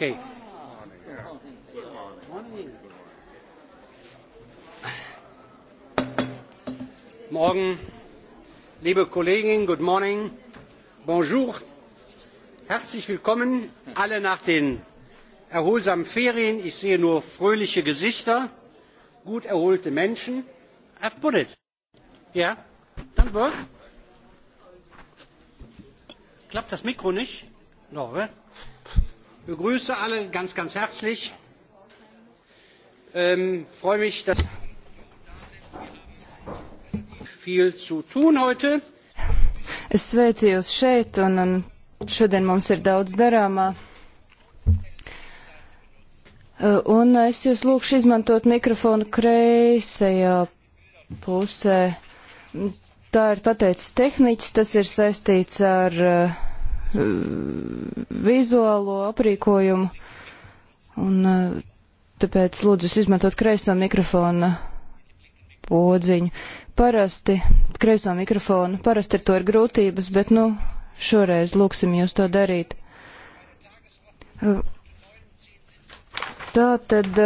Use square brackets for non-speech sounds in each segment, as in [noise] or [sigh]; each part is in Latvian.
Okay. Morgen, liebe Kolleginnen, good morning, bonjour, herzlich willkommen alle nach den erholsamen Ferien. Ich sehe nur fröhliche Gesichter, gut erholte Menschen. I've put it. Ja, yeah. dann work. Klappt das Mikro nicht? No, eh? begrüße alle ganz, ganz herzlich. Ähm, freue mich, dass viel zu tun heute. Es sveicu jūs šeit, un, un šodien mums ir daudz darāmā. Uh, un es jūs lūkšu izmantot mikrofonu kreisajā pusē. Tā ir pateicis tehniķis, tas ir saistīts ar uh, Eh, vizuālo aprīkojumu, un eh, tāpēc lūdzu izmantot kreisā mikrofona podziņu. Parasti kreisā mikrofona, parasti ar to ir grūtības, bet nu šoreiz lūksim jūs to darīt. Eh, tā tad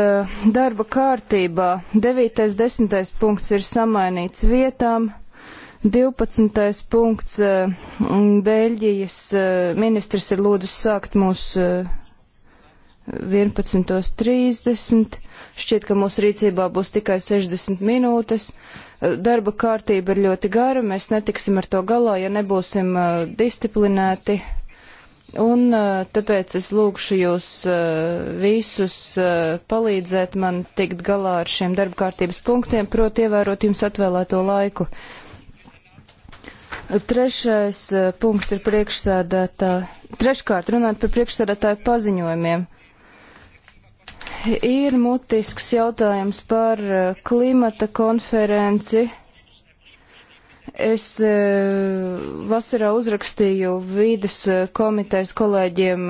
darba kārtībā 9.10. punkts ir samainīts vietām. 12. punkts. Eh, Beļģijas eh, ministrs ir lūdzis sākt mūs 11.30. Eh, Šķiet, ka mūsu rīcībā būs tikai 60 minūtes. Darba kārtība ir ļoti gara, mēs netiksim ar to galā, ja nebūsim disciplinēti. Un tāpēc es lūgšu jūs visus palīdzēt man tikt galā ar šiem darba kārtības punktiem, proti ievērot jums atvēlēto laiku. Trešais e, punkts ir priekšsēdētāji. Treškārt, runāt par priekšsēdētāju paziņojumiem. Ir mutisks jautājums par e, klimata konferenci. Es e, vasarā uzrakstīju vīdes komitejas kolēģiem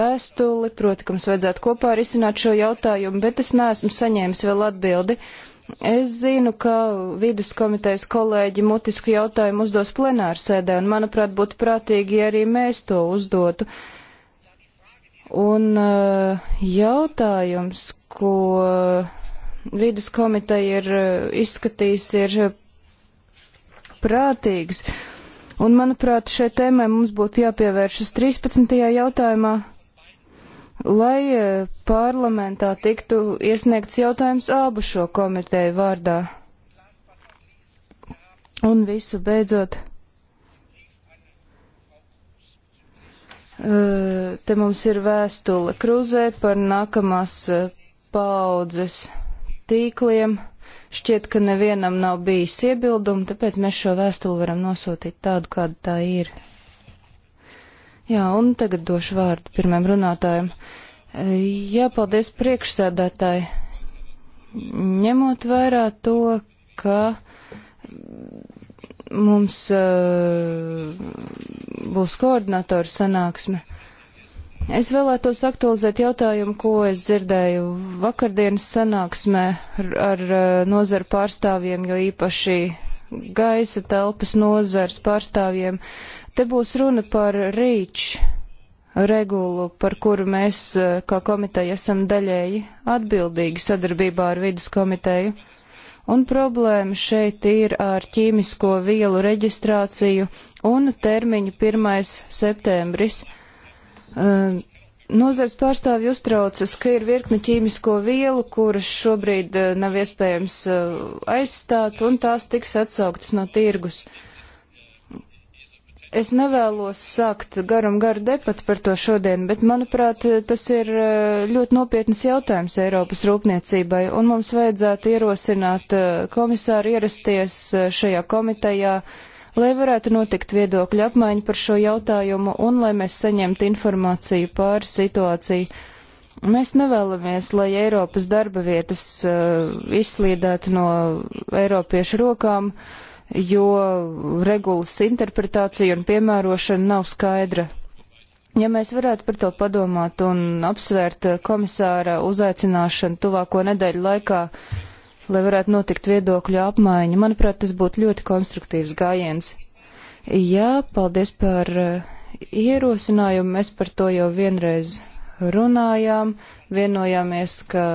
vēstuli, proti, ka mums vajadzētu kopā risināt šo jautājumu, bet es neesmu saņēmis vēl atbildi. Uh, Es zinu, ka vidas komitejas kolēģi mutisku jautājumu uzdos plenārsēdē, un, manuprāt, būtu prātīgi, ja arī mēs to uzdotu. Un eh, jautājums, ko vidas komiteja ir eh, izskatījis, ir prātīgs. Un, manuprāt, šai tēmai mums būtu jāpievēršas 13. jautājumā, lai e, parlamentā tiktu iesniegts jautājums abu šo komiteju vārdā. Un visu beidzot. E, te mums ir vēstule kruzē par nākamās e, paudzes tīkliem. Šķiet, ka nevienam nav bijis iebildumi, tāpēc mēs šo vēstuli varam nosūtīt tādu, kāda tā ir. Jā, un tagad došu vārdu pirmajam runātājam. E, jā, paldies priekšsēdētāji. Ņemot vērā to, ka mums uh, būs koordinatoru sanāksme, es vēlētos aktualizēt jautājumu, ko es dzirdēju vakardienas sanāksmē ar, ar e, nozaru pārstāvjiem, jo īpaši gaisa telpas nozars pārstāvjiem. Uh, Te būs runa par rīču regulu, par kuru mēs eh, kā komiteja esam daļēji atbildīgi sadarbībā ar vidas komiteju. Un problēma šeit ir ar ķīmisko vielu reģistrāciju un termiņu 1. septembris. Eh, nozars pārstāvji uztraucas, ka ir virkne ķīmisko vielu, kuras šobrīd eh, nav iespējams aizstāt, un tās tiks atsauktas no tirgus. Uh, Es nevēlos sākt garam garu debatu par to šodien, bet, manuprāt, tas ir eh, ļoti nopietnas jautājums Eiropas rūpniecībai, un mums vajadzētu ierosināt eh, komisāru ierasties eh, šajā komitejā, lai varētu notikt viedokļu apmaiņa par šo jautājumu un lai mēs saņemtu informāciju par situāciju. Mēs nevēlamies, lai Eiropas darba vietas uh, izslīdētu no Eiropiešu rokām. Uh, jo regulas interpretācija un piemērošana nav skaidra. Ja mēs varētu par to padomāt un apsvērt eh, komisāra uzaicināšanu tuvāko nedēļu laikā, lai varētu notikt viedokļu apmaiņa, manuprāt, tas būtu ļoti konstruktīvs gājiens. Jā, paldies par eh, ierosinājumu. Mēs par to jau vienreiz runājām, vienojāmies, ka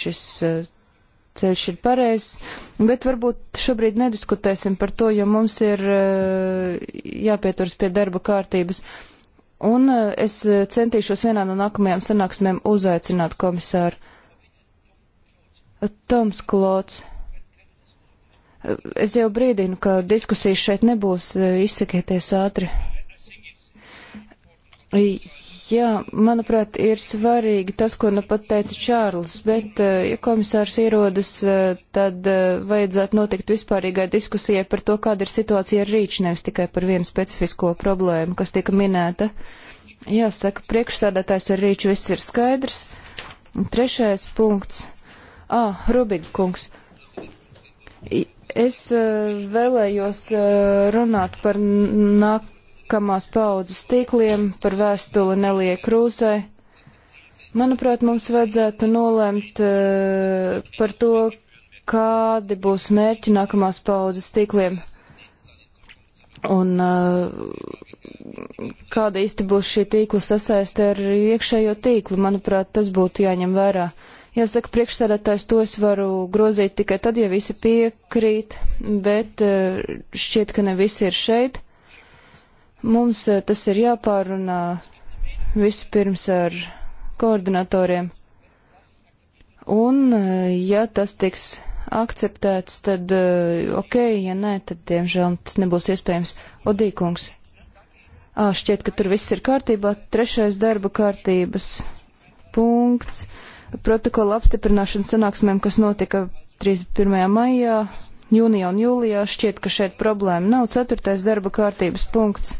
šis eh, ceļš ir pareizs, bet varbūt šobrīd nediskutēsim par to, jo mums ir eh, jāpieturas pie darba kārtības. Un eh, es eh, centīšos vienā no nākamajām sanāksmēm uzaicināt komisāru. Toms Klots. Es jau brīdinu, ka diskusijas šeit nebūs, izsakieties ātri. Jā, manuprāt, ir svarīgi tas, ko nu pat teica Čārlis, bet, eh, ja komisārs ierodas, eh, tad eh, vajadzētu notikt vispārīgai diskusijai par to, kāda ir situācija ar rīču, nevis tikai par vienu specifisko problēmu, kas tika minēta. Jāsaka, priekšsādātājs ar rīču viss ir skaidrs. Trešais punkts. Ā, ah, Rubiga kungs. Es vēlējos runāt par nāk nākamās paudzes tīkliem par vēstuli Nelijai Krūzai. Manuprāt, mums vajadzētu nolemt uh, eh, par to, kādi būs mērķi nākamās paudzes tīkliem un uh, kāda īsti būs šī tīkla sasaiste ar iekšējo tīklu. Manuprāt, tas būtu jāņem vērā. Jāsaka, priekšsēdētājs to es varu grozīt tikai tad, ja visi piekrīt, bet uh, šķiet, ka ne visi ir šeit. Mums eh, tas ir jāpārunā vispirms ar koordinatoriem. Un, eh, ja tas tiks akceptēts, tad eh, ok, ja nē, tad, diemžēl, tas nebūs iespējams. Odīkungs. Ā, šķiet, ka tur viss ir kārtībā. Trešais darba kārtības punkts. Protokola apstiprināšana sanāksmēm, kas notika 31. maijā, jūnijā un jūlijā. Šķiet, ka šeit problēma nav. Ceturtais darba kārtības punkts.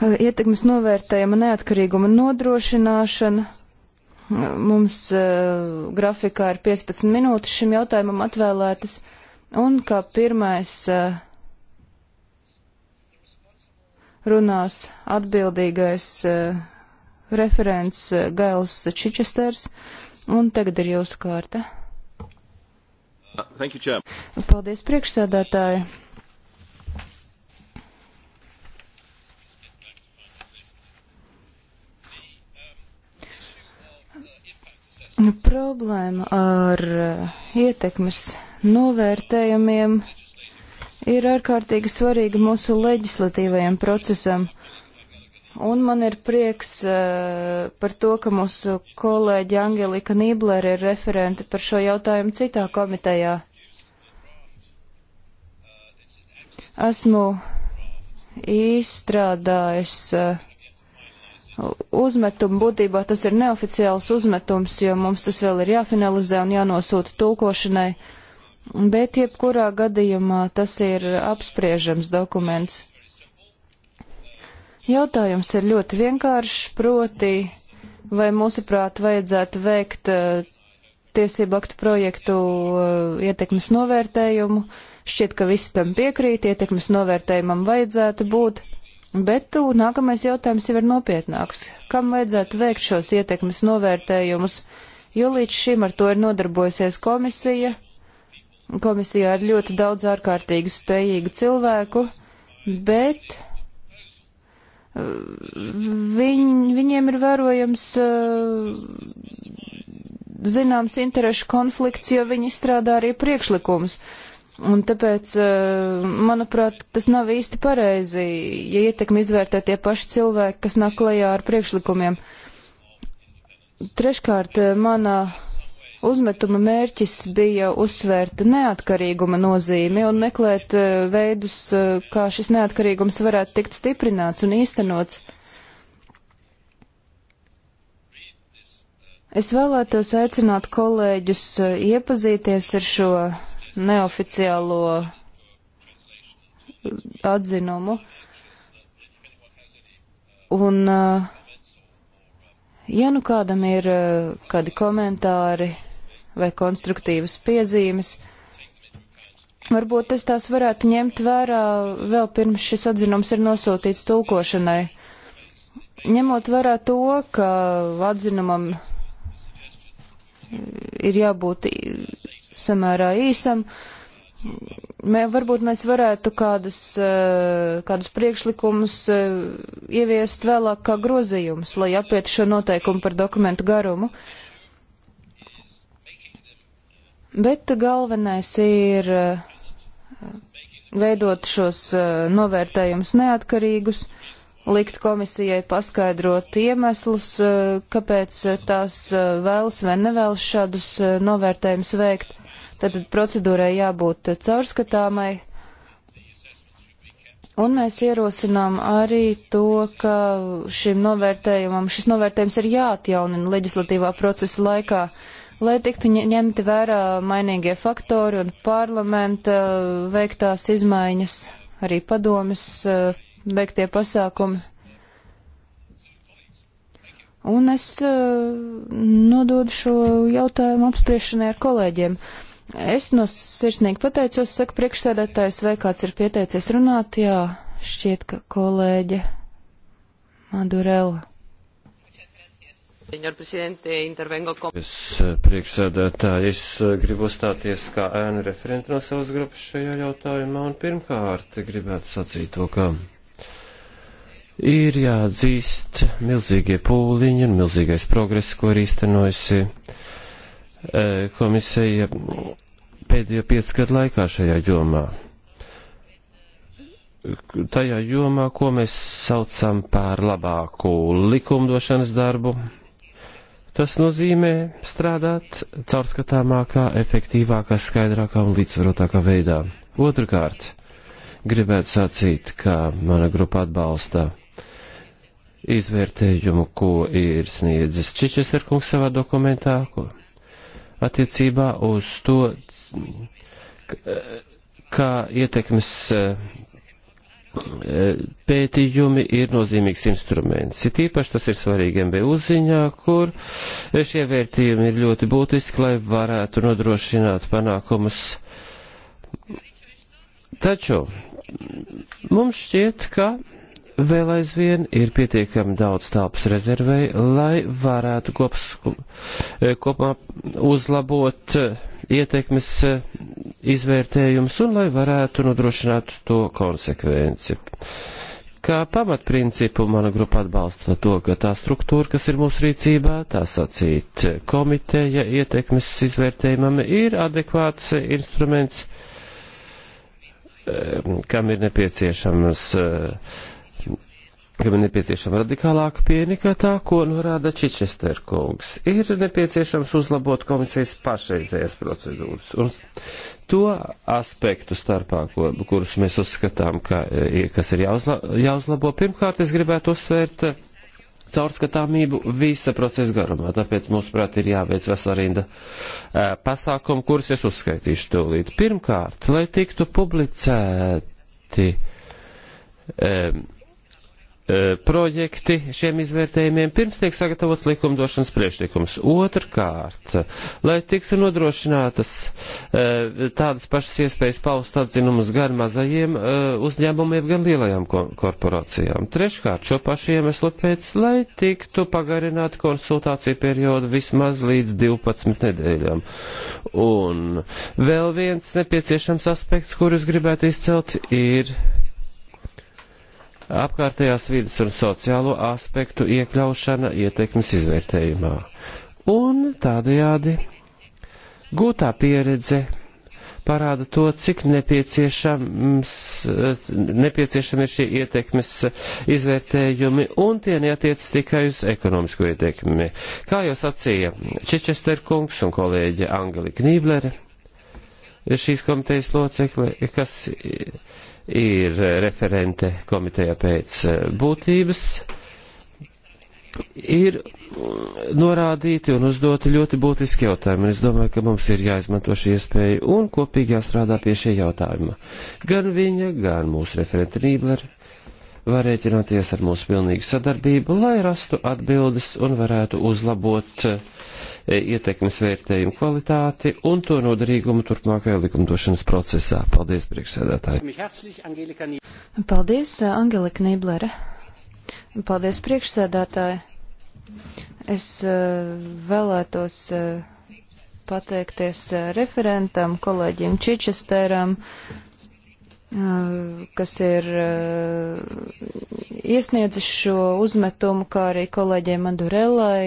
Eh, ietekmes novērtējuma neatkarīguma nodrošināšana. Mums uh, grafikā ir 15 minūtes šim jautājumam atvēlētas, un kā pirmais uh, runās atbildīgais uh, referents uh, Gails Čičesters, un tagad ir jūsu kārta. Thank you, Chair. Paldies, priekšsēdētāji. Nu, problēma ar eh, ietekmes novērtējumiem ir ārkārtīgi svarīga mūsu leģislatīvajam procesam. Un man ir prieks uh, par to, ka mūsu kolēģi Angelika Nīblere ir referente par šo jautājumu citā komitejā. Esmu izstrādājis uh, uzmetumu. Būtībā tas ir neoficiāls uzmetums, jo mums tas vēl ir jāfinalizē un jānosūta tulkošanai. Bet jebkurā gadījumā tas ir apspriežams dokuments. Jautājums ir ļoti vienkāršs, proti, vai mūsuprāt vajadzētu veikt eh, tiesību aktu projektu eh, ietekmes novērtējumu. Šķiet, ka visi tam piekrīt, ietekmes novērtējumam vajadzētu būt. Bet uh, nākamais jautājums jau ir nopietnāks. Kam vajadzētu veikt šos ietekmes novērtējumus, jo līdz šim ar to ir nodarbojusies komisija? Komisijā ir ļoti daudz ārkārtīgi spējīgu cilvēku, bet uh, viņ, viņiem ir vērojams uh, zināms interešu konflikts, jo viņi strādā arī priekšlikums. Uh, Un tāpēc, eh, manuprāt, tas nav īsti pareizi, ja ietekmi izvērtē tie paši cilvēki, kas nāk klajā ar priekšlikumiem. Treškārt, eh, manā uzmetuma mērķis bija uzsvērt neatkarīguma nozīmi un meklēt eh, veidus, kā šis neatkarīgums varētu tikt stiprināts un īstenots. Es vēlētos aicināt kolēģus iepazīties ar šo neoficiālo atzinumu. Un, eh, ja nu kādam ir eh, kādi komentāri vai konstruktīvas piezīmes, varbūt es tās varētu ņemt vērā vēl pirms šis atzinums ir nosūtīts tulkošanai. Ņemot vērā to, ka atzinumam eh, ir jābūt samērā īsam. Mē, varbūt mēs varētu kādas, eh, kādus priekšlikumus eh, ieviest vēlāk kā grozījumus, lai apietu šo noteikumu par dokumentu garumu. Bet galvenais ir eh, veidot šos novērtējumus neatkarīgus, likt komisijai paskaidrot iemeslus, kāpēc tās vēlas vai nevēlas šādus novērtējumus veikt. Tātad procedūrai jābūt caurskatāmai. Un mēs ierosinām arī to, ka šim novērtējumam, šis novērtējums ir jāatjaunina leģislatīvā procesa laikā, lai tiktu ņemti vērā mainīgie faktori un parlamenta veiktās izmaiņas, arī padomis eh, veiktie pasākumi. Un es eh, nododu šo jautājumu apspriešanai ar kolēģiem. Uh, Es no sirsnīgi pateicos, saka priekšsēdētājs, vai kāds ir pieteicies runāt, jā, šķiet, ka kolēģe Madurela. Es eh, priekšsēdētāji, es eh, gribu uzstāties kā ēnu referenti no savas grupas šajā jautājumā, un pirmkārt gribētu sacīt to, ka ir jāatzīst milzīgie pūliņi un milzīgais progress, ko ir īstenojusi Eh, komisija pēdējo piecu gadu laikā šajā jomā. Tajā jomā, ko mēs saucam par labāku likumdošanas darbu, tas nozīmē strādāt caurskatāmākā, efektīvākā, skaidrākā un līdzsvarotākā veidā. Otrakārt, gribētu sacīt, ka mana grupa atbalsta izvērtējumu, ko ir sniedzis Čičesterkungs savā dokumentā, ko attiecībā uz to, kā ietekmes eh, pētījumi ir nozīmīgs instruments. It īpaši tas ir svarīgi MBU ziņā, kur šie vērtījumi ir ļoti būtiski, lai varētu nodrošināt panākumus. Taču mums šķiet, ka vēl aizvien ir pietiekami daudz telpas rezervēji, lai varētu kops, e, kopumā uzlabot e, ietekmes e, izvērtējums un lai varētu nodrošināt to konsekvenci. Kā pamatprincipu mana grupa atbalsta to, ka tā struktūra, kas ir mūsu rīcībā, tā sacīt komiteja ietekmes izvērtējumam, ir adekvāts instruments, kam ir nepieciešams uh, kam ir nepieciešama radikālāka pieeja nekā tā, ko norāda Čičester kungs. Ir nepieciešams uzlabot komisijas pašreizējās procedūras. Un to aspektu starpā, ko, kurus mēs uzskatām, ka, e, kas ir jāuzla, jāuzlabo, pirmkārt es gribētu uzsvērt e, caurskatāmību visa procesa garumā. Tāpēc, mūsuprāt, ir jāveic vesela rinda e, pasākumu, kurus es uzskaitīšu tūlīt. Pirmkārt, lai tiktu publicēti. Um, E, projekti šiem izvērtējumiem pirms tiek sagatavots likumdošanas priekšlikums. Otrkārt, lai tiktu nodrošinātas e, tādas pašas iespējas paust atzinumus gan mazajiem e, uzņēmumiem, gan lielajām korporācijām. Treškārt, šo pašu iemeslu pēc, lai tiktu pagarināta konsultācija perioda vismaz līdz 12 nedēļām. Un vēl viens nepieciešams aspekts, kurus gribētu izcelt, ir apkārtējās vidas un sociālo aspektu iekļaušana ietekmes izvērtējumā. Un tādējādi gūtā pieredze parāda to, cik nepieciešami ir šie ietekmes izvērtējumi, un tie neatiec tikai uz ekonomisko ietekmi. Kā jau sacīja Čečester kungs un kolēģe Angelika Nīblere, šīs komitejas locekle, kas ir referente komitejā pēc eh, būtības, ir norādīti un uzdoti ļoti būtiski jautājumi, un es domāju, ka mums ir jāizmanto šī iespēja un kopīgi jāstrādā pie šie jautājuma. Gan viņa, gan mūsu referenta Rībler var rēķināties ar mūsu pilnīgu sadarbību, lai rastu atbildes un varētu uzlabot uh, E, ietekmes vērtējumu kvalitāti un to noderīgumu turpmākajā likumdošanas procesā. Paldies, priekšsēdētāji! Paldies, Angelika Nīblere! Paldies, priekšsēdētāji! Es e, vēlētos e, pateikties referentam, kolēģim Čičesteram, kas ir iesniedzis šo uzmetumu, kā arī kolēģiem Madurellai,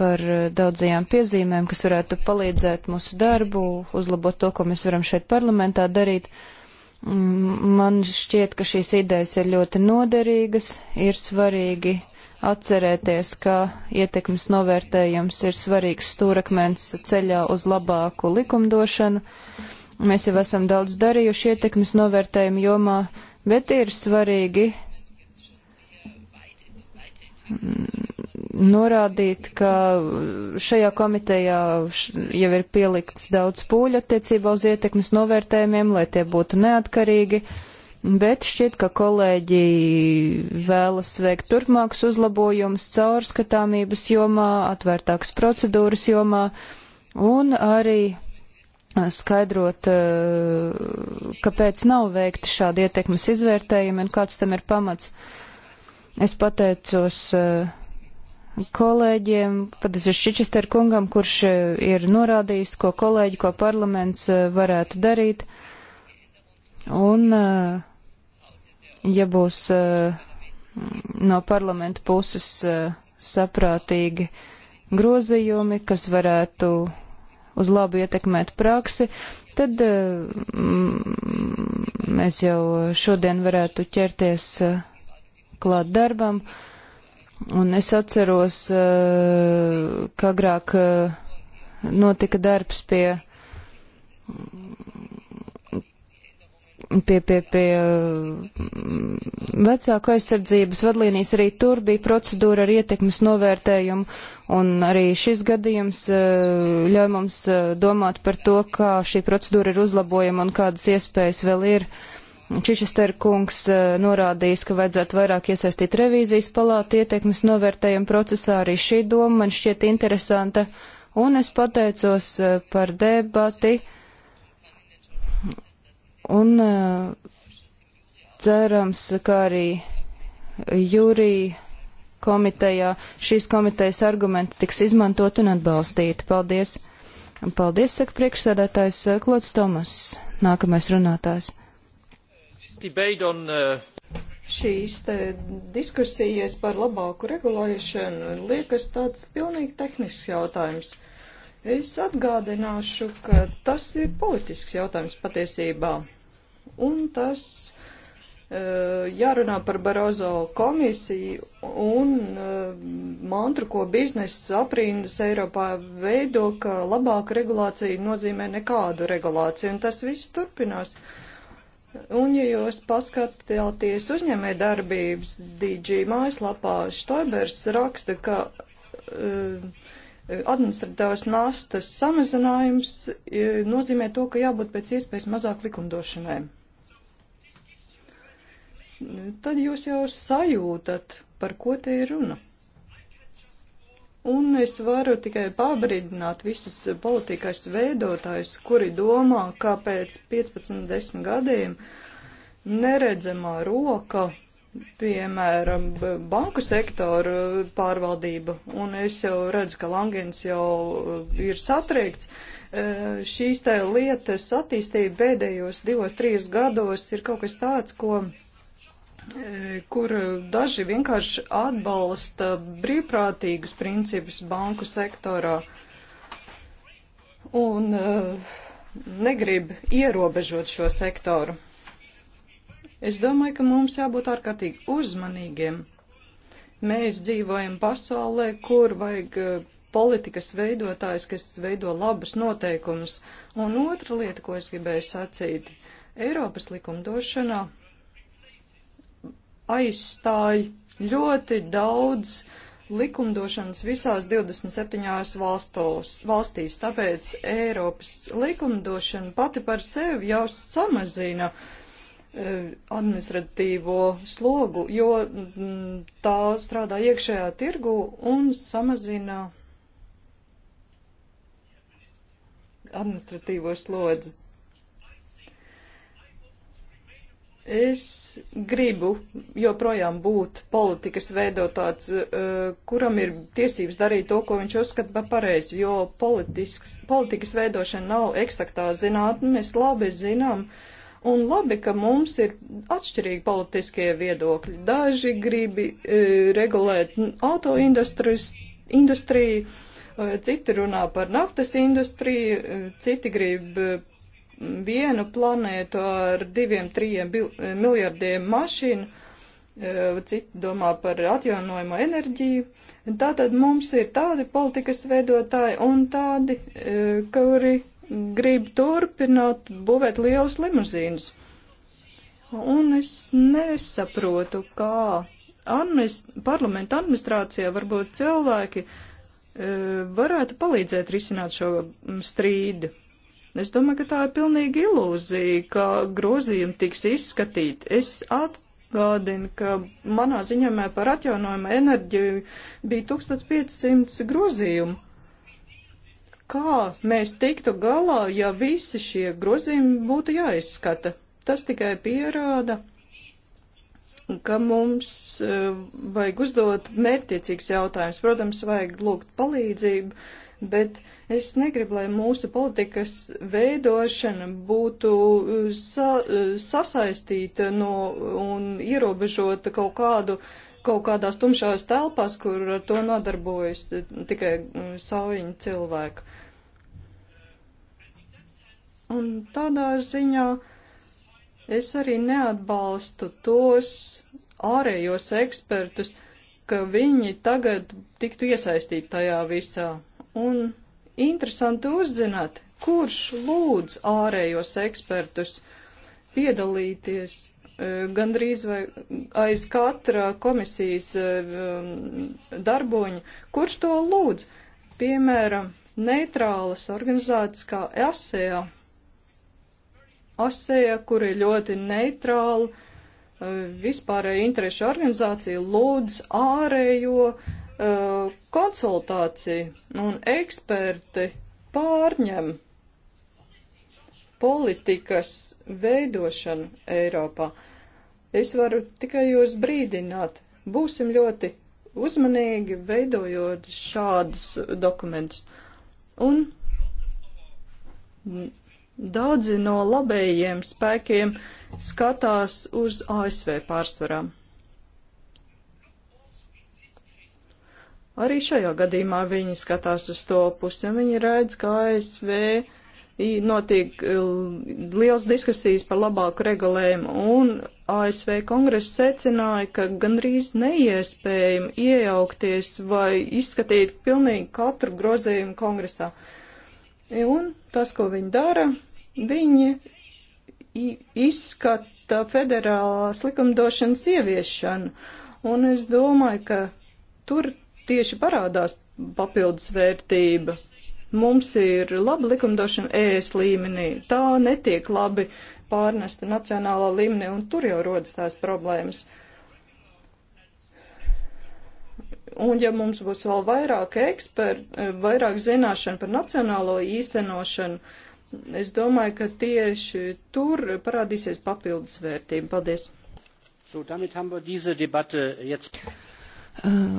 par eh, daudzajām piezīmēm, kas varētu palīdzēt mūsu darbu, uzlabot to, ko mēs varam šeit parlamentā darīt. Man šķiet, ka šīs idejas ir ļoti noderīgas, ir svarīgi atcerēties, ka ietekmes novērtējums ir svarīgs stūrakmens ceļā uz labāku likumdošanu. Mēs jau esam daudz darījuši ietekmes novērtējumu jomā, bet ir svarīgi norādīt, ka šajā komitejā jau ir pielikts daudz pūļu attiecībā uz ietekmes novērtējumiem, lai tie būtu neatkarīgi, bet šķiet, ka kolēģi vēlas veikt turpmākus uzlabojumus caurskatāmības jomā, atvērtākas procedūras jomā un arī skaidrot, eh, kāpēc nav veikti šādi ietekmes izvērtējumi un kāds tam ir pamats. Es pateicos eh, kolēģiem, pateicos Čičester kungam, kurš eh, ir norādījis, ko kolēģi, ko parlaments eh, varētu darīt. Un, ja būs no parlamenta puses saprātīgi grozījumi, kas varētu uz labu ietekmēt praksi, tad mēs jau šodien varētu ķerties klāt darbam. Un es atceros, eh, ka agrāk eh, notika darbs pie, pie, pie, pie eh, vecāku aizsardzības vadlīnijas. Arī tur bija procedūra ar ietekmes novērtējumu, un arī šis gadījums ļauj mums domāt par to, kā šī procedūra ir uzlabojama un kādas iespējas vēl ir. Uh, Čičester kungs eh, norādījis, ka vajadzētu vairāk iesaistīt revīzijas palātu ietekmes novērtējumu procesā. Arī šī doma man šķiet interesanta, un es pateicos eh, par debati un eh, cerams, ka arī jūrī komitejā šīs komitejas argumenti tiks izmantot un atbalstīti. Paldies! Paldies, saka priekšsēdētājs Klods Tomas, nākamais runātājs. On, uh... Šīs diskusijas par labāku regulēšanu liekas tāds pilnīgi tehnisks jautājums. Es atgādināšu, ka tas ir politisks jautājums patiesībā. Un tas uh, jārunā par Barozo komisiju un uh, mantru, ko biznesa aprindas Eiropā veido, ka labāka regulācija nozīmē nekādu regulāciju, un tas viss turpinās. Uh, Un, ja jūs paskatāties uzņēmē darbības DG mājaslapā, Štoibers raksta, ka uh, administratīvās nastas samazinājums uh, nozīmē to, ka jābūt pēc iespējas mazāk likumdošanai. Tad jūs jau sajūtat, par ko te ir runa. Un es varu tikai pabridināt visus politikas veidotājus, kuri domā, ka pēc 15-10 gadiem neredzamā roka, piemēram, banku sektoru pārvaldība, un es jau redzu, ka Langens jau e, ir satriekts, e, šīs tā lietas attīstība pēdējos divos, trīs gados ir kaut kas tāds, ko kur daži vienkārši atbalsta brīvprātīgus principus banku sektorā un eh, negrib ierobežot šo sektoru. Es domāju, ka mums jābūt ārkārtīgi uzmanīgiem. Mēs dzīvojam pasaulē, kur vajag eh, politikas veidotājs, kas veido labus noteikumus. Un otra lieta, ko es gribēju sacīt, Eiropas likumdošanā aizstāja ļoti daudz likumdošanas visās 27 valstos, valstīs, tāpēc Eiropas likumdošana pati par sevi jau samazina e, administratīvo slogu, jo tā strādā iekšējā tirgu un samazina administratīvo slodzi. Es gribu joprojām būt politikas veidotāts, eh, kuram ir tiesības darīt to, ko viņš uzskata par pareizi, jo politikas veidošana nav eksaktā zinātne, mēs labi zinām, un labi, ka mums ir atšķirīgi politiskie viedokļi. Daži gribi e, regulēt autoindustriju, eh, citi runā par naftas industriju, citi grib vienu planētu ar diviem, trījiem eh, miljardiem mašīnu, eh, citi domā par atjaunojamo enerģiju. Tātad mums ir tādi politikas veidotāji un tādi, eh, kuri grib turpināt būvēt lielus limuzīnus. Un es nesaprotu, kā administ parlamenta administrācijā varbūt cilvēki varētu palīdzēt risināt šo strīdu. Es domāju, ka tā ir pilnīgi ilūzija, ka grozījumi tiks izskatīti. Es atgādinu, ka manā ziņojumā par atjaunojumu enerģiju bija 1500 grozījumu kā mēs tiktu galā, ja visi šie grozījumi būtu jāizskata. Tas tikai pierāda, ka mums eh, vajag uzdot mērķiecīgs jautājums. Protams, vajag lūgt palīdzību bet es negribu, lai mūsu politikas veidošana būtu uh, sa uh, sasaistīta no un ierobežota kaut kādu kaut kādās tumšās telpās, kur ar to nodarbojas tikai uh, saujiņi cilvēki. Un tādā ziņā es arī neatbalstu tos ārējos ekspertus, ka viņi tagad tiktu iesaistīti tajā visā. Un interesanti uzzināt, kurš lūdz ārējos ekspertus piedalīties e, gandrīz vai aiz katra komisijas e, darboņa, kurš to lūdz. Piemēram, neitrālas organizācijas kā ASEA. ASEA, kur ir ļoti neitrāla e, vispārēja interešu organizācija, lūdz ārējo Uh, konsultācija un eksperti pārņem politikas veidošanu Eiropā. Es varu tikai jūs brīdināt, būsim ļoti uzmanīgi veidojot šādus dokumentus. Un daudzi no labējiem spēkiem skatās uz ASV pārsvarām. Arī šajā gadījumā viņi skatās uz to pusi, un viņi redz, ka ASV notiek eh, liels diskusijas par labāku regulējumu, un ASV kongress secināja, ka gandrīz neiespējami iejaukties vai izskatīt pilnīgi katru grozījumu kongresā. Un tas, ko viņi dara, viņi izskata federālās likumdošanas ieviešanu, un es domāju, ka tur tieši parādās papildus vērtība. Mums ir laba likumdošana ES līmenī, tā netiek labi pārnesta nacionālā līmenī, un tur jau rodas tās problēmas. Un ja mums būs vēl vairāk ekspertu, vairāk zināšanu par nacionālo īstenošanu, es domāju, ka tieši tur parādīsies papildus vērtība. Paldies! So, damit haben wir diese Debatte jetzt.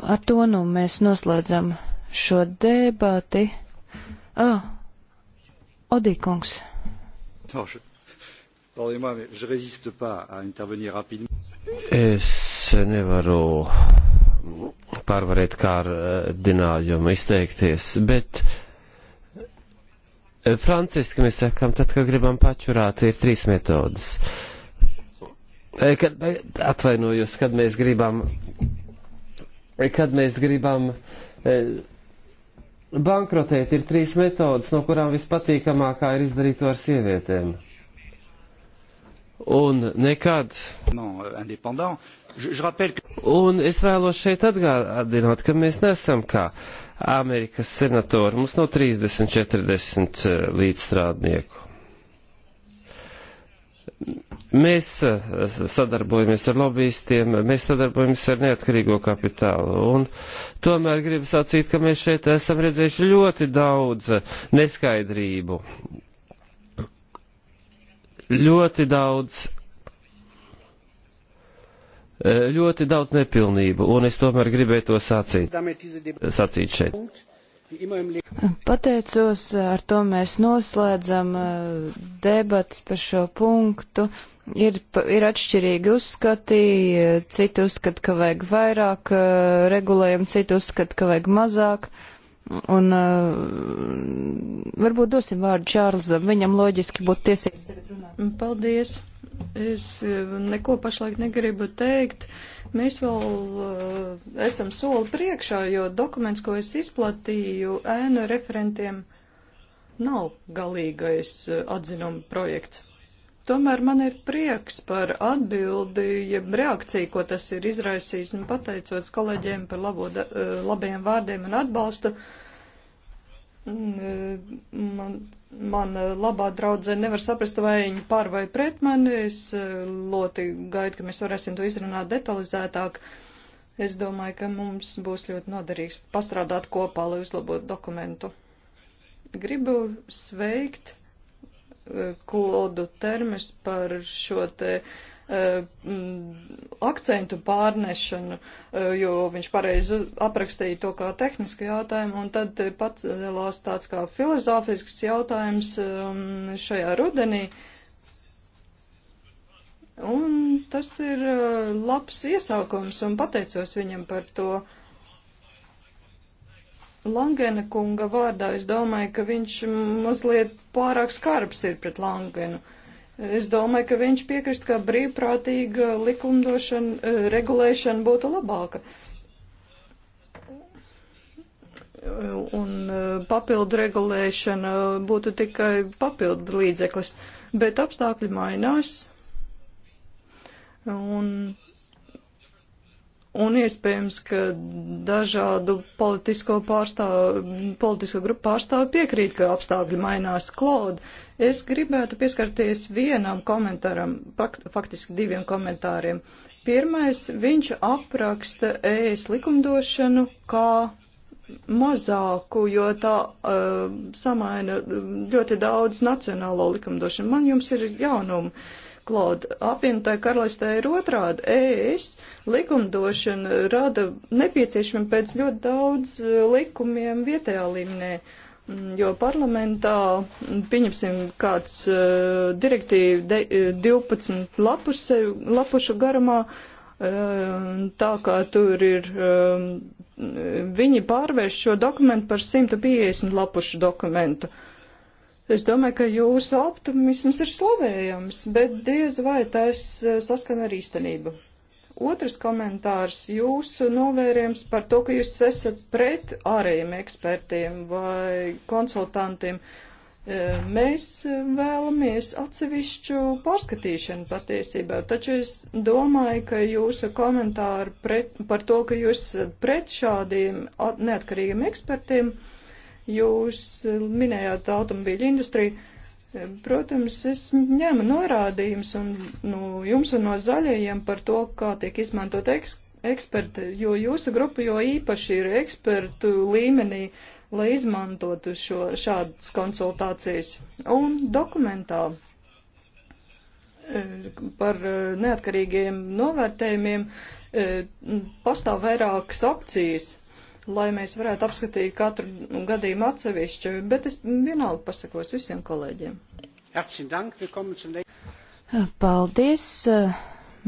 Ar to nu mēs noslēdzam šo debati. Ah, Odīkungs. Es nevaru pārvarēt kārdinājumu izteikties, bet eh, Franciski mēs sakām, tad, kad gribam pačurāt, ir trīs metodas. Eh, kad, eh, atvainojos, kad mēs gribam kad mēs gribam e, bankrotēt, ir trīs metodas, no kurām vispatīkamākā ir izdarīt to ar sievietēm. Un nekad. Un es vēlos šeit atgādināt, ka mēs nesam kā Amerikas senatori. Mums nav 30, 40 e, līdzstrādnieku. Mēs eh, sadarbojamies ar lobbyistiem, mēs sadarbojamies ar neatkarīgo kapitālu, un tomēr gribu sacīt, ka mēs šeit esam redzējuši ļoti daudz neskaidrību. Ļoti daudz, eh, ļoti daudz nepilnību, un es tomēr gribēju to sacīt, sacīt šeit. Pateicos, ar to mēs noslēdzam uh, debatas par šo punktu. Ir, ir atšķirīgi uzskati, uh, citi uzskata, ka vajag vairāk uh, regulējumu, citi uzskata, ka vajag mazāk. Un varbūt dosim vārdu Čārlzam, viņam loģiski būtu tiesības. Paldies! Es neko pašlaik negribu teikt. Uh, Mēs vēl uh, esam soli priekšā, jo dokuments, ko es izplatīju ēnu referentiem, nav galīgais eh, atzinuma projekts. Tomēr man ir prieks par atbildi, jeb reakciju, ko tas ir izraisījis, un pateicos kolēģiem par labo, eh, labajiem vārdiem un atbalstu. Uh, Mm, eh, man, man eh, labā draudzene nevar saprast, vai viņa par vai pret mani. Es eh, ļoti gaidu, ka mēs varēsim to izrunāt detalizētāk. Es domāju, ka mums būs ļoti noderīgs pastrādāt kopā, lai uzlabotu dokumentu. Gribu sveikt Klodu Termes par šo te Eh, mm, akcentu pārnešanu, eh, jo viņš pareizi aprakstīja to kā tehnisku jautājumu, un tad pacēlās tāds kā filozofisks jautājums um, šajā rudenī. Un tas ir eh, labs iesākums, un pateicos viņam par to. Langena kunga vārdā es domāju, ka viņš mazliet pārāk skarbs ir pret Langenu. Uh, Es domāju, ka viņš piekrist, ka brīvprātīga likumdošana, eh, regulēšana būtu labāka. Un eh, papildu regulēšana būtu tikai papildu līdzeklis, bet apstākļi mainās. Un, un iespējams, ka dažādu politisko pārstāvu, politisko grupu pārstāvu piekrīt, ka apstākļi mainās. Klauda, Es gribētu pieskarties vienam komentāram, faktiski diviem komentāriem. Pirmais, viņš apraksta ēs likumdošanu kā mazāku, jo tā uh, samaina ļoti daudz nacionālo likumdošanu. Man jums ir jaunumi. Klaud, apvienotāji karalistē ir otrādi. ES likumdošana rada nepieciešami pēc ļoti daudz likumiem vietējā līmenī. Uh, Mm, jo parlamentā mm, pieņemsim kāds uh, eh, direktīva de, 12 eh, lapuse, lapušu garumā, uh, tā kā tur ir, uh, viņi pārvērš šo dokumentu par 150 lapušu dokumentu. Es domāju, ka jūsu optimisms ir slavējams, bet diez vai tas saskan ar īstenību. Otrs komentārs - jūsu novērījums par to, ka jūs esat pret ārējiem ekspertiem vai konsultantiem. E, mēs vēlamies atsevišķu pārskatīšanu patiesībā, taču es domāju, ka jūsu komentāri pret, par to, ka jūs pret šādiem neatkarīgiem ekspertiem, jūs minējāt automobīļu industriju, Protams, es ņemu norādījumus un no nu, jums un no zaļajiem par to, kā tiek izmantot eks eksperti, jo jūsu grupa jo īpaši ir ekspertu līmenī, lai izmantotu šo, šādas konsultācijas. Un dokumentā eh, par eh, neatkarīgiem novērtējumiem eh, pastāv vairākas opcijas lai mēs varētu apskatīt katru gadījumu atsevišķi, bet es vienalga pasakos visiem kolēģiem. Paldies!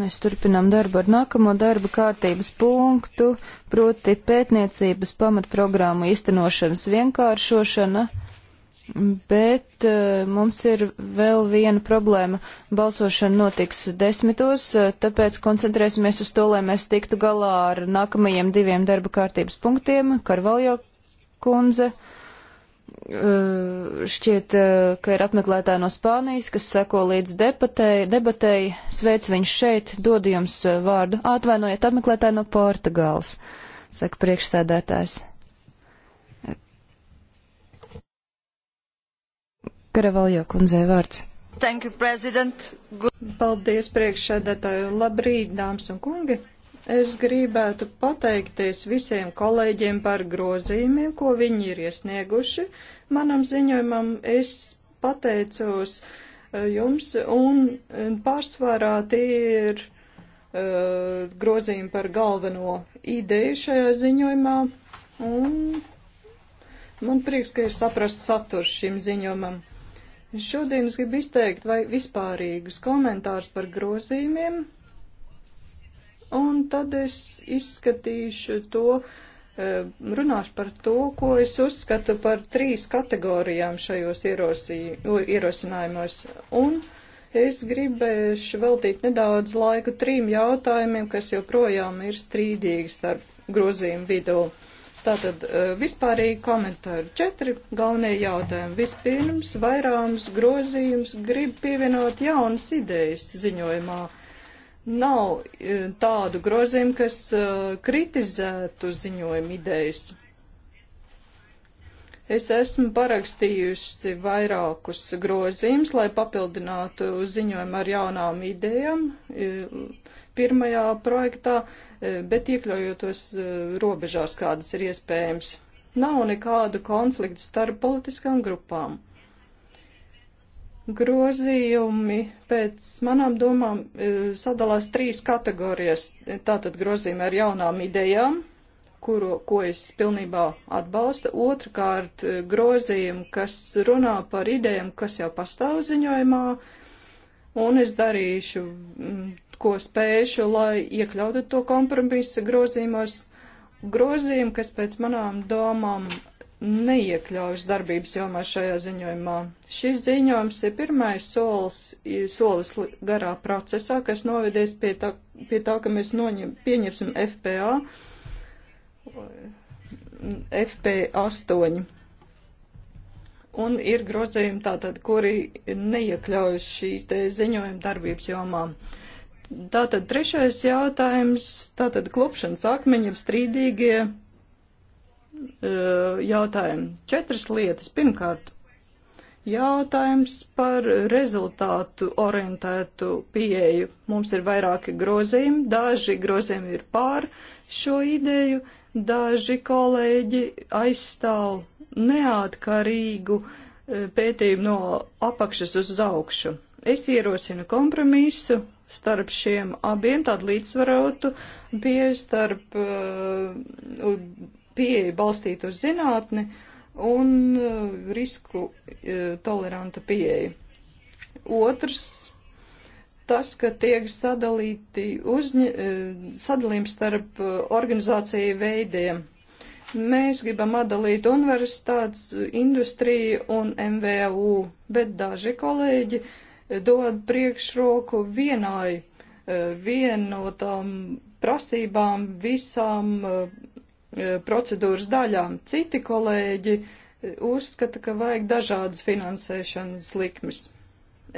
Mēs turpinām darbu ar nākamo darba kārtības punktu, proti pētniecības pamatprogrammu īstenošanas vienkāršošana. Bet uh, mums ir vēl viena problēma. Balsošana notiks desmitos, eh, tāpēc koncentrēsimies uz to, lai mēs tiktu galā ar nākamajiem diviem darba kārtības punktiem. Karvaljo kundze uh, šķiet, uh, ka ir apmeklētāja no Spānijas, kas seko līdz debatēji. debatēji. Sveic viņš šeit, dodu jums vārdu. Atvainojiet, apmeklētāja no Portugāles, saka priekšsēdētājs. Karavaljo kundzei vārds. Thank you, President. Good. Paldies priekšsēdētāju. Labrīt, dāmas un kungi. Es gribētu pateikties visiem kolēģiem par grozījumiem, ko viņi ir iesnieguši. Manam ziņojumam es pateicos eh, jums un pārsvarā tie ir uh, grozījumi par galveno ideju šajā ziņojumā. Un man prieks, ka ir saprast saturs šim ziņojumam. Šodien es gribu izteikt vai vispārīgus komentārus par grozījumiem, un tad es izskatīšu to, e, runāšu par to, ko es uzskatu par trīs kategorijām šajos ierosī, ierosinājumos. Un es gribēšu veltīt nedaudz laika trim jautājumiem, kas joprojām ir strīdīgi starp grozījumu vidū. Tātad e, vispārīgi komentāri četri galvenie jautājumi. Vispirms vairāms grozījums grib pievienot jaunas idejas ziņojumā. Nav e, tādu grozījumu, kas e, kritizētu ziņojumu idejas. Es esmu parakstījusi vairākus grozījumus, lai papildinātu ziņojumu ar jaunām idejām e, pirmajā projektā, e, bet iekļaujotos e, robežās, kādas ir iespējams. Nav nekādu konfliktu starp politiskām grupām. Grozījumi pēc manām domām sadalās trīs kategorijas. Tātad grozījumi ar jaunām idejām, kuru, ko es pilnībā atbalstu. Otrakārt, grozījumu, kas runā par idejām, kas jau pastāv ziņojumā, un es darīšu, mm, ko spēšu, lai iekļautu to kompromisa grozījumos. Grozījumi, kas pēc manām domām neiekļaujas darbības jomā šajā ziņojumā. Šis ziņojums ir pirmais solis, solis garā procesā, kas novedīs pie tā, pie tā ka mēs noņem, pieņemsim FPA FP8. Un ir grozījumi tātad, kuri neiekļaujas šī te ziņojuma darbības jomā. Tātad trešais jautājums, tātad klupšanas akmeņi ir strīdīgie eh, jautājumi. Četras lietas. Pirmkārt, jautājums par rezultātu orientētu pieeju. Mums ir vairāki grozījumi, daži grozījumi ir pār šo ideju, uh, Daži kolēģi aizstāv neatkarīgu e, pētījumu no apakšas uz augšu. Es ierosinu kompromisu starp šiem abiem tādu līdzsvarotu pieeju starp uh, pieeju balstītu uz zinātni un uh, risku uh, tolerantu pieeju. Otrs tas, ka tiek sadalīti uzņ... Eh, sadalījums starp eh, organizāciju veidiem. Mēs gribam atdalīt universitātes, industriju un MVU, bet daži kolēģi eh, dod priekšroku vienai, vienotām prasībām visām procedūras daļām. Citi kolēģi uzskata, ka vajag dažādas finansēšanas likmes.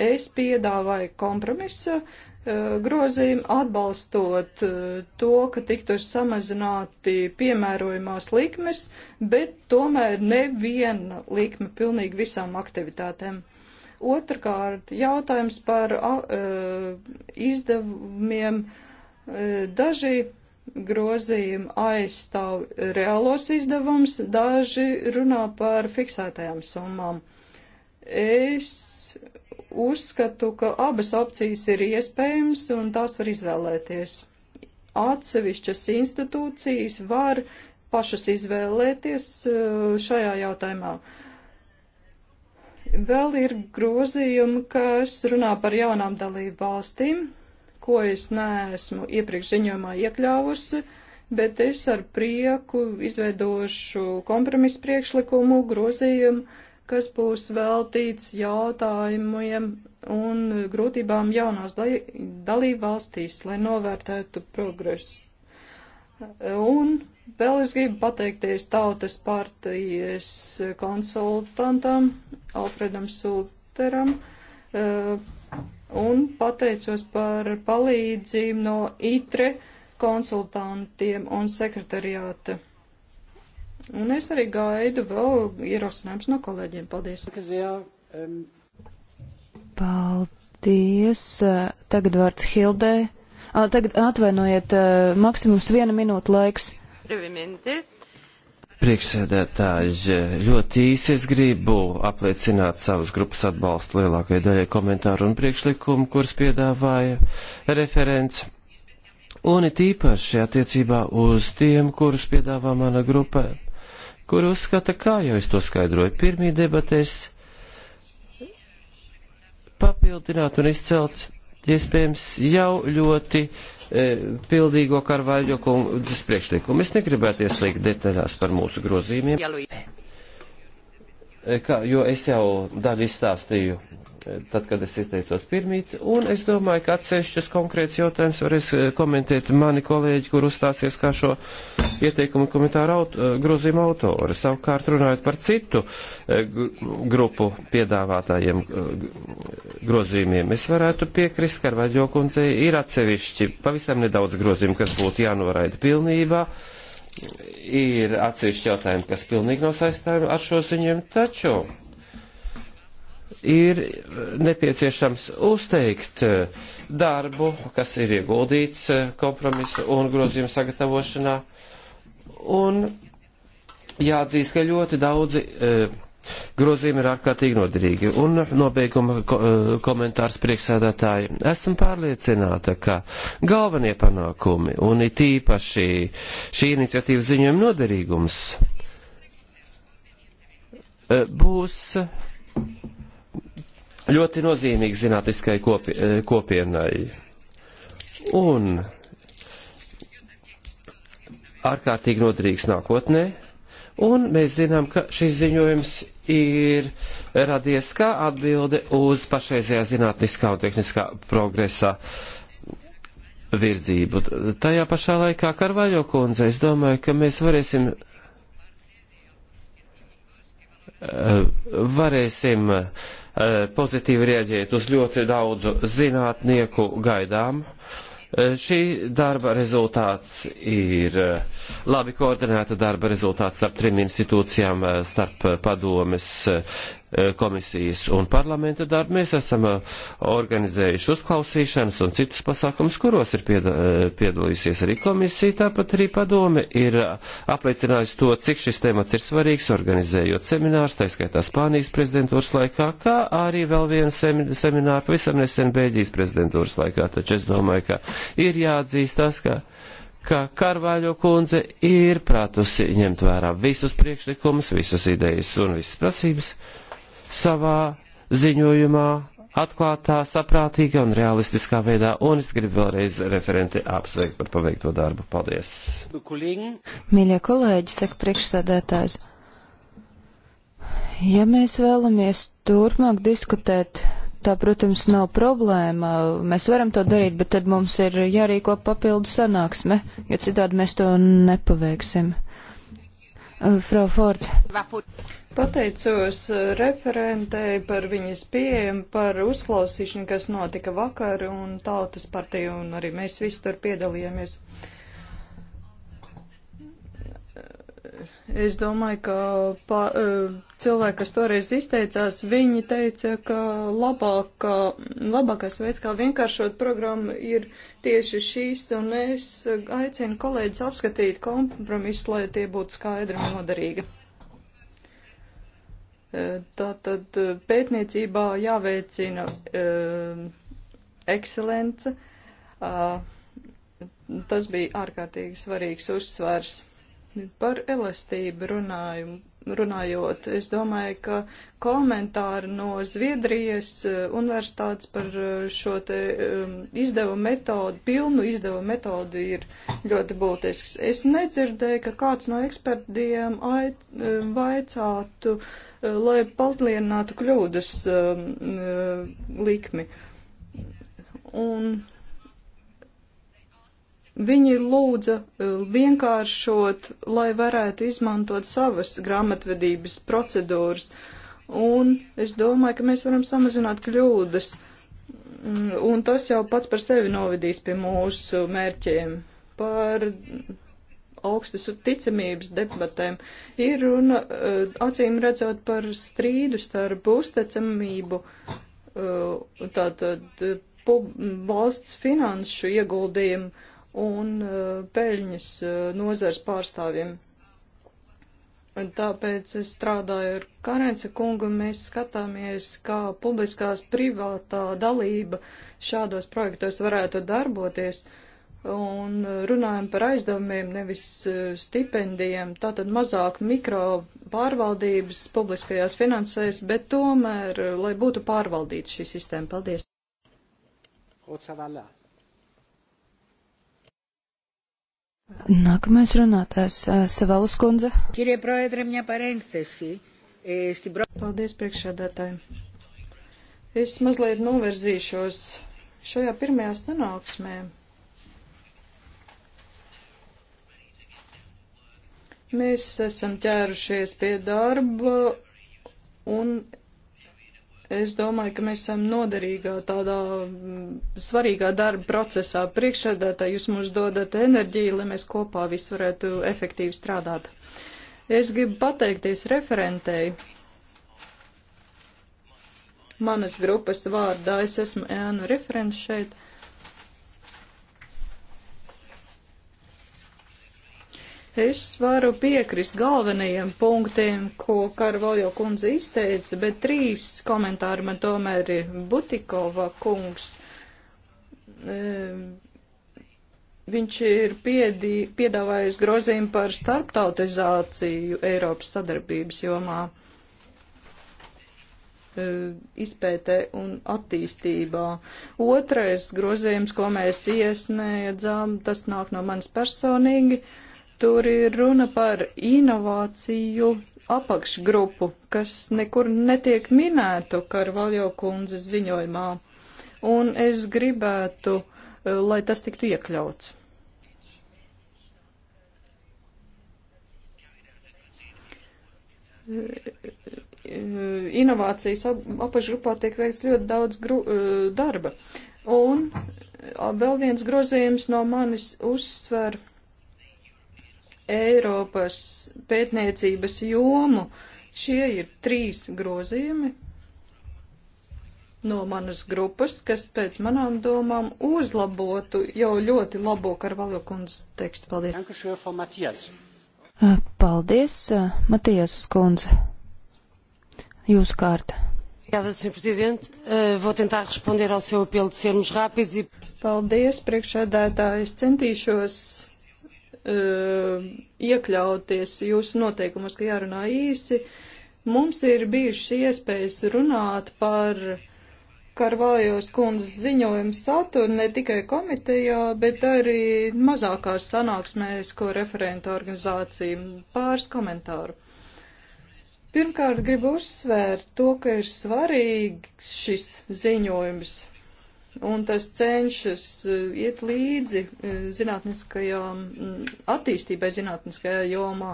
Es piedāvāju kompromisa eh, grozījumu atbalstot eh, to, ka tiktu samazināti piemērojumās likmes, bet tomēr neviena likme pilnīgi visām aktivitātēm. Otrakārt, jautājums par eh, izdevumiem. Daži grozījumi aizstāv reālos izdevumus, daži runā par fiksētajām summām. Es uzskatu, ka abas opcijas ir iespējams un tās var izvēlēties. Atsevišķas institūcijas var pašas izvēlēties uh, šajā jautājumā. Vēl ir grozījumi, kas runā par jaunām dalību valstīm, ko es neesmu iepriekš ziņojumā iekļāvusi, bet es ar prieku izveidošu kompromisu priekšlikumu grozījumu kas būs veltīts jautājumiem un grūtībām jaunās dalību valstīs, lai novērtētu progresu. Un vēl es gribu pateikties Tautas partijas konsultantam Alfredam Sulteram eh, un pateicos par palīdzību no ITRE konsultantiem un sekretariāta. Un es arī gaidu vēl ierosinājums no kolēģiem. Paldies! Paldies! Tagad vārds Hildē. Tagad atvainojiet, maksimums viena minūte laiks. Brevemente. Priekšsēdētāji, ļoti īsi es gribu apliecināt savas grupas atbalstu lielākajai daļai komentāru un priekšlikumu, kurus piedāvāja referents. Un it īpaši attiecībā uz tiem, kurus piedāvā mana grupa, kur uzskata, kā jau es to skaidroju pirmī debatēs, papildināt un izcelt iespējams jau ļoti e, pildīgo karvaļo kundas priekšlikumu. Es negribētu ieslīgt detaļās par mūsu grozījumiem, e, kā, jo es jau daļu izstāstīju tad, kad es izteicos pirmīt, un es domāju, ka atsevišķus konkrēts jautājums varēs eh, komentēt mani kolēģi, kur uzstāsies kā šo ieteikumu komentāru aut eh, grozījumu autori. Savukārt runājot par citu eh, grupu piedāvātājiem grozījumiem, es varētu piekrist, ka ar vaļokundzei ir atsevišķi pavisam nedaudz grozījumu, kas būtu jānoraida pilnībā. Ir atsevišķi jautājumi, kas pilnīgi nav saistāmi ar šo ziņojumu, taču ir nepieciešams uzteikt eh, darbu, kas ir ieguldīts eh, kompromisu un grozījumu sagatavošanā. Un jāatzīst, ka ļoti daudzi eh, grozījumi ir ārkārtīgi noderīgi. Un nobeiguma komentārs priekšsēdētāji. Esmu pārliecināta, ka galvenie panākumi un it īpaši šī iniciatīva ziņojuma noderīgums būs ļoti nozīmīgi zinātniskai kopi, e, kopienai. Un ārkārtīgi noderīgs nākotnē. Un mēs zinām, ka šis ziņojums ir radies kā atbilde uz pašreizējā zinātniskā un tehniskā progresa virzību. Tajā pašā laikā Karvaļo kundze, es domāju, ka mēs varēsim Eh, varēsim eh, pozitīvi rieģēt uz ļoti daudzu zinātnieku gaidām. Eh, šī darba rezultāts ir labi koordinēta darba rezultāts starp trim institūcijām, starp padomes Eh, komisijas un parlamenta darbu. Mēs esam eh, organizējuši uzklausīšanas un citus pasākumus, kuros ir eh, piedalījusies arī komisija, tāpat arī padome ir apliecinājusi to, cik šis temats ir svarīgs, organizējot seminārus, tā skaitā Spānijas prezidentūras laikā, kā arī vēl vienu semināru pavisam nesen Bēļģijas prezidentūras laikā. Taču es domāju, ka ir jāatzīst tas, ka ka Karvaļo kundze ir prātusi ņemt vērā visus priekšlikumus, visas idejas un visas prasības, uh, savā ziņojumā atklātā, saprātīgā un realistiskā veidā, un es gribu vēlreiz referenti apsveikt par paveikto darbu. Paldies! Mīļie kolēģi, saka priekšsēdētājs, ja mēs vēlamies turpmāk diskutēt, tā, protams, nav problēma, mēs varam to darīt, bet tad mums ir jārīko papildu sanāksme, jo citādi mēs to nepaveiksim. Frau Ford. Pateicos eh, referentei par viņas pieejamu, par uzklausīšanu, kas notika vakar, un tautas partija, un arī mēs visi tur piedalījāmies. Es domāju, ka pa, eh, cilvēki, kas toreiz izteicās, viņi teica, ka labākā, labākais veids, kā vienkāršot programmu, ir tieši šīs, un es aicinu kolēģis apskatīt kompromisu, lai tie būtu skaidri un noderīgi. Tātad eh, pētniecībā jāveicina eh, ekscelence. Tas bija ārkārtīgi svarīgs uzsvars. Par elastību runājumu, runājot, es domāju, ka komentāri no Zviedrijas eh, universitātes par šo te izdevumu metodu, pilnu izdevumu metodu ir ļoti būtisks. Es nedzirdēju, ka kāds no ekspertiem vaicātu, uh, lai palielinātu kļūdas um, uh, likmi. Un viņi lūdza uh, vienkāršot, lai varētu izmantot savas grāmatvedības procedūras. Un es domāju, ka mēs varam samazināt kļūdas. Mm, un tas jau pats par sevi novedīs pie mūsu mērķiem. Par augstas ticamības debatēm. Ir runa eh, acīm redzot par strīdu starp uzticamību, eh, tātad valsts finanšu ieguldījumu un eh, peļņas nozars pārstāvjiem. Un tāpēc es strādāju ar Karence kungu, un mēs skatāmies, kā publiskās privātā dalība šādos projektos varētu darboties. Uh, un runājam par aizdevumiem, nevis eh, stipendijiem, tātad mazāk mikro pārvaldības publiskajās finansēs, bet tomēr, eh, lai būtu pārvaldīta šī sistēma. Paldies! Nākamais runātājs eh, Savalas kundze. Paldies priekšādātājiem. Es mazliet noverzīšos šajā pirmajā sanāksmē Mēs esam ķērušies pie darba un es domāju, ka mēs esam noderīgā tādā mm, svarīgā darba procesā priekšsēdētā. Jūs mums dodat enerģiju, lai mēs kopā visi varētu efektīvi strādāt. Es gribu pateikties referentei. Manas grupas vārdā es esmu ēnu referents šeit. Es varu piekrist galvenajiem punktiem, ko Karvaljo kundze izteica, bet trīs komentāri man tomēr ir Butikova kungs. Ehm, viņš ir piedī, piedāvājis grozījumu par starptautizāciju Eiropas sadarbības jomā ehm, izpētē un attīstībā. Otrais grozījums, ko mēs iesniedzām, tas nāk no manis personīgi. Uh, Tur ir runa par inovāciju apakšgrupu, kas nekur netiek minēta Karvaljo kundzes ziņojumā. Un es gribētu, eh, lai tas tiktu iekļauts. Eh, inovācijas apakšgrupā tiek veikts ļoti daudz gru, eh, darba. Un vēl viens grozījums no manis uzsver Eiropas pētniecības jomu. Šie ir trīs grozījumi no manas grupas, kas pēc manām domām uzlabotu jau ļoti labo Karvaljo kundzes tekstu. Paldies! Paldies, Matijas kundze! Jūsu kārta. Obrigada, Sr. Presidente. Uh, vou tentar responder ao seu apelo de sermos rápidos e. Paldies, priekšsēdētāji. Es centīšos Um, iekļauties jūsu noteikumos, ka jārunā īsi. Mums ir bijušas iespējas runāt par Karvaljos kundzes ziņojumu saturu ne tikai komitejā, bet arī mazākās sanāksmēs, ko referenta organizācija pāris komentāru. Pirmkārt, gribu uzsvērt to, ka ir svarīgs šis ziņojums un tas cenšas eh, iet līdzi eh, zinātniskajām mm, attīstībai zinātniskajā jomā.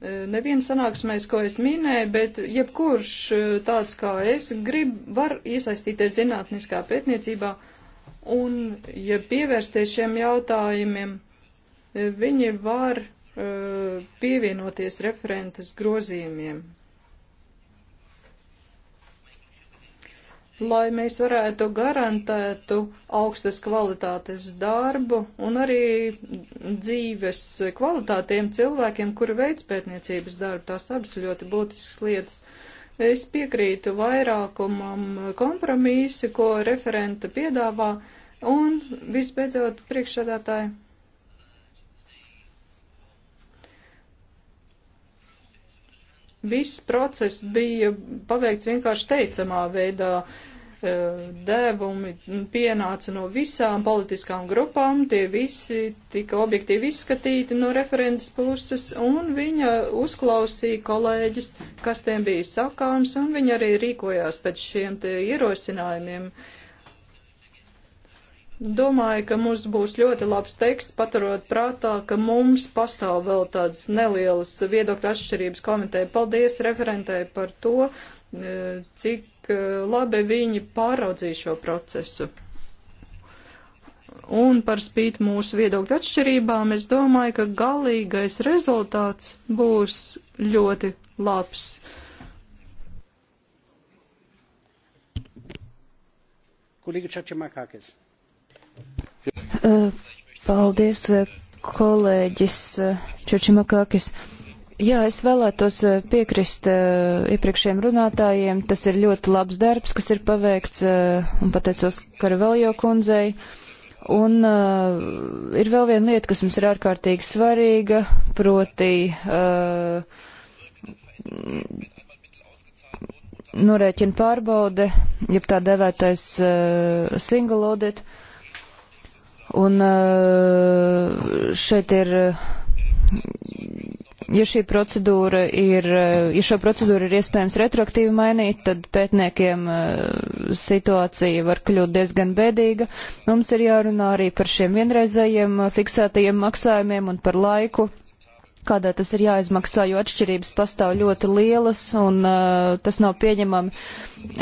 Eh, neviens sanāksmēs, ko es minēju, bet jebkurš tāds kā es grib, var iesaistīties zinātniskā pētniecībā un, ja pievērsties šiem jautājumiem, viņi var pievienoties referentes grozījumiem. lai mēs varētu garantētu augstas kvalitātes darbu un arī dzīves kvalitātiem cilvēkiem, kuri veic pētniecības darbu. Tās abas ļoti būtiskas lietas. Es piekrītu vairākumam kompromisu, ko referenta piedāvā, un vispēcot priekšsādātāji. Viss process bija paveikts vienkārši teicamā veidā. E, Dēvumi pienāca no visām politiskām grupām, tie visi tika objektīvi izskatīti no referentes puses, un viņa uzklausīja kolēģus, kas tiem bija sakāms, un viņa arī rīkojās pēc šiem te ierosinājumiem. Uh, Domāju, ka mums būs ļoti labs teksts, paturot prātā, ka mums pastāv vēl tādas nelielas viedokļu atšķirības komiteja. Paldies referentē par to, e, cik e, labi viņi pāraudzīja šo procesu. Un par spīti mūsu viedokļu atšķirībām, es domāju, ka galīgais rezultāts būs ļoti labs. Kolēģi Čačimakakis. Eh, paldies, eh, kolēģis eh, Čurčimakakis. Jā, es vēlētos piekrist iepriekšējiem runātājiem. Tas ir ļoti labs darbs, kas ir paveikts, un pateicos Karaveljo kundzei. Un uh, ir vēl viena lieta, kas mums ir ārkārtīgi svarīga, proti uh, norēķina pārbaude, jeb tā devētais uh, single audit. Uh, Un eh, šeit ir, eh, ja šī procedūra ir, eh, ja šo procedūru ir iespējams retroaktīvi mainīt, tad pētniekiem situācija var kļūt diezgan bēdīga. Mums ir jārunā arī par šiem vienreizējiem fiksētajiem maksājumiem un par laiku kādā tas ir jāizmaksā, jo atšķirības pastāv ļoti lielas un uh, tas nav pieņemami.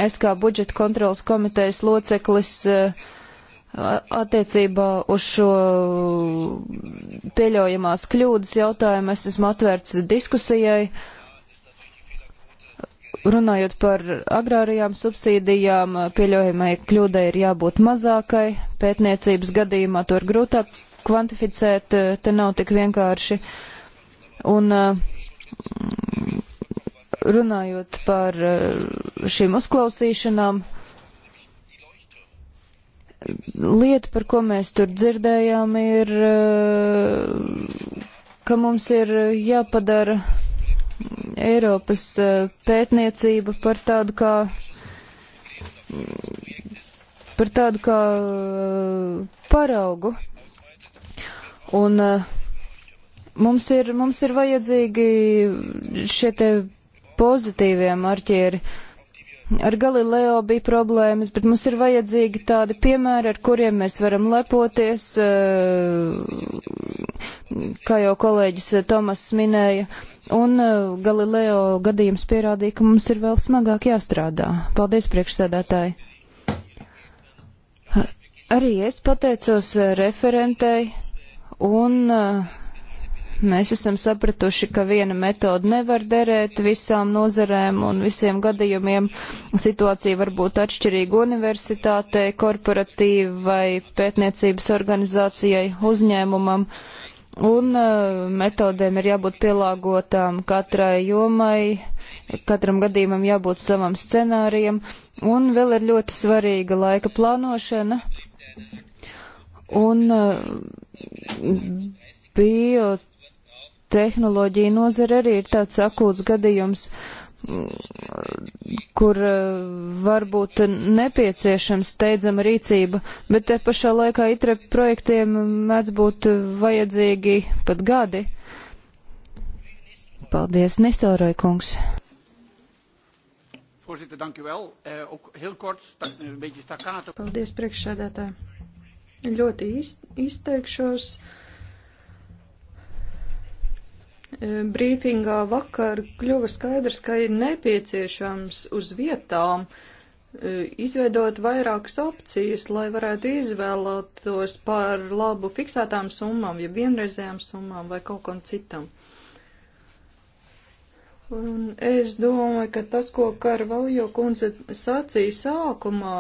Es kā budžeta kontrolas komitejas loceklis uh, Attiecībā uz šo pieļaujamās kļūdas jautājumu es esmu atvērts diskusijai. Runājot par agrārajām subsīdijām, pieļaujamai kļūdai ir jābūt mazākai. Pētniecības gadījumā to ir grūtāk kvantificēt, te nav tik vienkārši. Un mm, runājot par eh, šīm uzklausīšanām, lieta, par ko mēs tur dzirdējām, ir, eh, ka mums ir jāpadara Eiropas eh, pētniecība par tādu kā, par tādu kā eh, paraugu. Un mums ir, mums ir vajadzīgi šie te pozitīvie marķieri. Uh, Ar Galileo bija problēmas, bet mums ir vajadzīgi tādi piemēri, ar kuriem mēs varam lepoties, eh, kā jau kolēģis Tomas minēja. Un eh, Galileo gadījums pierādīja, ka mums ir vēl smagāk jāstrādā. Paldies, priekšsēdētāji! Arī es pateicos eh, referentei un uh, Mēs esam sapratuši, ka viena metode nevar derēt visām nozarēm un visiem gadījumiem. Situācija var būt atšķirīga universitātei, korporatīvai vai pētniecības organizācijai, uzņēmumam. Un uh, metodēm ir jābūt pielāgotām katrai jomai, katram gadījumam jābūt savam scenārijam, un vēl ir ļoti svarīga laika plānošana. Un uh, bio tehnoloģija nozara arī ir tāds akūts gadījums, kur eh, varbūt nepieciešams steidzama rīcība, bet te pašā laikā itre projektiem mēdz būt vajadzīgi pat gadi. Paldies, Nistelroja kungs. Eh, Paldies, priekšsēdētāji. Ļoti iz, izteikšos. Iz E, brīfingā vakar kļuva skaidrs, ka ir nepieciešams uz vietām e, izveidot vairākas opcijas, lai varētu izvēlētos par labu fiksētām summām, ja vienreizējām summām vai kaut kam citam. Un es domāju, ka tas, ko Karvaljo kundze sacīja sākumā,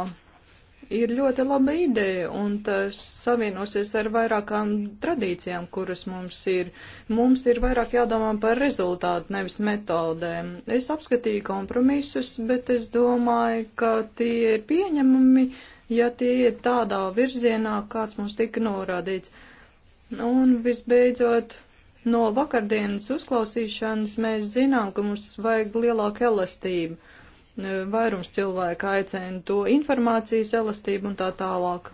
ir ļoti laba ideja, un tas savienosies ar vairākām tradīcijām, kuras mums ir. Mums ir vairāk jādomā par rezultātu, nevis metodēm. Es apskatīju kompromisus, bet es domāju, ka tie ir pieņemami, ja tie ir tādā virzienā, kāds mums tika norādīts. Un visbeidzot, no vakardienas uzklausīšanas mēs zinām, ka mums vajag lielāku elastību vairums cilvēku aicina to informācijas elastību un tā tālāk.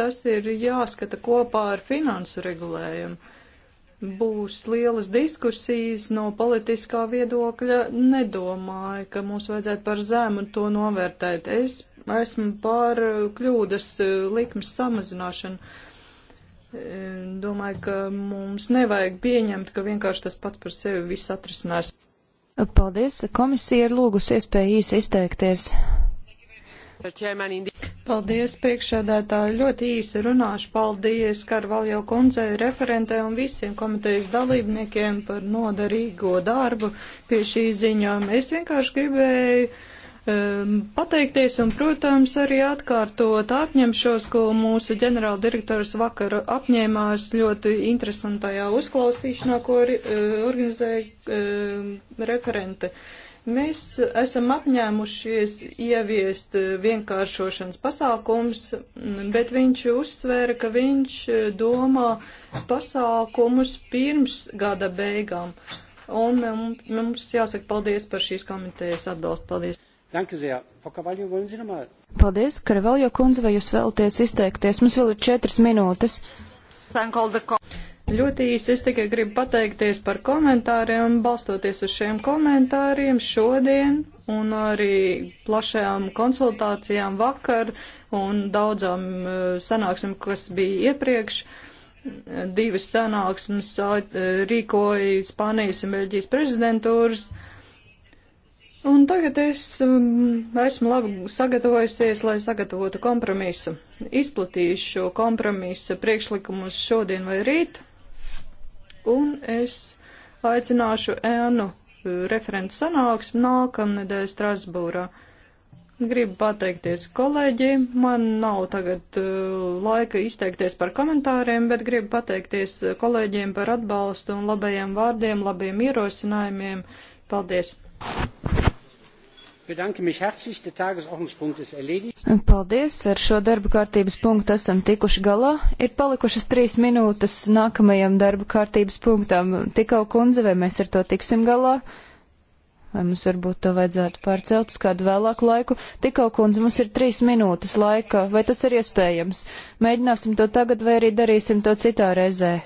Tas ir jāskata kopā ar finansu regulējumu. Būs lielas diskusijas no politiskā viedokļa. Nedomāju, ka mums vajadzētu par zemu to novērtēt. Es esmu par kļūdas e, likmes samazināšanu. E, domāju, ka mums nevajag pieņemt, ka vienkārši tas pats par sevi viss atrisinās. Paldies. Komisija ir lūgusi iespēju īsi izteikties. Paldies, priekšsēdētāji. Ļoti īsi runāšu. Paldies Karvaljo kundzei, referentē un visiem komitejas dalībniekiem par noderīgo darbu pie šī ziņojuma. Es vienkārši gribēju Um, pateikties un, protams, arī atkārtot apņemšos, ko mūsu ģenerāldirektors vakar apņēmās ļoti interesantajā uzklausīšanā, ko uh, organizēja um, referente. Mēs esam apņēmušies ieviest uh, vienkāršošanas pasākums, bet viņš uzsvēra, ka viņš uh, domā pasākumus pirms gada beigām. Un mums jāsaka paldies par šīs komitejas atbalstu. Paldies! Danke sehr. Frau Kavaljo, wollen Sie nochmal? Paldies, Karavaljo kundze, vai jūs vēlaties izteikties? Mums vēl ir četras minūtes. Ļoti īsi es tikai gribu pateikties par komentāriem, balstoties uz šiem komentāriem šodien un arī plašajām konsultācijām vakar un daudzām eh, sanāksim, kas bija iepriekš. Divas sanāksmes eh, rīkoja Spānijas un Beļģijas prezidentūras. Uh, Un tagad es um, esmu labi sagatavojusies, lai sagatavotu kompromisu. Izplatīšu kompromisa priekšlikumus šodien vai rīt, un es aicināšu ēnu referentu sanāksmi nākamnedēļ Strasbūrā. Gribu pateikties kolēģiem, man nav tagad uh, laika izteikties par komentāriem, bet gribu pateikties kolēģiem par atbalstu un labajiem vārdiem, labajiem ierosinājumiem. Paldies! Paldies, ar šo darba kārtības punktu esam tikuši galā. Ir palikušas trīs minūtes nākamajam darba kārtības punktam. Tikau kundze, vai mēs ar to tiksim galā? Vai mums varbūt to vajadzētu pārcelt uz kādu vēlāku laiku? Tikau kundze, mums ir trīs minūtes laika, vai tas ir iespējams? Mēģināsim to tagad, vai arī darīsim to citā reizē.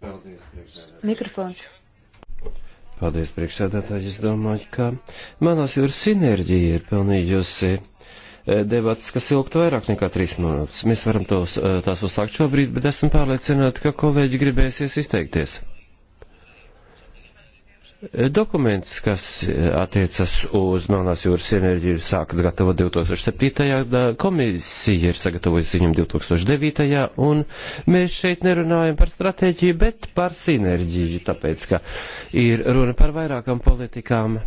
Paldies. Mikrofons. Paldies, priekšsēdētāji. Es domāju, ka manās jūras sinerģija ir pelnījusi e, debats, kas ilgt vairāk nekā trīs minūtes. Mēs varam tos, e, tās uzsākt šobrīd, bet esmu pārliecināti, ka kolēģi gribēsies izteikties. Dokuments, kas eh, attiecas uz Melnās jūras enerģiju, sākas gatavot 2007. gadā, komisija ir sagatavojusi ziņu 2009. un mēs šeit nerunājam par stratēģiju, bet par sinerģiju, tāpēc, ka ir runa par vairākām politikām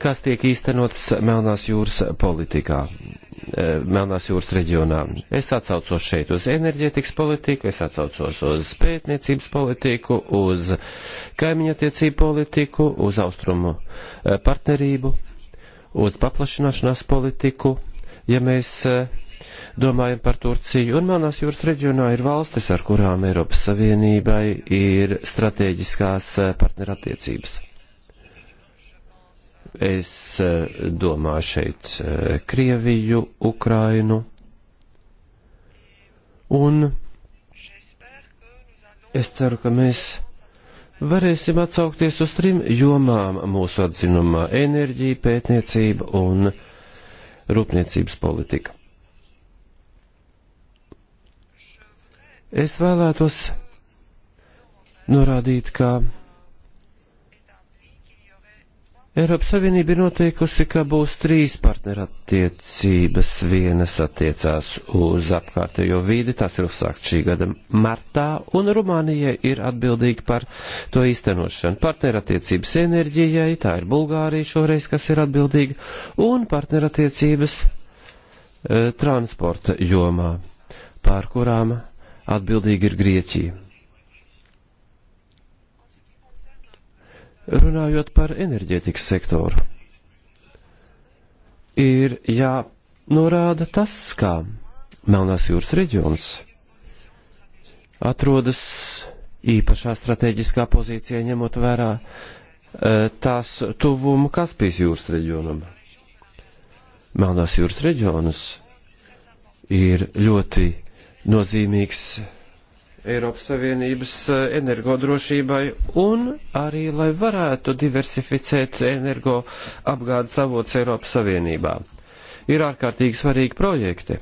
kas tiek īstenotas Melnās jūras politikā, eh, Melnās jūras reģionā. Es atsaucos šeit uz enerģētikas politiku, es atsaucos uz pētniecības politiku, uz kaimiņattiecību politiku, uz austrumu eh, partnerību, uz paplašināšanās politiku, ja mēs eh, domājam par Turciju. Un Melnās jūras reģionā ir valstis, ar kurām Eiropas Savienībai ir strateģiskās partnerattiecības. Es eh, domāju šeit eh, Krieviju, Ukrainu un es ceru, ka mēs varēsim atsaukties uz trim jomām mūsu atzinumā - enerģija, pētniecība un rūpniecības politika. Es vēlētos norādīt, ka Eiropas Savienība ir noteikusi, ka būs trīs partnerattiecības. Vienas attiecās uz apkārtējo vīdi, tas ir uzsākt šī gada martā, un Rumānija ir atbildīga par to īstenošanu. Partnerattiecības enerģijai, tā ir Bulgārija šoreiz, kas ir atbildīga, un partnerattiecības e, transporta jomā, pār kurām atbildīga ir Grieķija. Runājot par enerģētikas sektoru, ir jānorāda tas, kā Melnās jūras reģions atrodas īpašā strateģiskā pozīcijā, ņemot vērā e, tās tuvumu Kaspijas jūras reģionam. Melnās jūras reģionas ir ļoti nozīmīgs Eiropas Savienības eh, energodrošībai un arī, lai varētu diversificēt energo apgādes avots Eiropas Savienībā. Ir ārkārtīgi svarīgi projekti,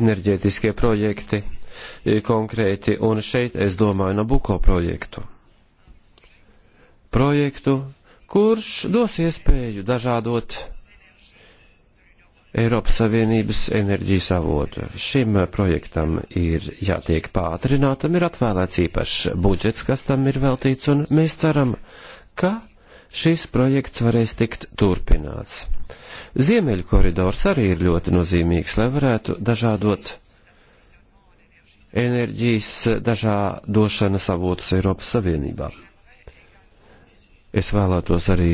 enerģētiskie projekti eh, konkrēti, un šeit es domāju Nabuko projektu. Projektu, kurš dos iespēju dažādot Eiropas Savienības enerģijas avotu. Šim projektam ir jātiek pātrinātam, ir atvēlēts īpašs budžets, kas tam ir veltīts, un mēs ceram, ka šis projekts varēs tikt turpināts. Ziemeļu koridors arī ir ļoti nozīmīgs, lai varētu dažādot enerģijas dažādošanas avotus Eiropas Savienībā. Es vēlētos arī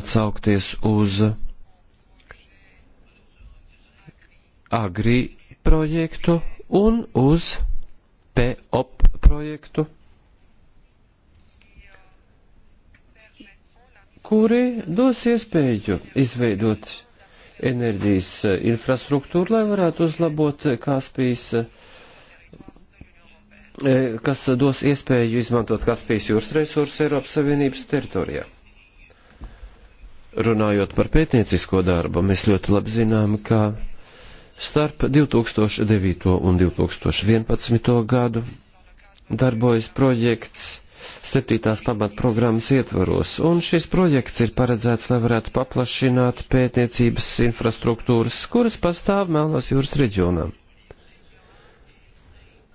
atsaukties uz Agri projektu un uz POP projektu, kuri dos iespēju izveidot enerģijas eh, infrastruktūru, lai varētu uzlabot Kaspijas, eh, kas dos iespēju izmantot Kaspijas jūras resursus Eiropas Savienības teritorijā. Runājot par pētniecisko darbu, mēs ļoti labi zinām, ka starp 2009. un 2011. gadu darbojas projekts septītās pamatprogrammas ietvaros, un šis projekts ir paredzēts, lai varētu paplašināt pētniecības infrastruktūras, kuras pastāv Melnās jūras reģionā.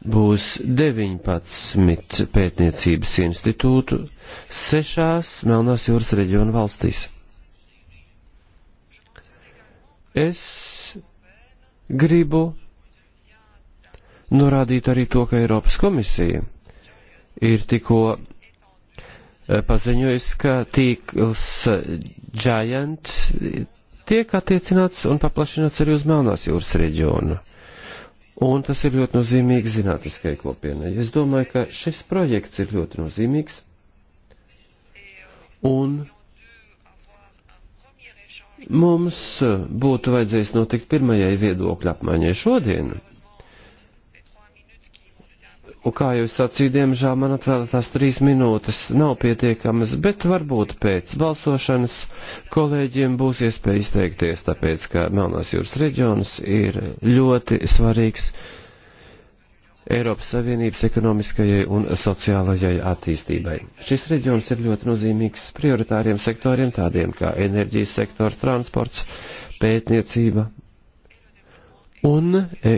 Būs 19 pētniecības institūtu sešās Melnās jūras reģiona valstīs. Es Gribu norādīt arī to, ka Eiropas komisija ir tikko eh, paziņojusi, ka tīkls eh, Giant tiek attiecināts un paplašināts arī uz Melnās jūras reģionu. Un tas ir ļoti nozīmīgi zinātniskai kopienai. Es domāju, ka šis projekts ir ļoti nozīmīgs. Un Mums eh, būtu vajadzējis notikt pirmajai viedokļa apmaiņai šodien. Un kā jau es sacīju, diemžēl man atvēlētās trīs minūtes nav pietiekamas, bet varbūt pēc balsošanas kolēģiem būs iespēja izteikties, tāpēc, ka Melnās jūras reģions ir ļoti svarīgs Eiropas Savienības ekonomiskajai un sociālajai attīstībai. Šis reģions ir ļoti nozīmīgs prioritāriem sektoriem, tādiem kā enerģijas sektors, transports, pētniecība un e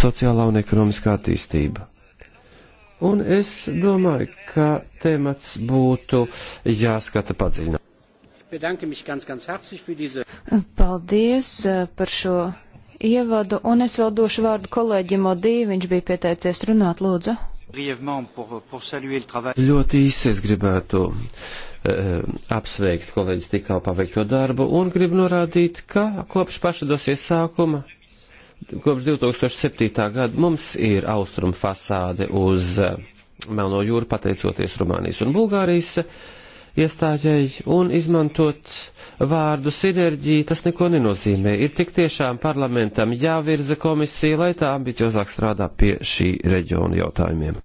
sociālā un ekonomiskā attīstība. Un es domāju, ka temats būtu jāskata padziļināt. Paldies e, par šo ievadu, un es vēl došu vārdu kolēģim Odī, viņš bija pieteicies runāt, lūdzu. Ļoti īsi es gribētu eh, apsveikt kolēģis tikā paveikto darbu un gribu norādīt, ka kopš paša dosies sākuma, kopš 2007. gada mums ir austrumu fasāde uz eh, Melno jūru pateicoties Rumānijas un Bulgārijas iestājai un izmantot vārdu sinerģija, tas neko nenozīmē. Ir tik tiešām parlamentam jāvirza komisija, lai tā ambiciozāk strādā pie šī reģiona jautājumiem.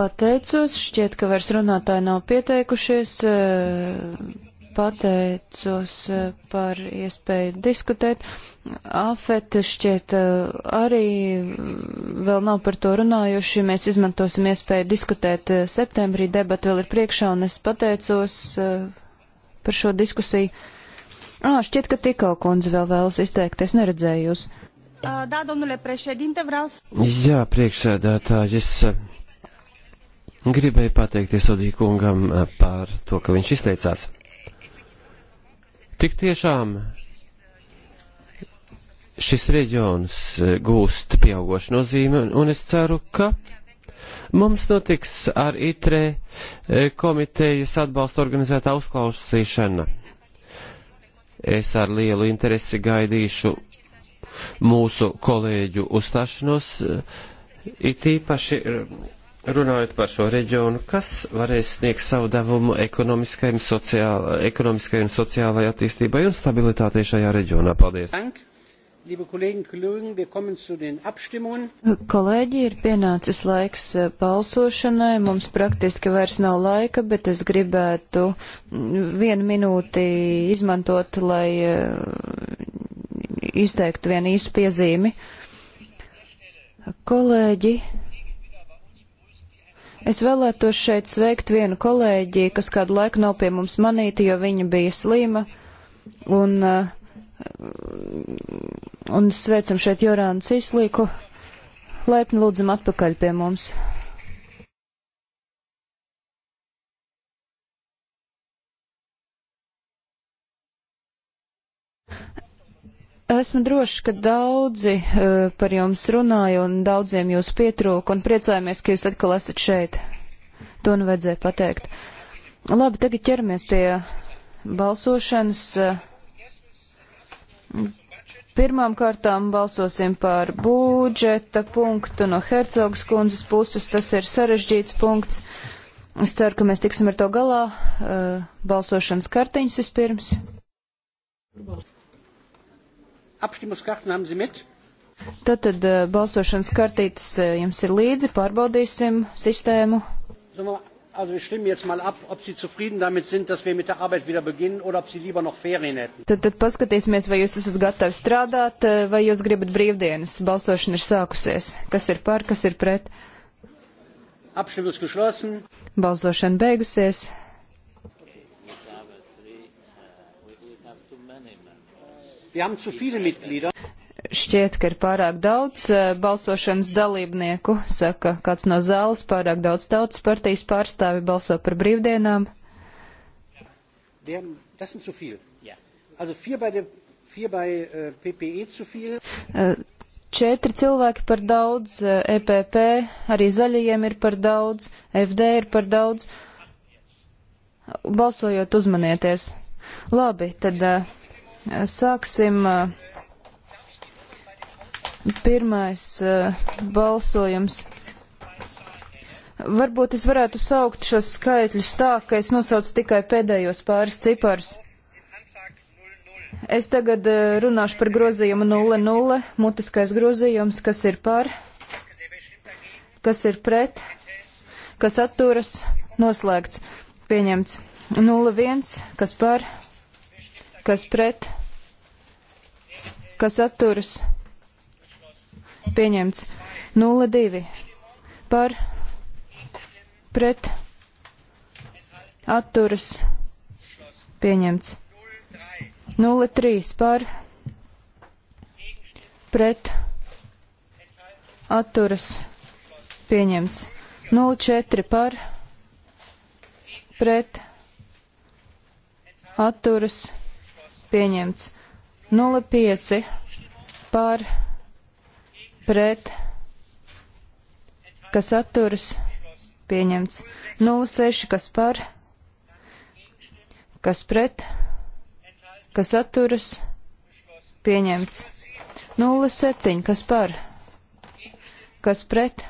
Pateicos, šķiet, ka vairs runātāji nav pieteikušies pateicos eh, par iespēju diskutēt. Afet šķiet eh, arī vēl nav par to runājuši. Mēs izmantosim iespēju diskutēt eh, septembrī. Debat vēl ir priekšā un es pateicos par šo diskusiju. Ā, šķiet, ka tikko kundze vēl vēlas izteikties, neredzēju jūs. Da, domnule președinte, vreau să... Jā, priekšsēdētāji, es gribēju pateikties Odīkungam par to, ka viņš izteicās. Tik tiešām šis reģions e, gūst pieaugošu nozīmi, un es ceru, ka mums notiks ar ITRE e, komitejas atbalsta organizētā uzklausīšana. Es ar lielu interesi gaidīšu mūsu kolēģu uzstāšanos, e, it īpaši runājot par šo reģionu, kas varēs sniegt savu devumu ekonomiskai un, sociāla, ekonomiskai un sociālai attīstībai un stabilitātei šajā reģionā. Paldies! Kolēģi, ir pienācis laiks eh, balsošanai. Mums praktiski vairs nav laika, bet es gribētu mm, vienu minūti izmantot, lai eh, izteiktu vienu īsu piezīmi. Kolēģi, Es vēlētos šeit sveikt vienu kolēģi, kas kādu laiku nav pie mums manīti, jo viņa bija slima. Un, uh, un sveicam šeit Jorānu Cislīku. Laipni lūdzam atpakaļ pie mums. Esmu droši, ka daudzi uh, par jums runāja un daudziem jūs pietrūka un priecājamies, ka jūs atkal esat šeit. To nu vajadzēja pateikt. Labi, tagad ķeramies pie balsošanas. Pirmām kārtām balsosim par budžeta punktu no Hercogas kundzes puses. Tas ir sarežģīts punkts. Es ceru, ka mēs tiksim ar to galā. Eh, balsošanas kartiņas vispirms. Balsot. Abstimmungskarten haben Sie mit? Tātad eh, balsošanas kartītes eh, jums ir līdzi, pārbaudīsim sistēmu. Also wir stimmen jetzt mal ab, ob Sie zufrieden damit sind, dass wir mit der Arbeit wieder beginnen oder ob Sie lieber noch Ferien hätten. Tad, tad paskatīsimies, vai jūs esat gatavi strādāt, eh, vai jūs gribat brīvdienas. Balsošana ir sākusies. Kas ir par, kas ir pret? Abstimmung geschlossen. Balsošana beigusies. Šķiet, ka ir pārāk daudz eh, balsošanas dalībnieku, saka kāds no zāles, pārāk daudz tautas partijas pārstāvi balso par brīvdienām. Äh, e eh, četri cilvēki par daudz, EPP eh, e arī zaļajiem ir par daudz, FD ir par daudz. Balsojot uzmanieties. Labi, tad. Uh, Sāksim eh, pirmais eh, balsojums. Varbūt es varētu saukt šos skaitļus tā, ka es nosaucu tikai pēdējos pāris ciparus. Es tagad eh, runāšu par grozījumu 00, mutiskais grozījums, kas ir par, kas ir pret, kas atturas, noslēgts, pieņemts. 01, kas par, kas pret, kas atturas, pieņemts 02 par, pret, atturas, pieņemts 03 par, pret, atturas, pieņemts 04 par, pret, atturas, pieņemts pieņemts 05 par pret, kas atturas pieņemts 06, kas par, kas pret, kas atturas pieņemts 07, kas par, kas pret,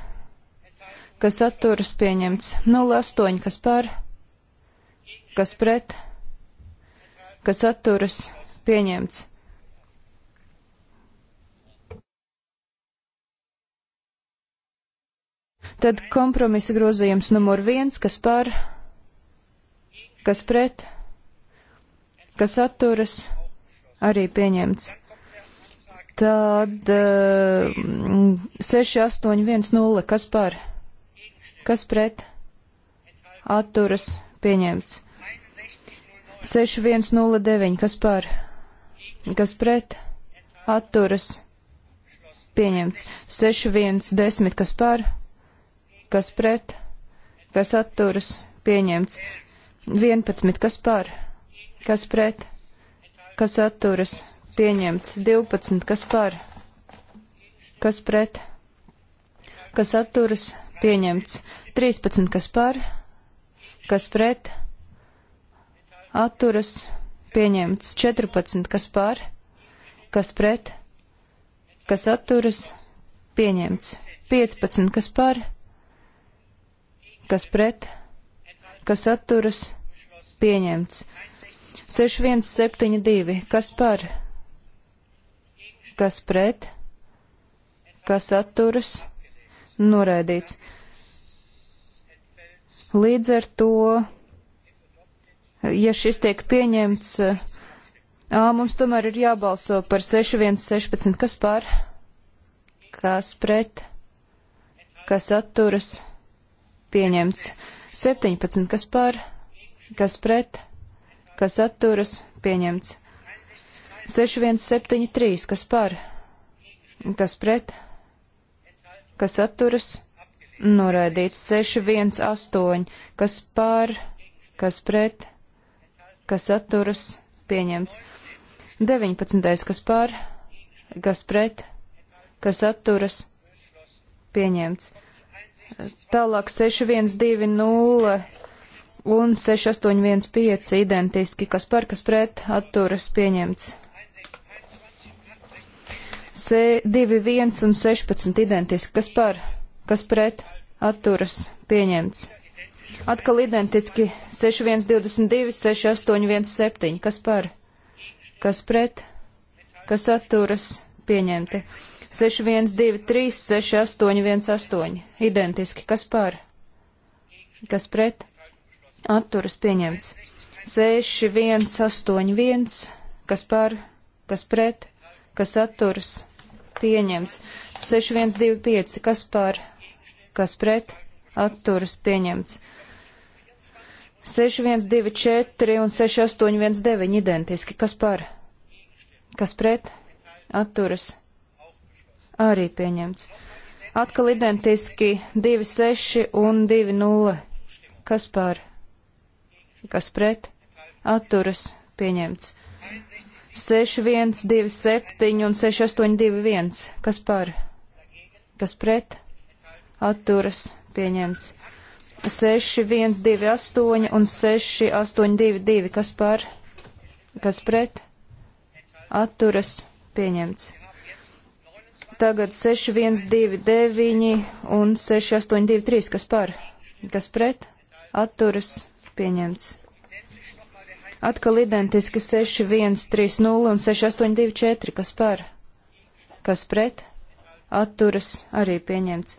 kas atturas pieņemts 08, kas par, kas pret, kas kas atturas pieņemts. Tad kompromisa grozījums numur viens, kas par, kas pret, kas atturas, arī pieņemts. Tad uh, eh, 6810, kas par, kas pret, atturas, pieņemts. 6109, kas par, kas pret, atturas, pieņemts. 6110, kas par, kas pret, kas atturas, pieņemts. 11, kas par, kas pret, kas atturas, pieņemts. 12, kas par, kas pret, kas atturas, pieņemts. 13, kas par, kas pret, atturas pieņemts 14, kas par, kas pret, kas atturas pieņemts 15, kas par, kas pret, kas atturas pieņemts 6172, kas par, kas pret, kas atturas noraidīts. Līdz ar to ja šis tiek pieņemts, ā, mums tomēr ir jābalso par 6116, kas par, kas pret, kas atturas, pieņemts 17, kas par, kas pret, kas atturas, pieņemts 6173, kas par, kas pret, kas atturas, noraidīts 618, kas par, kas pret, kas kas atturas, pieņemts. 19. kas pār, kas pret, kas atturas, pieņemts. Tālāk 6120 un 6815 identiski, kas par, kas pret, atturas, pieņemts. Se, 21 un 16 identiski, kas par, kas pret, atturas, pieņemts. Atkal identiski 6122, 6817. Kas par? Kas pret? Kas atturas? Pieņemti. 6123, 6818. Identiski. Kas par? Kas pret? Atturas pieņemts. 6181, kas par, kas pret, kas atturas pieņemts. 6125, kas par, kas pret, atturas pieņemts. 6124 un 6819 identiski. Kas par? Kas pret? Atturas. Arī pieņemts. Atkal identiski 26 un 20. Kas par? Kas pret? Atturas. Pieņemts. 6127 un 6821. Kas par? Kas pret? Atturas. Pieņemts. 6128 un 6822, kas par, kas pret, atturas pieņemts. Tagad 6129 un 6823, kas par, kas pret, atturas pieņemts. Atkal identiski 6130 un 6824, kas par, kas pret, atturas arī pieņemts.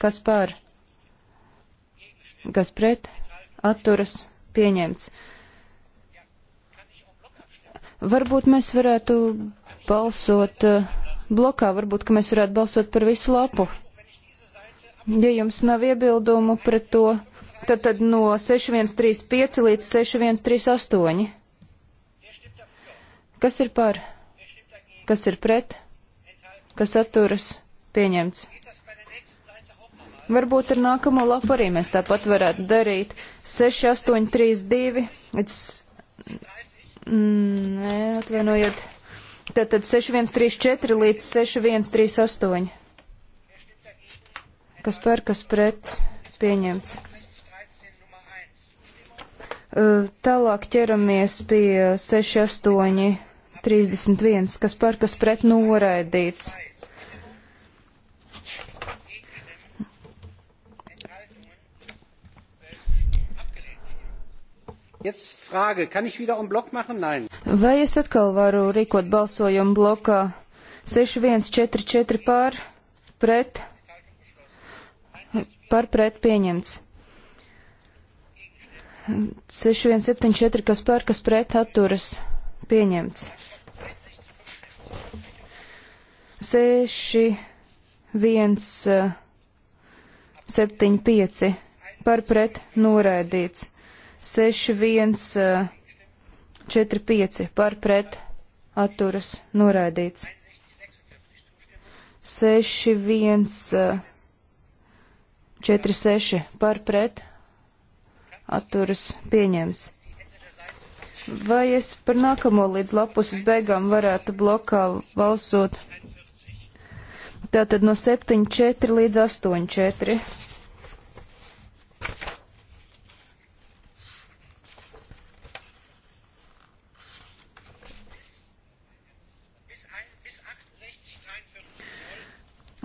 kas par, kas pret, atturas, pieņemts. Varbūt mēs varētu balsot eh, blokā, varbūt, ka mēs varētu balsot par visu lapu. Ja jums nav iebildumu pret to, tad, tad no 6135 līdz 6138. Kas ir par? Kas ir pret? Kas atturas? Pieņemts. Varbūt ar nākamo lapu arī mēs tāpat varētu darīt. 6, 8, 3, 2. It's... Nē, atvienojiet. Tātad 6, 1, 3, 4 līdz 6, 1, 3, 8. Kas par, kas pret? Pieņemts. Tālāk ķeramies pie 6, 8, 31, kas par kas pret noraidīts. Vai es atkal varu rīkot balsojumu blokā 6144 pār pret? Par pret pieņemts. 6174, kas pār, kas pret atturas pieņemts. 6, 1, 7, 5 par pret noraidīts. 6145 eh, par pret atturas noraidīts. 6146 eh, par pret atturas pieņemts. Vai es par nākamo līdz lapuses beigām varētu blokā balsot? Tātad no 7.4 līdz 8.4.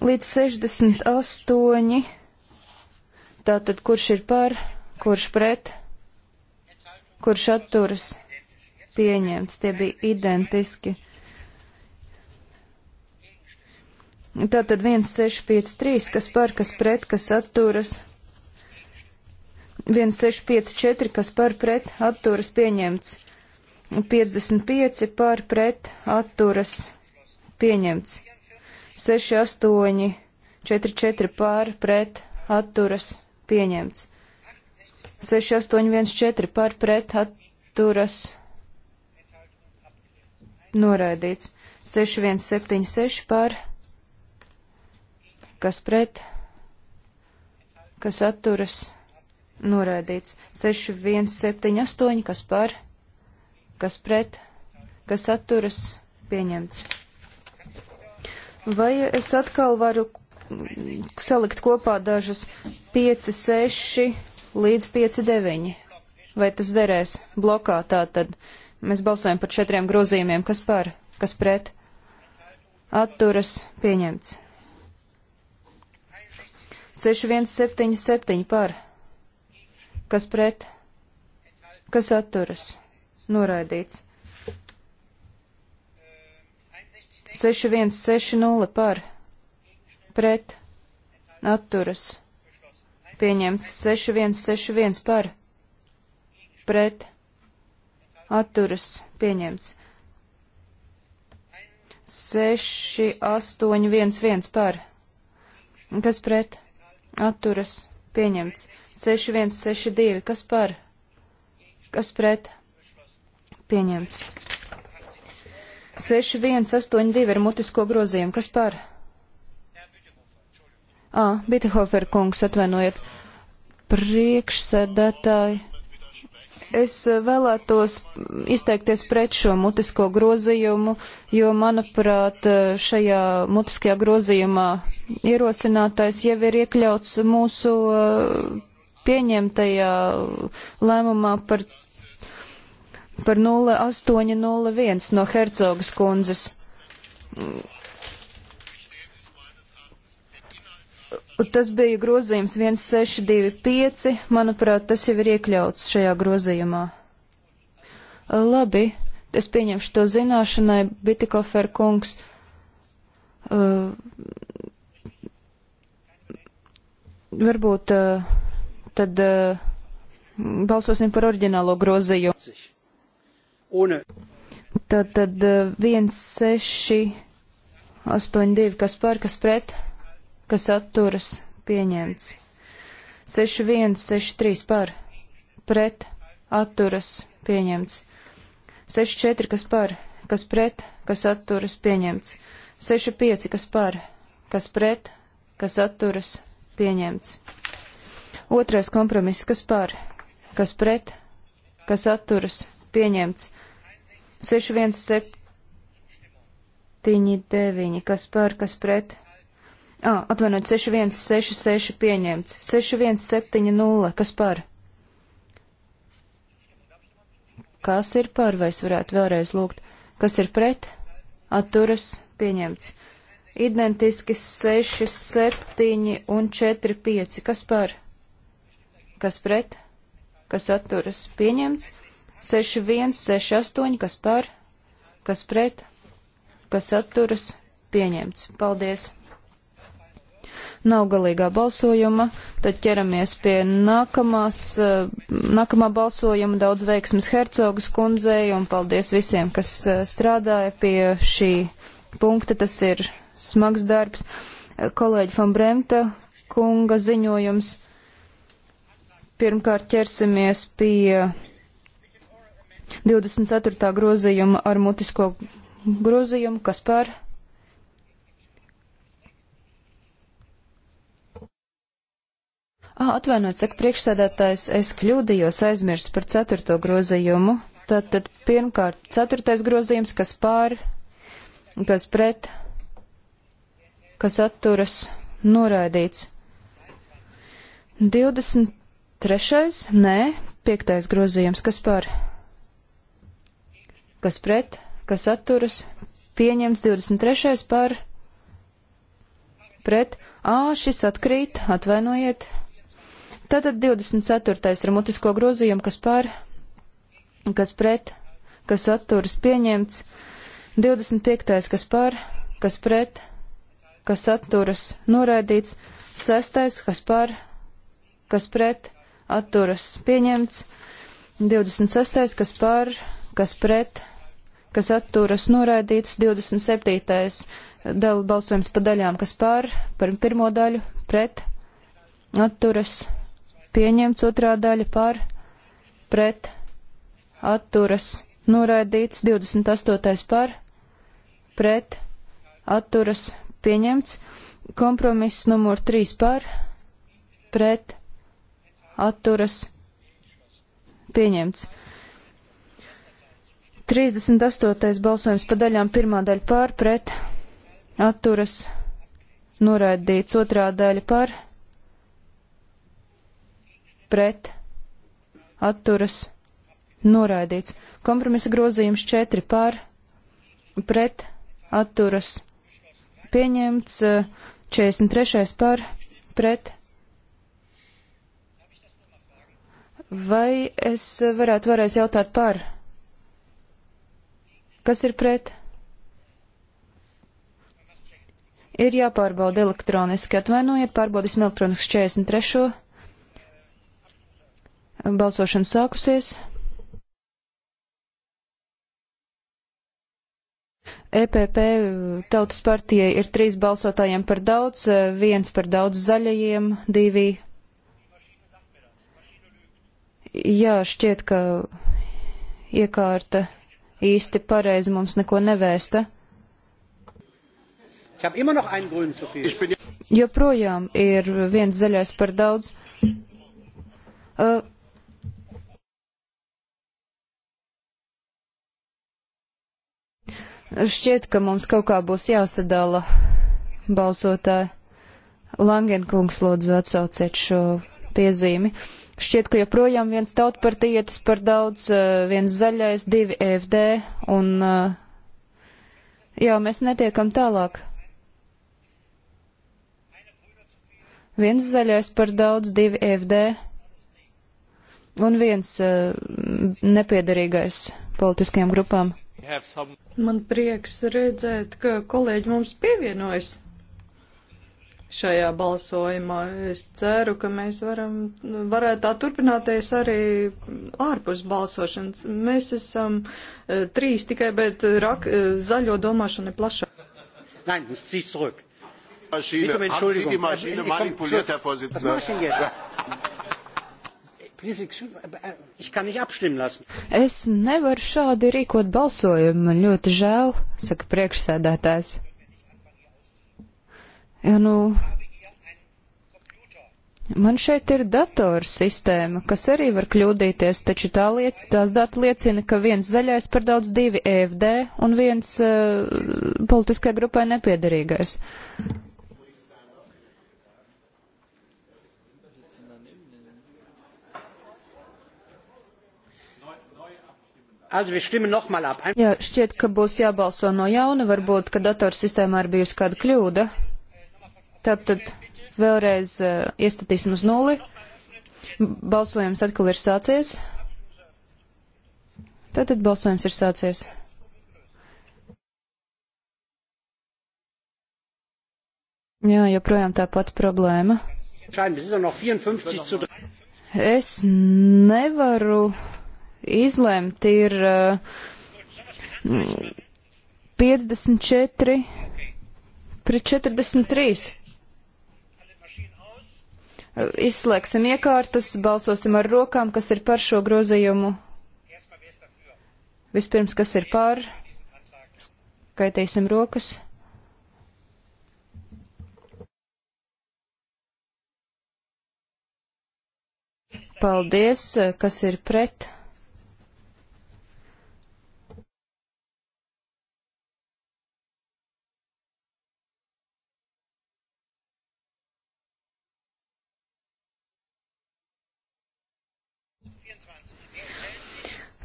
līdz 68. Tātad, kurš ir par, kurš pret, kurš atturas pieņemts, tie bija identiski. Tātad 1653, kas par, kas pret, kas atturas. 1654, kas par, pret, atturas pieņemts. 55 par, pret, atturas pieņemts. 6, 8, 4, 4 pār pret atturas pieņemts. 6, 8, 1, 4 pār pret atturas noraidīts. 6, 1, 7, 6 pār kas pret, kas atturas noraidīts. 6, 1, 7, 8 kas par, kas pret, kas atturas pieņemts. Vai es atkal varu salikt kopā dažus 5, 6 līdz 5, 9? Vai tas derēs blokā tā tad? Mēs balsojam par četriem grozījumiem. Kas par? Kas pret? Atturas pieņemts. 6177 par. Kas pret? Kas atturas? Noraidīts. 6160 par pret atturas pieņemts 6161 par pret atturas pieņemts 6811 par kas pret atturas pieņemts 6162 kas par kas pret pieņemts 6182 ir mutisko grozījumu. Kas par? Ā, Bitehofer kungs, atvainojiet. Priekšsēdētāji. Es vēlētos izteikties pret šo mutisko grozījumu, jo, manuprāt, šajā mutiskajā grozījumā ierosinātais jau ir iekļauts mūsu pieņemtajā lēmumā par par 0801 no Hercogas kundzes. Tas bija grozījums 1625, manuprāt, tas jau ir iekļauts šajā grozījumā. Labi, es pieņemšu to zināšanai, Bitikofer kungs. Uh, varbūt uh, tad uh, balsosim par oriģinālo grozījumu ohne. Tad, tad 1, 6, 8, 2, kas par, kas pret, kas atturas, pieņemts. 6, 1, 6, 3 par, pret, atturas, pieņemts. 6, 4, kas par, kas pret, kas atturas, pieņemts. 6, 5, kas par, kas pret, kas atturas, pieņemts. Otrais kompromiss, kas par, kas pret, kas atturas, pieņemts. 6179, kas par, kas pret. Ah, atvainojiet, 6166 pieņemts. 6170, kas par. Kas ir par, vai es varētu vēlreiz lūgt? Kas ir pret? Atturas pieņemts. Identiski 6, 7 un 4, 5. Kas par? Kas pret? Kas atturas pieņemts? 6168, kas par, kas pret, kas atturas, pieņemts. Paldies! Nav galīgā balsojuma, tad ķeramies pie nākamās, eh, nākamā balsojuma daudz veiksmes Hercogas kundzei un paldies visiem, kas eh, strādāja pie šī punkta. Tas ir smags darbs. Kolēģi Fan Bremta kunga ziņojums. Pirmkārt ķersimies pie 24. grozījuma ar mutisko grozījumu, kas par Ah, atvainojiet, saka priekšsēdētājs, es kļūdījos, aizmirsu par ceturto grozījumu. Tātad pirmkārt, ceturtais grozījums, kas pār, kas pret, kas atturas, noraidīts. 23. nē, piektais grozījums, kas pār, kas pret, kas atturas, pieņems 23. par pret, ā, šis atkrīt, atvainojiet. Tātad 24. ar mutisko grozījumu, kas par, kas pret, kas atturas, pieņemts. 25. kas par, kas pret, kas atturas, noraidīts. 6. kas par, kas pret, atturas, pieņemts. 26. kas par, kas pret, kas atturas noraidīts, 27. Dal, balsojums pa daļām, kas pār, par pirmo daļu, pret, atturas, pieņemts otrā daļa pār, pret, atturas, noraidīts, 28. pār, pret, atturas, pieņemts, kompromiss numur 3 pār, pret, atturas, pieņemts. 38. balsojums pa daļām pirmā daļa pār, pret, atturas, noraidīts otrā daļa par, pret, atturas, noraidīts. Kompromisa grozījums 4 pār, pret, atturas, pieņemts 43. par, pret. Vai es varētu vēlreiz jautāt par? Kas ir pret? Ir jāpārbauda elektroniski. Atvainojiet, pārbaudīsim elektroniski 43. Balsošana sākusies. EPP tautas partijai ir trīs balsotājiem par daudz, viens par daudz zaļajiem, divi. Jā, šķiet, ka iekārta īsti pareizi mums neko nevēsta. Joprojām ir viens zaļais par daudz. Uh, šķiet, ka mums kaut kā būs jāsadala balsotāji. Langenkungs lūdzu atsauciet šo piezīmi. Uh, Šķiet, ka joprojām viens tautpartietis par daudz, eh, viens zaļais, divi EFD, un eh, jā, mēs netiekam tālāk. Viens zaļais par daudz, divi EFD, un viens eh, nepiederīgais politiskajām grupām. Man prieks redzēt, ka kolēģi mums pievienojas šajā balsojumā. Es ceru, ka mēs varam, varētu tā turpināties arī ārpus balsošanas. Mēs esam uh, trīs tikai, bet rak, uh, zaļo domāšana ir plašāka. Nein, zieh zurück. Maschine. Bitte um Entschuldigung. Haben Sie die Maschine ich, manipuliert, Herr Vorsitzender? Was mache ich jetzt? [laughs] Äh, ich kann nicht abstimmen lassen. Es nevaru šādi rīkot balsojumu, man ļoti žēl, saka priekšsēdētājs. Ja, nu, man šeit ir datorsistēma, kas arī var kļūdīties, taču tā liec, tās dati liecina, ka viens zaļais par daudz divi EFD un viens uh, politiskai grupai nepiederīgais. Jā, šķiet, ka būs jābalso no jauna, varbūt, ka datorsistēmā ir bijusi kāda kļūda. Tātad vēlreiz uh, iestatīsim uz nulli. Balsojums atkal ir sācies. Tātad balsojums ir sācies. Jā, joprojām tā pati problēma. Es nevaru izlemt, ir uh, eh, 54 pret 43. Izslēgsim iekārtas, balsosim ar rokām, kas ir par šo grozījumu. Vispirms, kas ir par, skaitīsim rokas. Paldies, kas ir pret?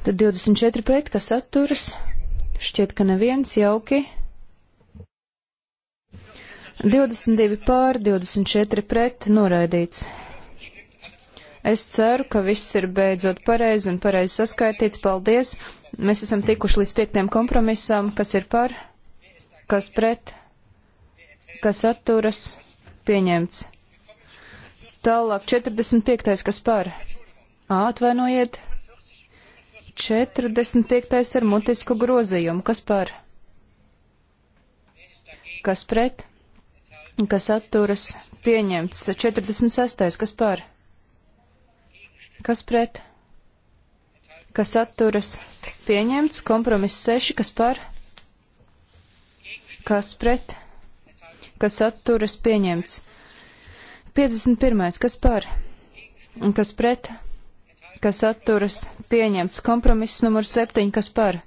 Tad 24 pret, kas atturas. Šķiet, ka neviens jauki. 22 pār, 24 pret, noraidīts. Es ceru, ka viss ir beidzot pareizi un pareizi saskaitīts. Paldies! Mēs esam tikuši līdz piektiem kompromisām, kas ir par, kas pret, kas atturas, pieņemts. Tālāk 45. kas par. Ā, atvainojiet! 45. ar mutisku grozījumu. Kas par? Kas pret? Kas atturas? Pieņemts. 46. Kas par? Kas pret? Kas atturas? Pieņemts. Kompromiss 6. Kas par? Kas pret? Kas atturas? Pieņemts. 51. Kas par? Kas pret? kas atturas, pieņemts. Kompromiss numur 7, kas par,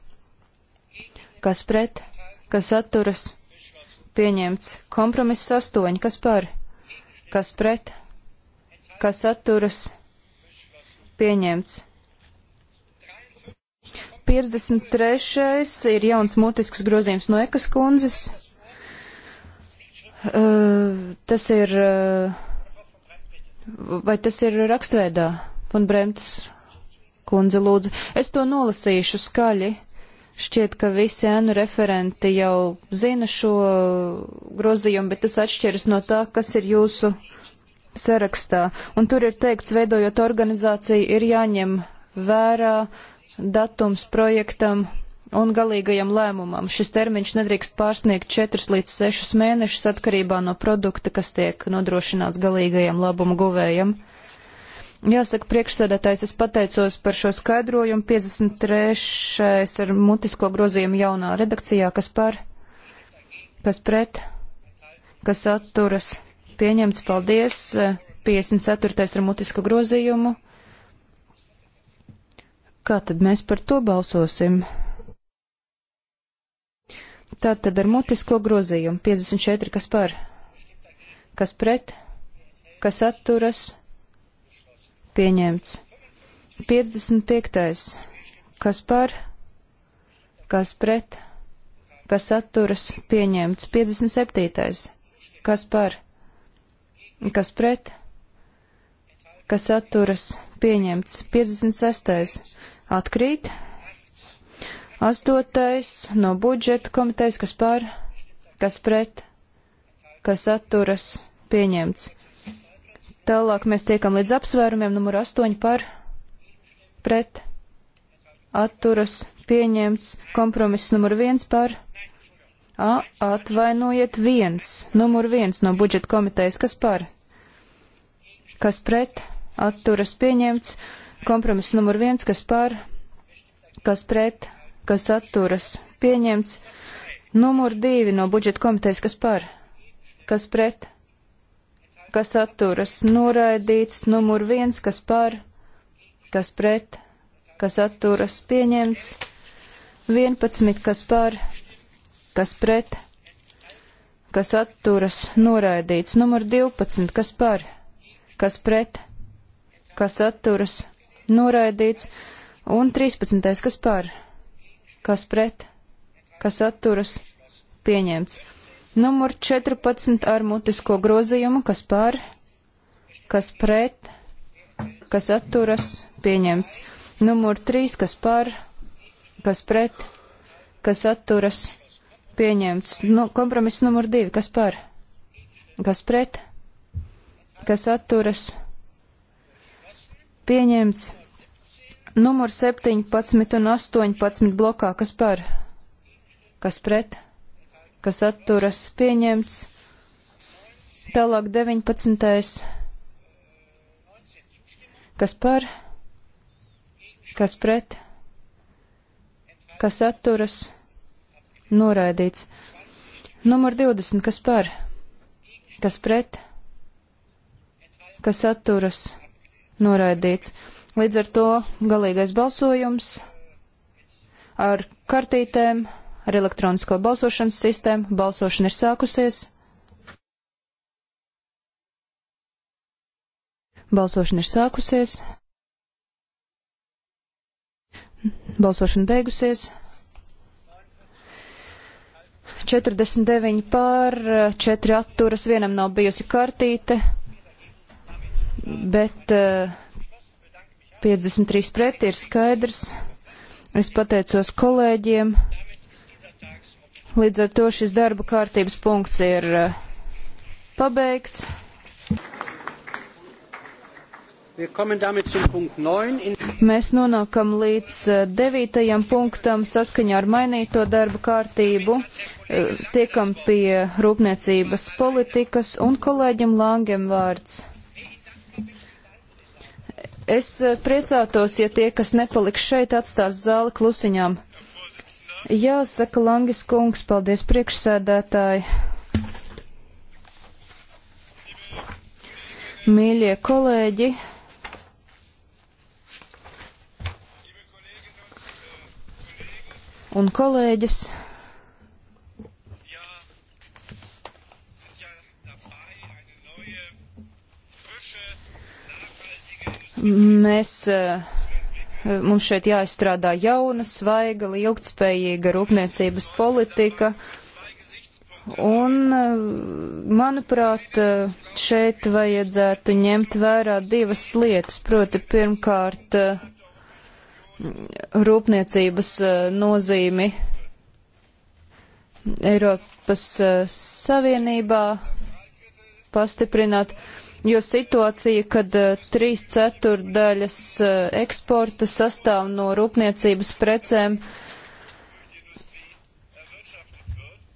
kas pret, kas atturas, pieņemts. Kompromiss 8, kas par, kas pret, kas atturas, pieņemts. 53. ir jauns mutisks grozījums no Ekas kundzes. Uh, tas ir. Uh, vai tas ir rakstveidā? un Bremtes kundze lūdzu. Es to nolasīšu skaļi. Šķiet, ka visi ēnu referenti jau zina šo grozījumu, bet tas atšķiras no tā, kas ir jūsu sarakstā. Un tur ir teikts, veidojot organizāciju, ir jāņem vērā datums projektam un galīgajam lēmumam. Šis termiņš nedrīkst pārsniegt 4 līdz 6 mēnešus atkarībā no produkta, kas tiek nodrošināts galīgajam labumu guvējam. Jāsaka, priekšsēdētājs, es pateicos par šo skaidrojumu. 53. ar mutisko grozījumu jaunā redakcijā, kas par, kas pret, kas atturas. Pieņemts, paldies. 54. ar mutisko grozījumu. Kā tad mēs par to balsosim? Tātad ar mutisko grozījumu 54, kas par, kas pret, kas atturas pieņemts. 55. Kas par, kas pret, kas atturas, pieņemts. 57. Kas par, kas pret, kas atturas, pieņemts. 56. Atkrīt. 8. No budžeta komitejas, kas par, kas pret, kas atturas, pieņemts. Tālāk mēs tiekam līdz apsvērumiem numur 8 par pret atturas pieņemts kompromiss numur 1 par. A, atvainojiet viens, numur viens no budžeta komitejas, kas par? Kas pret? Atturas pieņemts. Kompromiss numur viens, kas par? Kas pret? Kas atturas pieņemts. Numur divi no budžeta komitejas, kas par? Kas pret? kas atturas noraidīts, numur viens, kas par, kas pret, kas atturas pieņemts, 11, kas par, kas pret, kas atturas noraidīts, numur 12, kas par, kas pret, kas atturas noraidīts, un 13, kas par, kas pret, kas atturas pieņemts. Numur 14 ar mutisko grozījumu, kas pār, kas pret, kas atturas, pieņemts. Numur 3, kas pār, kas pret, kas atturas, pieņemts. Nu, kompromiss numur 2, kas pār, kas pret, kas atturas, pieņemts. Numur 17 un 18 blokā, kas pār, kas pret, kas pret kas atturas pieņemts. Tālāk 19. Kas par? Kas pret? Kas atturas? Noraidīts. Numur 20. Kas par? Kas pret? Kas atturas? Noraidīts. Līdz ar to galīgais balsojums ar kartītēm ar elektronisko balsošanas sistēmu. Balsošana ir sākusies. Balsošana ir sākusies. Balsošana beigusies. 49 pār, 4 atturas, vienam nav bijusi kartīte, bet 53 eh, pret ir skaidrs. Es pateicos kolēģiem. Līdz ar to šis darba kārtības punkts ir eh, pabeigts. Mēs nonākam līdz eh, devītajam punktam saskaņā ar mainīto darba kārtību. Eh, tiekam pie rūpniecības politikas un kolēģim Langem vārds. Es priecātos, ja tie, kas nepaliks šeit, atstās zāli klusiņām. Jā, saka Langis kungs, paldies priekšsēdētāji. Mīļie kolēģi, un kolēģis. Mēs uh, Mums šeit jāizstrādā jauna, svaiga, ilgtspējīga rūpniecības politika. Un, eh, manuprāt, eh, šeit vajadzētu ņemt vērā divas lietas. Proti, pirmkārt, eh, rūpniecības nozīmi Eiropas Savienībā pastiprināt. Uh, jo situācija, kad eh, trīs ceturdaļas eh, eksporta sastāv no rūpniecības precēm,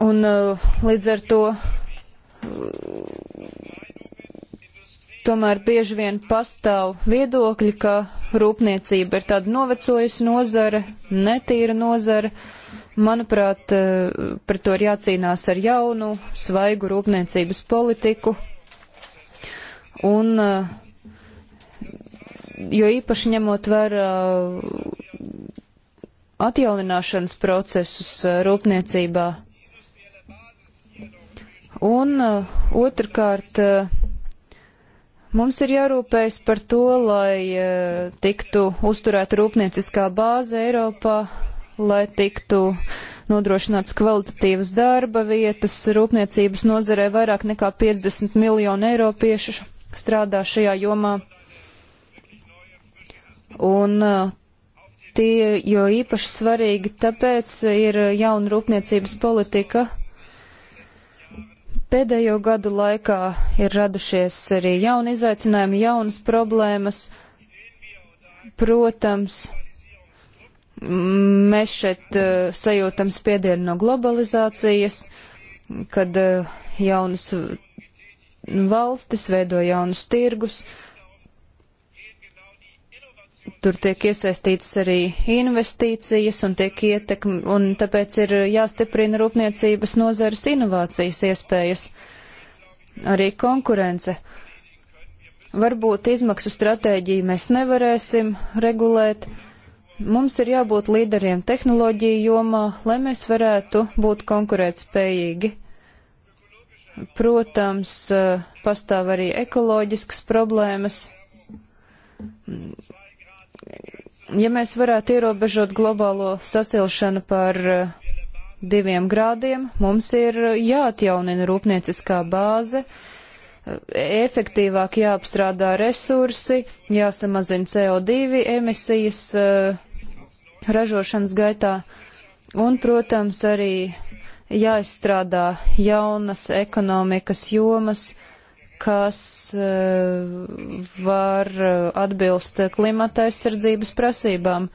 un eh, līdz ar to tomēr bieži vien pastāv viedokļi, ka rūpniecība ir tāda novecojusi nozara, netīra nozara. Manuprāt, pret to ir jācīnās ar jaunu, svaigu rūpniecības politiku, un, eh, jo īpaši ņemot vērā eh, atjaunināšanas procesus eh, rūpniecībā. Un otrkārt, mums ir jārūpējas par to, lai tiktu uzturēta rūpnieciskā bāze Eiropā, lai tiktu nodrošināts kvalitatīvas darba vietas, rūpniecības nozarē vairāk nekā 50 miljonu eiropiešu strādā šajā jomā. Un uh, tie jo īpaši svarīgi, tāpēc ir jauna rūpniecības politika. Pēdējo gadu laikā ir radušies arī jauni izaicinājumi, jaunas problēmas. Protams, mēs šeit uh, sajūtam spiedienu no globalizācijas, kad uh, jaunas valstis, veido jaunus tirgus. Tur tiek iesaistīts arī investīcijas un tiek ietekmi, un tāpēc ir jāstiprina rūpniecības nozares inovācijas iespējas, arī konkurence. Varbūt izmaksu stratēģiju mēs nevarēsim regulēt. Mums ir jābūt līderiem tehnoloģiju jomā, lai mēs varētu būt konkurētspējīgi. spējīgi. Protams, eh, pastāv arī ekoloģiskas problēmas. Ja mēs varētu ierobežot globālo sasilšanu par eh, diviem grādiem, mums ir jāatjaunina rūpnieciskā bāze, eh, efektīvāk jāapstrādā resursi, jāsamazina CO2 emisijas ražošanas gaitā un, protams, arī jāizstrādā jaunas ekonomikas jomas, kas eh, var eh, atbilst klimata aizsardzības prasībām.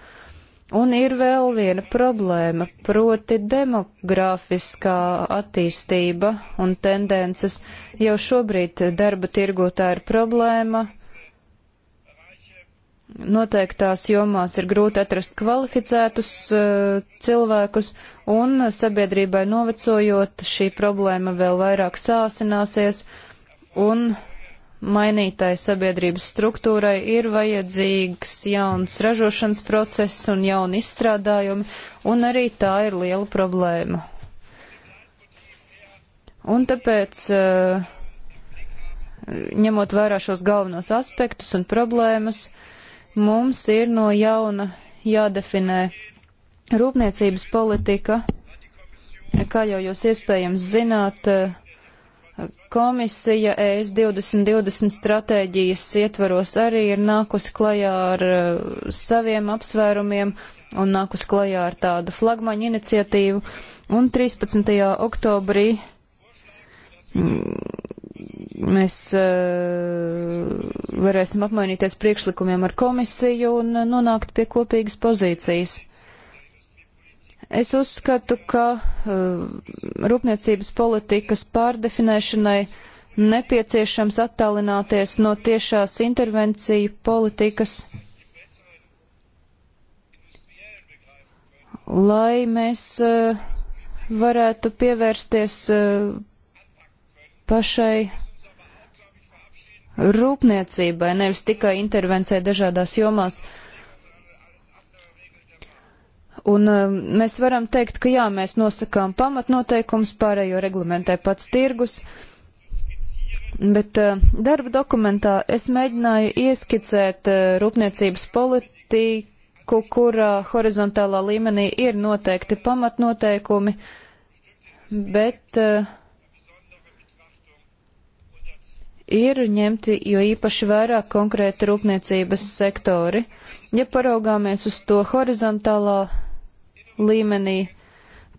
Un ir vēl viena problēma, proti demografiskā attīstība un tendences. Jau šobrīd darba tirgotā ir problēma, noteiktās jomās ir grūti atrast kvalificētus uh, cilvēkus, un sabiedrībai novecojot šī problēma vēl vairāk sāsināsies, un mainītai sabiedrības struktūrai ir vajadzīgs jauns ražošanas process un jauni izstrādājumi, un arī tā ir liela problēma. Un tāpēc, uh, ņemot vērā šos galvenos aspektus un problēmas, uh, mums ir no jauna jādefinē rūpniecības politika. Kā jau jūs iespējams zināt, komisija e ES 2020 stratēģijas ietvaros arī ir nākusi klajā ar uh, saviem apsvērumiem un nākusi klajā ar tādu flagmaņu iniciatīvu. Un 13. oktobrī mm, mēs eh, varēsim apmainīties priekšlikumiem ar komisiju un eh, nonākt pie kopīgas pozīcijas. Es uzskatu, ka eh, rūpniecības politikas pārdefinēšanai nepieciešams attālināties no tiešās intervenciju politikas, lai mēs varētu pievērsties pašai rūpniecībai, nevis tikai intervencē dažādās jomās. Un um, mēs varam teikt, ka jā, mēs nosakām pamatnoteikums, pārējo reglamentē pats tirgus, bet uh, darba dokumentā es mēģināju ieskicēt uh, rūpniecības politiku, kurā horizontālā līmenī ir noteikti pamatnoteikumi, bet uh, ir ņemti jo īpaši vērā konkrēti rūpniecības sektori. Ja paraugāmies uz to horizontālā līmenī,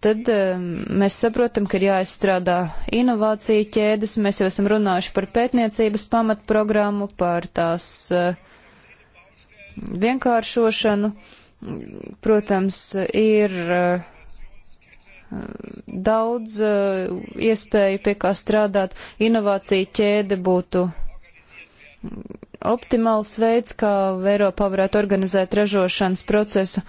tad um, mēs saprotam, ka ir jāizstrādā inovācija ķēdes. Mēs jau esam runājuši par pētniecības pamatprogrammu, par tās uh, vienkāršošanu. Protams, ir uh, daudz eh, iespēju pie kā strādāt. Inovācija ķēde būtu optimāls veids, kā Eiropā varētu organizēt ražošanas procesu.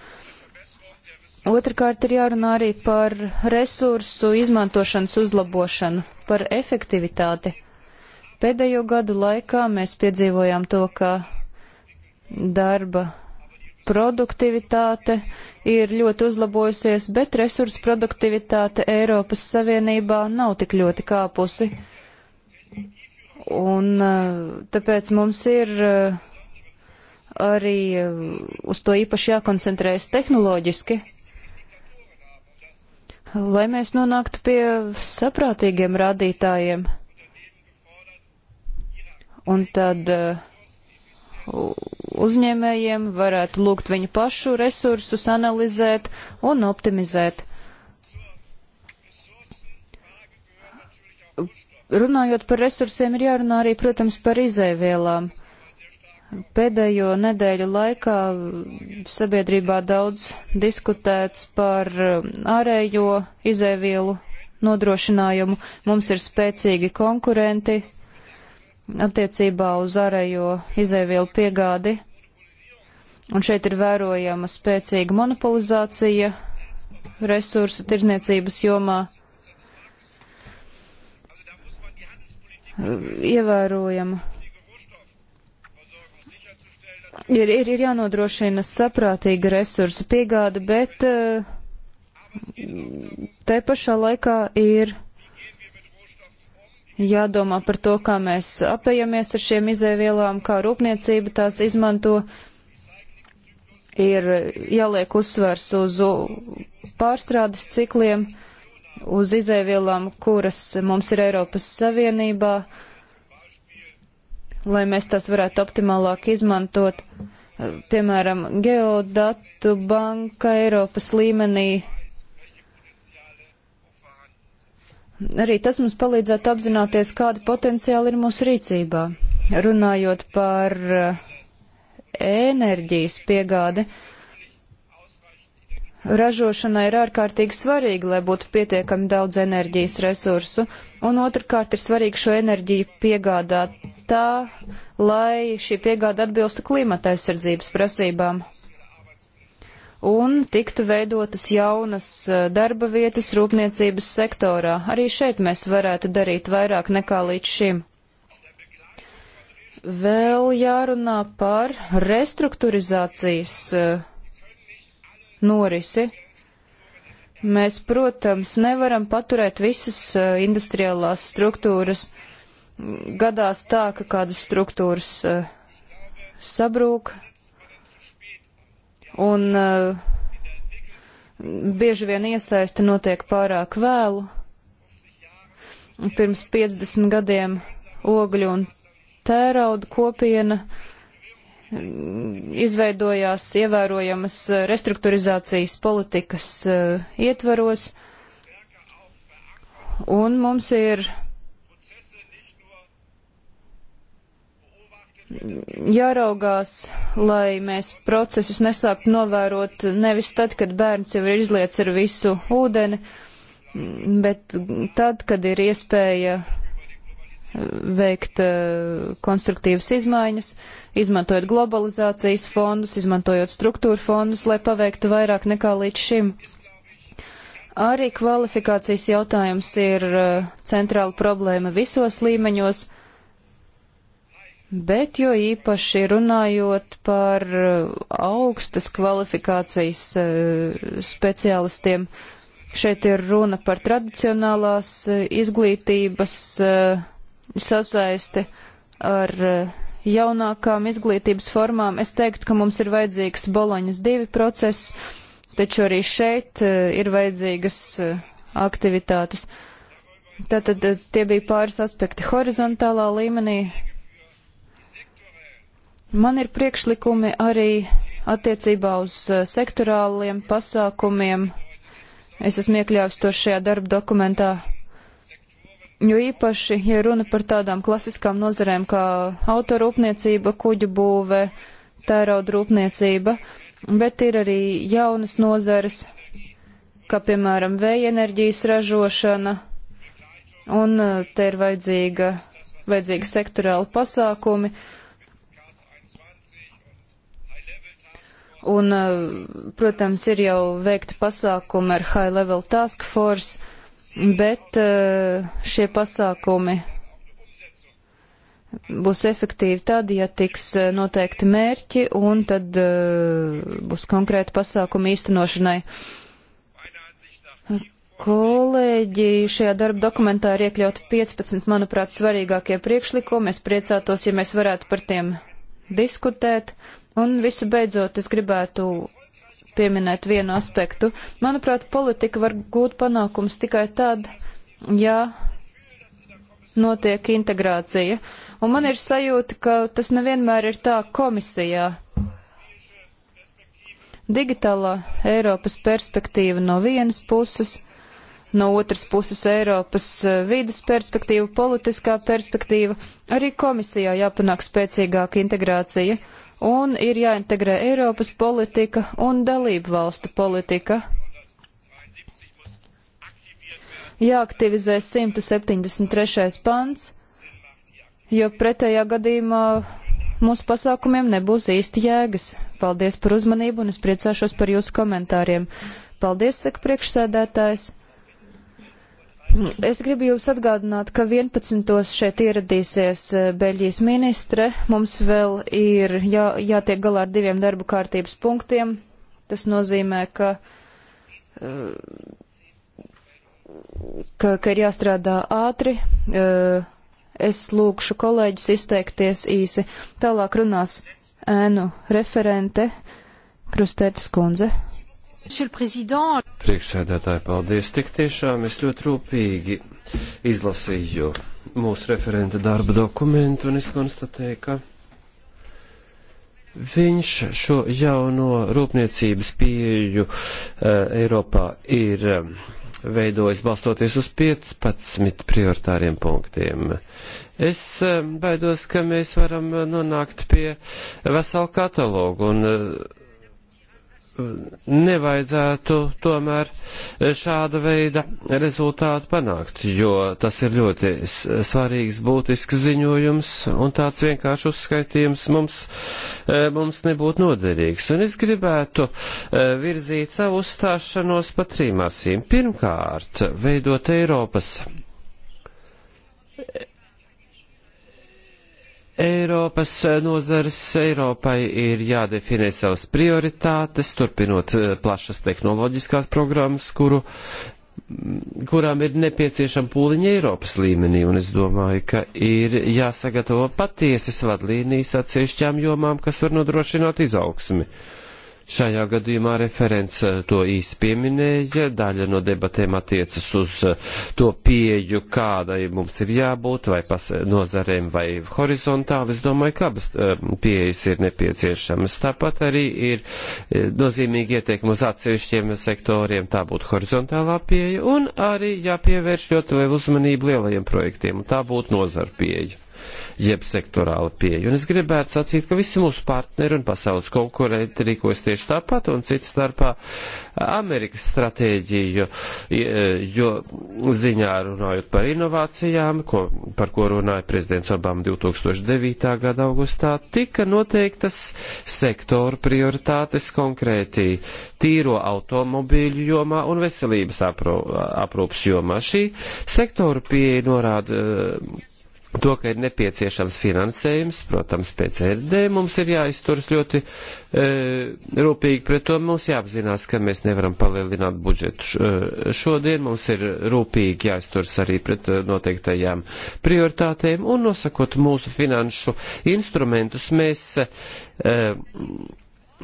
Otrakārt ir jārunā arī par resursu izmantošanas uzlabošanu, par efektivitāti. Pēdējo gadu laikā mēs piedzīvojām to, ka darba produktivitāte ir ļoti uzlabojusies, bet resursu produktivitāte Eiropas Savienībā nav tik ļoti kāpusi. Un eh, tāpēc mums ir eh, arī eh, uz to īpaši jākoncentrējas tehnoloģiski, lai mēs nonāktu pie saprātīgiem rādītājiem. Un tad uh, uzņēmējiem, varētu lūgt viņu pašu resursus analizēt un optimizēt. Runājot par resursiem, ir jārunā arī, protams, par izēvielām. Pēdējo nedēļu laikā sabiedrībā daudz diskutēts par um, ārējo izēvielu nodrošinājumu. Mums ir spēcīgi konkurenti, attiecībā uz ārējo izēvielu piegādi. Un šeit ir vērojama spēcīga monopolizācija resursu tirzniecības jomā. Ievērojama. Ir, ir, ir jānodrošina saprātīga resursu piegāde, bet eh, te pašā laikā ir jādomā par to, kā mēs apējamies ar šiem izēvielām, kā rūpniecība tās izmanto. Ir jāliek uzsvers uz pārstrādes cikliem, uz izēvielām, kuras mums ir Eiropas Savienībā, lai mēs tās varētu optimālāk izmantot. Piemēram, geodatu banka Eiropas līmenī Arī tas mums palīdzētu apzināties, kāda potenciāli ir mūsu rīcībā. Runājot par eh, enerģijas piegādi, Ražošanai ir ārkārtīgi svarīgi, lai būtu pietiekami daudz enerģijas resursu, un otrkārt ir svarīgi šo enerģiju piegādāt tā, lai šī piegāda atbilstu klimata aizsardzības prasībām un tiktu veidotas jaunas eh, darba vietas rūpniecības sektorā. Arī šeit mēs varētu darīt vairāk nekā līdz šim. Vēl jārunā par restruktūrizācijas eh, norisi. Mēs, protams, nevaram paturēt visas eh, industriālās struktūras. Gadās tā, ka kādas struktūras sabrūk, un eh, bieži vien iesaisti notiek pārāk vēlu. Pirms 50 gadiem ogļu un tērauda kopiena mm, izveidojās ievērojamas eh, restruktūrizācijas politikas eh, ietvaros, un mums ir jāraugās, lai mēs procesus nesāktu novērot nevis tad, kad bērns jau ir izlietis ar visu ūdeni, bet tad, kad ir iespēja eh, veikt eh, konstruktīvas izmaiņas, izmantojot globalizācijas fondus, izmantojot struktūra fondus, lai paveiktu vairāk nekā līdz šim. Arī kvalifikācijas jautājums ir eh, centrāla problēma visos līmeņos bet jo īpaši runājot par uh, augstas kvalifikācijas uh, speciālistiem, šeit ir runa par tradicionālās uh, izglītības sasaisti ar jaunākām izglītības formām. Es teiktu, ka mums ir vajadzīgs Boloņas divi process, taču arī šeit ir vajadzīgas aktivitātes. Tātad tie bija pāris aspekti horizontālā līmenī, Man ir priekšlikumi arī attiecībā uz eh, sektorāliem pasākumiem. Es esmu iekļāvis to šajā darba dokumentā, jo īpaši, ja runa par tādām klasiskām nozarēm kā autorūpniecība, kuģu būve, tērauda rūpniecība, bet ir arī jaunas nozares, kā piemēram vēja enerģijas ražošana, un eh, te ir vajadzīga, vajadzīga sektorāla pasākumi Un, eh, protams, ir jau veikti pasākumi ar High Level Task Force, bet eh, šie pasākumi būs efektīvi tad, ja tiks eh, noteikti mērķi un tad būs konkrēti pasākumi īstenošanai. Kolēģi šajā darba dokumentā ir iekļauti 15, manuprāt, svarīgākie priekšlikumi. Es priecātos, ja mēs varētu par tiem diskutēt. Un visu beidzot, es gribētu pieminēt vienu aspektu. Manuprāt, politika var gūt panākums tikai tad, ja notiek integrācija. Un man ir sajūta, ka tas nevienmēr ir tā komisijā. Digitālā Eiropas perspektīva no vienas puses, no otras puses Eiropas eh, vidas perspektīva, politiskā perspektīva, arī komisijā jāpanāk spēcīgāka integrācija. Uh, un ir jāintegrē Eiropas politika un dalību valstu politika. Jāaktivizē 173. pants, jo pretējā gadījumā mūsu pasākumiem nebūs īsti jēgas. Paldies par uzmanību un es priecāšos par jūsu komentāriem. Paldies, saka priekšsēdētājs. Es gribu jūs atgādināt, ka 11. šeit ieradīsies eh, Beļģijas ministre. Mums vēl ir jā, jātiek galā ar diviem darba kārtības punktiem. Tas nozīmē, ka, eh, ka, ka ir jāstrādā ātri. Eh, es lūkšu kolēģus izteikties īsi. Tālāk runās ēnu referente Krustētas kundze. Priekšsēdētāji, paldies. Tik tiešām es ļoti rūpīgi izlasīju mūsu referenta darba dokumentu un es konstatēju, ka viņš šo jauno rūpniecības pieeju uh, Eiropā ir uh, eh, veidojas balstoties uz 15 prioritāriem punktiem. Es uh, baidos, ka mēs varam nonākt pie veselu katalogu un uh, nevajadzētu tomēr šāda veida rezultātu panākt, jo tas ir ļoti svarīgs, būtisks ziņojums, un tāds vienkārši uzskaitījums mums, e, mums nebūtu noderīgs. Un es gribētu e, virzīt savu uzstāšanos pa trim asīm. Pirmkārt, veidot Eiropas Eiropas nozares Eiropai ir jādefinē savas prioritātes, turpinot eh, plašas tehnoloģiskās programmas, kuru, kurām ir nepieciešama pūliņa Eiropas līmenī, un es domāju, ka ir jāsagatavo patiesas vadlīnijas atsevišķām jomām, kas var nodrošināt izaugsmi. Uh, Šajā gadījumā referents eh, to īsti pieminēja, daļa no debatēm attiecas uz eh, to pieju, kādai mums ir jābūt, vai pas, nozarēm, vai horizontāli. Es domāju, ka abas eh, pieejas ir nepieciešamas. Tāpat arī ir nozīmīgi ieteikumi uz atsevišķiem sektoriem, tā būtu horizontālā pieeja, un arī jāpievērš ļoti lielu uzmanību lielajiem projektiem, un tā būtu nozara pieeja jeb sektorāla pieeja. Un es gribētu sacīt, ka visi mūsu partneri un pasaules konkurenti rīkojas tieši tāpat un cits starpā Amerikas stratēģiju, jo ziņā runājot par inovācijām, ko, par ko runāja prezidents Obama 2009. gada augustā, tika noteiktas sektoru prioritātes konkrēti tīro automobīļu jomā un veselības aprūpas jomā. Šī sektoru pieeja norāda to, ka ir nepieciešams finansējums, protams, pēc RD mums ir jāizturas ļoti e, rūpīgi pret to. Mums jāapzinās, ka mēs nevaram palielināt budžetu e, šodien. Mums ir rūpīgi jāizturas arī pret e, noteiktajām prioritātēm un nosakot mūsu finanšu instrumentus. Mēs, e,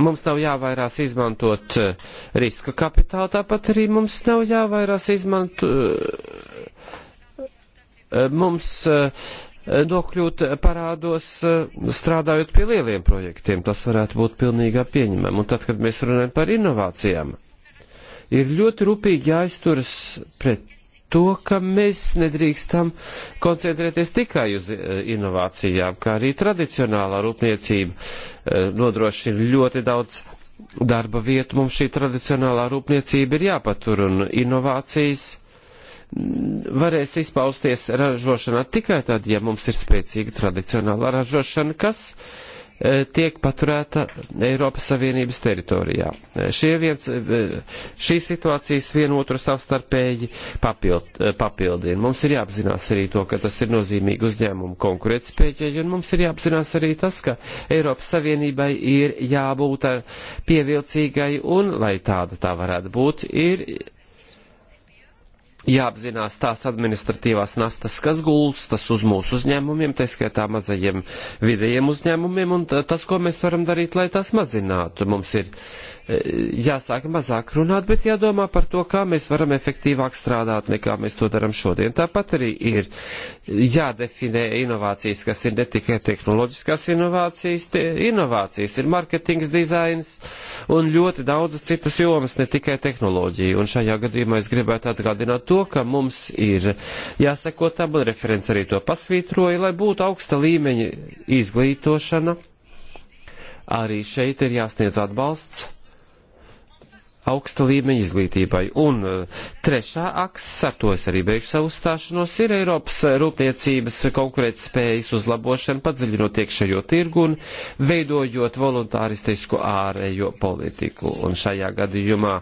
Mums nav jāvairās izmantot e, riska kapitālu, tāpat arī mums nav jāvairās izmantot mums eh, nokļūt parādos eh, strādājot pie lieliem projektiem. Tas varētu būt pilnīgā pieņemama. Un tad, kad mēs runājam par inovācijām, ir ļoti rūpīgi jāizturas pret to, ka mēs nedrīkstam koncentrēties tikai uz eh, inovācijām, kā arī tradicionālā rūpniecība nodrošina ļoti daudz darba vietu. Mums šī tradicionālā rūpniecība ir jāpatur un inovācijas varēs izpausties ražošanā tikai tad, ja mums ir spēcīga tradicionālā ražošana, kas e, tiek paturēta Eiropas Savienības teritorijā. E, šie viens, e, šīs situācijas vienotru savstarpēji papild, papildina. Mums ir jāapzinās arī to, ka tas ir nozīmīgi uzņēmumu konkurētspējai, un mums ir jāapzinās arī tas, ka Eiropas Savienībai ir jābūt pievilcīgai, un, lai tāda tā varētu būt, ir jāapzinās tās administratīvās nastas, kas gulstas uz mūsu uzņēmumiem, tā skaitā mazajiem vidējiem uzņēmumiem, un tas, ko mēs varam darīt, lai tās mazinātu. Mums ir e, jāsāk mazāk runāt, bet jādomā par to, kā mēs varam efektīvāk strādāt, nekā mēs to daram šodien. Tāpat arī ir jādefinē inovācijas, kas ir ne tikai tehnoloģiskās inovācijas, te inovācijas ir marketings, dizains un ļoti daudzas citas jomas, ne tikai tehnoloģija. Un šajā gadījumā es gribētu atgādināt to, ka mums ir jāseko tam, un referents arī to pasvītroja, lai būtu augsta līmeņa izglītošana. Arī šeit ir jāsniedz atbalsts augsta līmeņa izglītībai. Un e, trešā aksa, ar to es arī beigšu savu stāšanos, ir Eiropas rūpniecības konkurētspējas uzlabošana, padziļinot iekšējo tirgu un veidojot voluntāristisku ārējo politiku. Un šajā gadījumā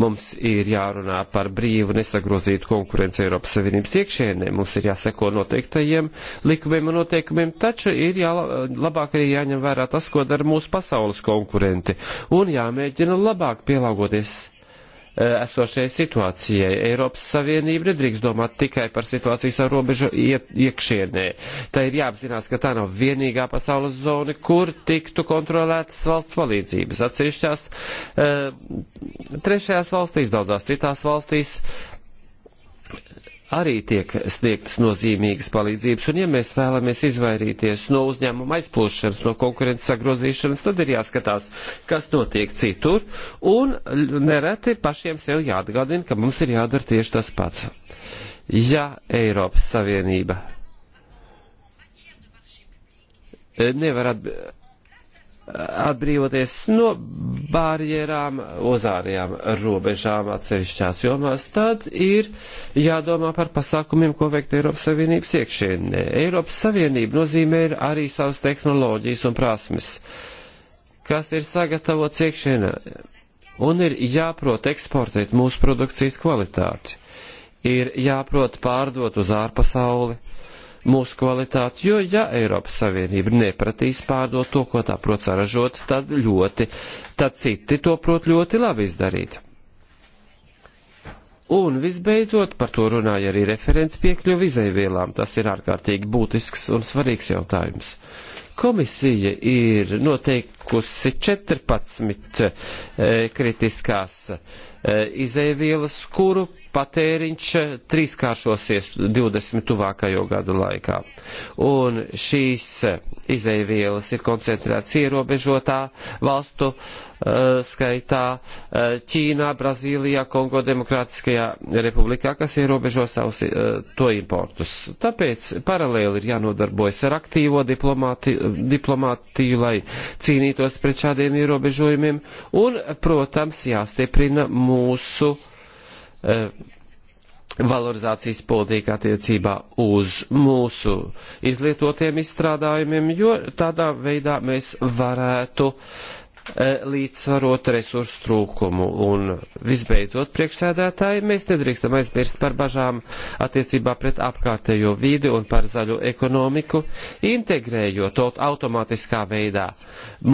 mums ir jārunā par brīvu nesagrozītu konkurenci Eiropas Savienības iekšēnē, mums ir jāseko noteiktajiem likumiem un noteikumiem, taču ir jālabāk arī jāņem vērā tas, ko dara mūsu pasaules konkurenti, un jāmēģina labāk pielāgoties pielāgoties eh, esošajai situācijai. Eiropas Savienība nedrīkst domāt tikai par situāciju savu robežu iekšienē. Tā ir jāapzinās, ka tā nav vienīgā pasaules zona, kur tiktu kontrolētas valsts palīdzības. Atsevišķās eh, trešajās valstīs, daudzās citās valstīs arī tiek sniegtas nozīmīgas palīdzības, un ja mēs vēlamies izvairīties no uzņēmuma aizplūšanas, no konkurences sagrozīšanas, tad ir jāskatās, kas notiek citur, un nereti pašiem sev jāatgādina, ka mums ir jādara tieši tas pats. Ja Eiropas Savienība nevar atbildēt atbrīvoties no barjerām uz ārējām robežām atsevišķās jomās, tad ir jādomā par pasākumiem, ko veikt Eiropas Savienības iekšienē. Eiropas Savienība nozīmē arī savas tehnoloģijas un prasmes, kas ir sagatavots iekšienē, un ir jāprot eksportēt mūsu produkcijas kvalitāti, ir jāprot pārdot uz ārpasauli mūsu kvalitāti, jo ja Eiropas Savienība nepratīs pārdot to, ko tā prot saražot, tad ļoti, tad citi to prot ļoti labi izdarīt. Un visbeidzot, par to runāja arī referents piekļuvi izaivielām. Tas ir ārkārtīgi būtisks un svarīgs jautājums. Komisija ir noteikusi 14 e, eh, kritiskās e, eh, izaivielas, kuru patēriņš trīskāršosies 20 tuvākajo gadu laikā. Un šīs izaivielas ir koncentrētas ierobežotā valstu uh, skaitā uh, Ķīnā, Brazīlijā, Kongo Demokrātiskajā republikā, kas ierobežo savus uh, to importus. Tāpēc paralēli ir jānodarbojas ar aktīvo diplomāti, diplomātiju, lai cīnītos pret šādiem ierobežojumiem. Un, protams, jāstiprina mūsu uh, Eh, valorizācijas politika attiecībā uz mūsu izlietotiem izstrādājumiem, jo tādā veidā mēs varētu eh, līdzsvarot resursu trūkumu. Un visbeidzot, priekšsēdētāji, mēs nedrīkstam aizmirst par bažām attiecībā pret apkārtējo vidi un par zaļo ekonomiku, integrējot to automātiskā veidā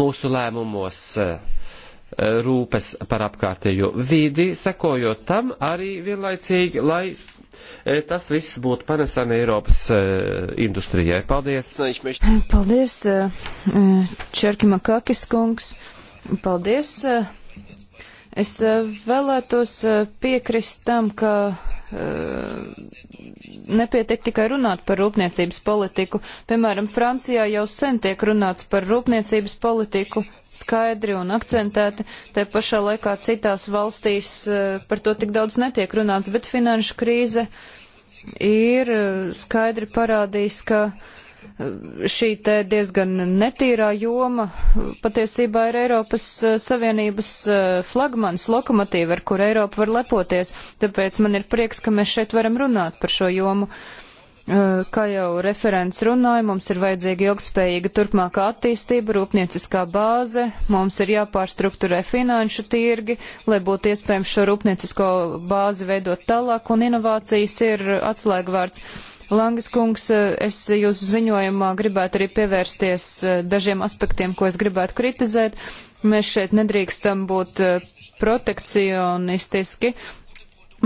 mūsu lēmumos. Uh, rūpes par apkārtējo vidi, sekojot tam arī vienlaicīgi, lai e, tas viss būtu panesami Eiropas e, industrijai. Paldies! Paldies, e, Čerkima Kakis kungs! Paldies! Es vēlētos piekrist tam, ka nepietiek tikai runāt par rūpniecības politiku. Piemēram, Francijā jau sen tiek runāts par rūpniecības politiku skaidri un akcentēti, te pašā laikā citās valstīs eh, par to tik daudz netiek runāts, bet finanšu krīze ir eh, skaidri parādījis, ka uh, šī te diezgan netīrā joma patiesībā ir Eiropas eh, Savienības eh, flagmans, lokomotīva, ar kur Eiropa var lepoties, tāpēc man ir prieks, ka mēs šeit varam runāt par šo jomu. Eh, kā jau referents runāja, mums ir vajadzīga ilgspējīga turpmākā attīstība, rūpnieciskā bāze, mums ir jāpārstruktūrē finanšu tirgi, lai būtu iespējams šo rūpniecisko bāzi veidot tālāk, un inovācijas ir atslēgvārds Langas kungs, es jūsu ziņojumā gribētu arī pievērsties eh, dažiem aspektiem, ko es gribētu kritizēt. Mēs šeit nedrīkstam būt eh, protekcionistiski.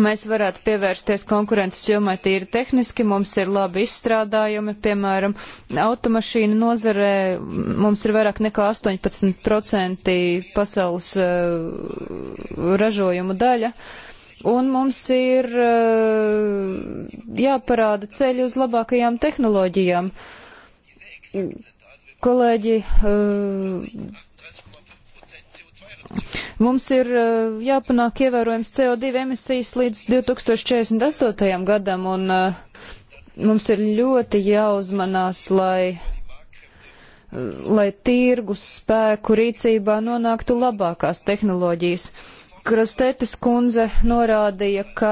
Mēs varētu pievērsties konkurences jomai tīri tehniski, mums ir labi izstrādājumi, piemēram, automašīnu nozarē mums ir vairāk nekā 18% pasaules uh, ražojumu daļa. Uh, un mums ir eh, jāparāda ceļi uz labākajām tehnoloģijām. Kolēģi, eh, mums ir eh, jāpanāk ievērojams CO2 emisijas līdz 2048. gadam, un mums ir ļoti jāuzmanās, lai lai tirgus spēku rīcībā nonāktu labākās tehnoloģijas. Uh, Krostetes kundze norādīja, ka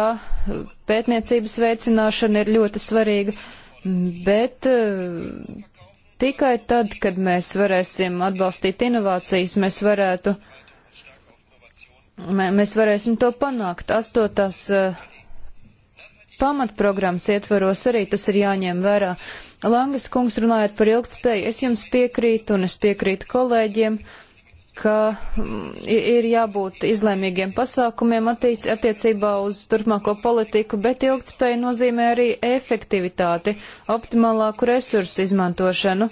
pētniecības veicināšana ir ļoti svarīga, bet eh, tikai tad, kad mēs varēsim atbalstīt inovācijas, mēs varētu, mēs varēsim to panākt. Astotās eh, pamatprogrammas ietveros arī tas ir jāņem vērā. Langas kungs runājot par ilgtspēju, es jums piekrītu un es piekrītu kolēģiem. Uh, ka mm, ir jābūt izlēmīgiem pasākumiem attiec, attiecībā uz turpmāko politiku, bet ilgtspēja nozīmē arī efektivitāti, optimālāku resursu izmantošanu,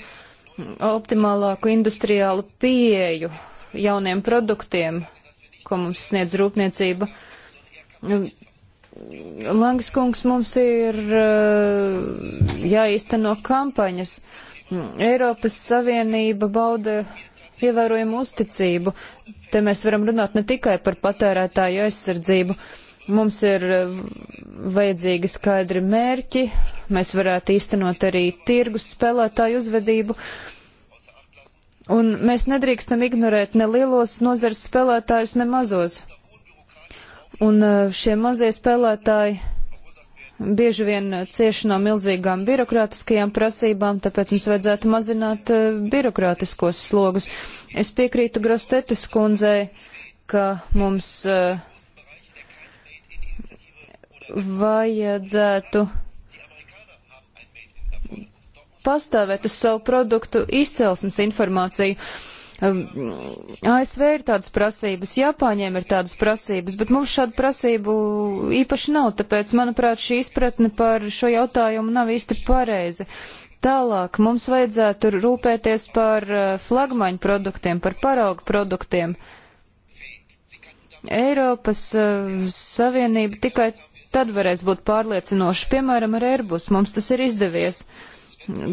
optimālāku industriālu pieeju jauniem produktiem, ko mums sniedz rūpniecība. Langs kungs mums ir uh, jāīsteno kampaņas. Eiropas Savienība bauda ievērojumu uzticību. Te mēs varam runāt ne tikai par patērētāju aizsardzību. Mums ir eh, vajadzīgi skaidri mērķi, mēs varētu īstenot arī tirgus spēlētāju uzvedību. Un mēs nedrīkstam ignorēt ne lielos nozars spēlētājus, ne mazos. Un eh, šie mazie spēlētāji bieži vien cieši no milzīgām birokrātiskajām prasībām, tāpēc mums vajadzētu mazināt eh, birokrātiskos slogus. Es piekrītu Grostetes kundzei, ka mums eh, vajadzētu pastāvēt uz savu produktu izcelsmes informāciju. ASV ir tādas prasības, Japāņiem ir tādas prasības, bet mums šādu prasību īpaši nav, tāpēc, manuprāt, šī izpratne par šo jautājumu nav īsti pareizi. Tālāk mums vajadzētu rūpēties par eh, flagmaņu produktiem, par paraugu produktiem. Eiropas eh, Savienība tikai tad varēs būt pārliecinoša, piemēram, ar Airbus. Mums tas ir izdevies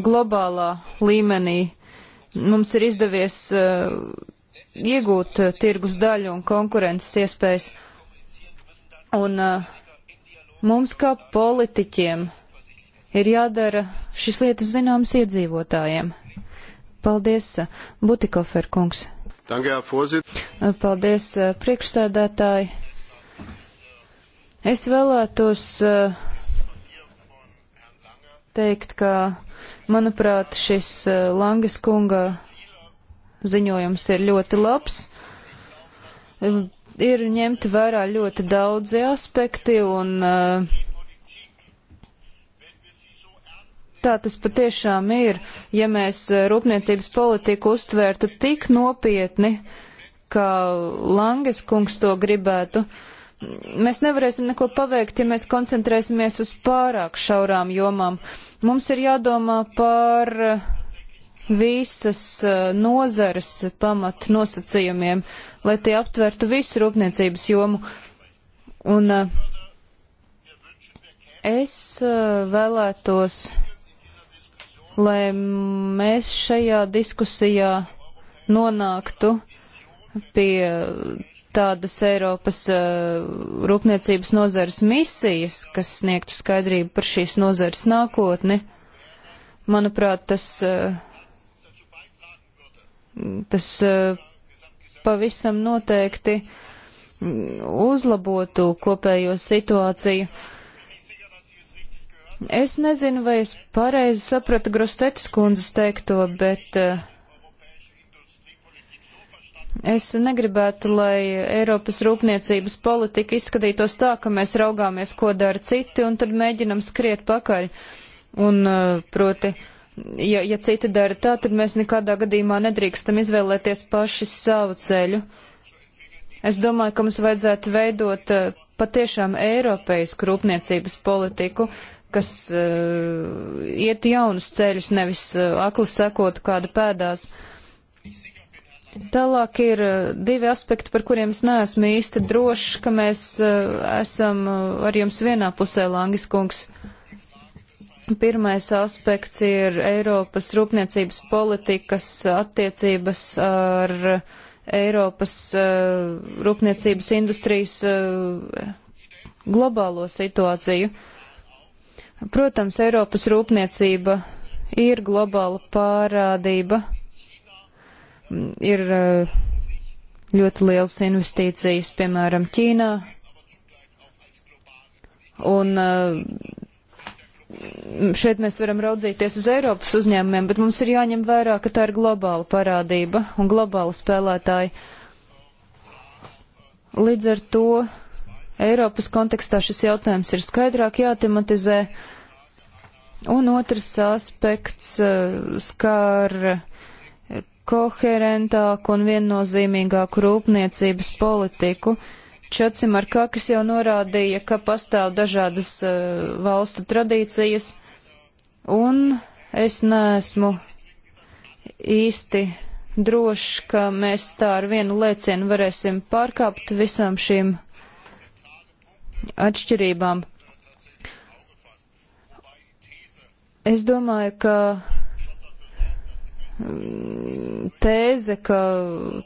globālā līmenī mums ir izdevies uh, iegūt uh, tirgus daļu un konkurences iespējas. Un uh, mums kā politiķiem ir jādara šis lietas zināmas iedzīvotājiem. Paldies, Butikofer kungs. Paldies, priekšsēdētāji. Es vēlētos teikt, ka Manuprāt, šis eh, Langas kunga ziņojums ir ļoti labs. Ir ņemti vērā ļoti daudzi aspekti un eh, tā tas patiešām ir, ja mēs eh, rūpniecības politiku uztvērtu tik nopietni, kā Langas kungs to gribētu. Uh, mēs nevarēsim neko paveikt, ja mēs koncentrēsimies uz pārāk šaurām jomām. Mums ir jādomā par eh, visas eh, nozares pamat nosacījumiem, lai tie aptvertu visu rūpniecības jomu. Un eh, es vēlētos, lai mēs šajā diskusijā nonāktu pie tādas Eiropas uh, rūpniecības nozares misijas, kas sniegtu skaidrību par šīs nozares nākotni. Manuprāt, tas, uh, tas uh, pavisam noteikti uzlabotu kopējo situāciju. Es nezinu, vai es pareizi sapratu Grostetis kundzes teikto, bet uh, Es negribētu, lai Eiropas rūpniecības politika izskatītos tā, ka mēs raugāmies, ko dara citi, un tad mēģinam skriet pakaļ. Un, eh, proti, ja, ja citi dara tā, tad mēs nekādā gadījumā nedrīkstam izvēlēties paši savu ceļu. Es domāju, ka mums vajadzētu veidot eh, patiešām eiropeisku rūpniecības politiku, kas uh, iet jaunus ceļus, nevis uh, akli sekot kādu pēdās. Uh, Tālāk ir eh, divi aspekti, par kuriem es neesmu īsti drošs, ka mēs eh, esam eh, ar jums vienā pusē, Langis kungs. Pirmais aspekts ir Eiropas rūpniecības politikas attiecības ar Eiropas rūpniecības industrijas globālo situāciju. Protams, Eiropas rūpniecība ir globāla pārādība ir uh, ļoti liels investīcijas, piemēram, Ķīnā. Un uh, šeit mēs varam raudzīties uz Eiropas uzņēmumiem, bet mums ir jāņem vērā, ka tā ir globāla parādība un globāla spēlētāja. Līdz ar to Eiropas kontekstā šis jautājums ir skaidrāk jātematizē. Un otrs aspekts uh, skar uh, koherentāku un viennozīmīgāku rūpniecības politiku. Čacim ar kakas jau norādīja, ka pastāv dažādas uh, valstu tradīcijas, un es neesmu īsti drošs, ka mēs tā ar vienu lēcienu varēsim pārkāpt visām šīm atšķirībām. Es domāju, ka tēze, ka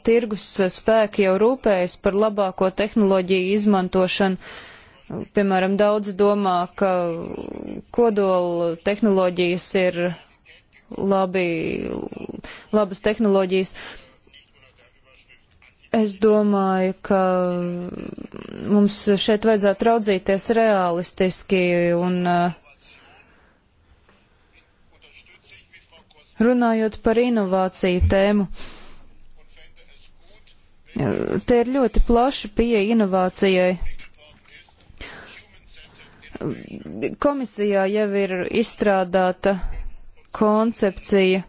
tirgus spēki jau rūpējas par labāko tehnoloģiju izmantošanu. Piemēram, daudz domā, ka kodola tehnoloģijas ir labi, labas tehnoloģijas. Es domāju, ka mums šeit vajadzētu raudzīties realistiski un uh, Runājot par inovāciju tēmu, te ir ļoti plaša pieeja inovācijai. Komisijā jau ir izstrādāta koncepcija,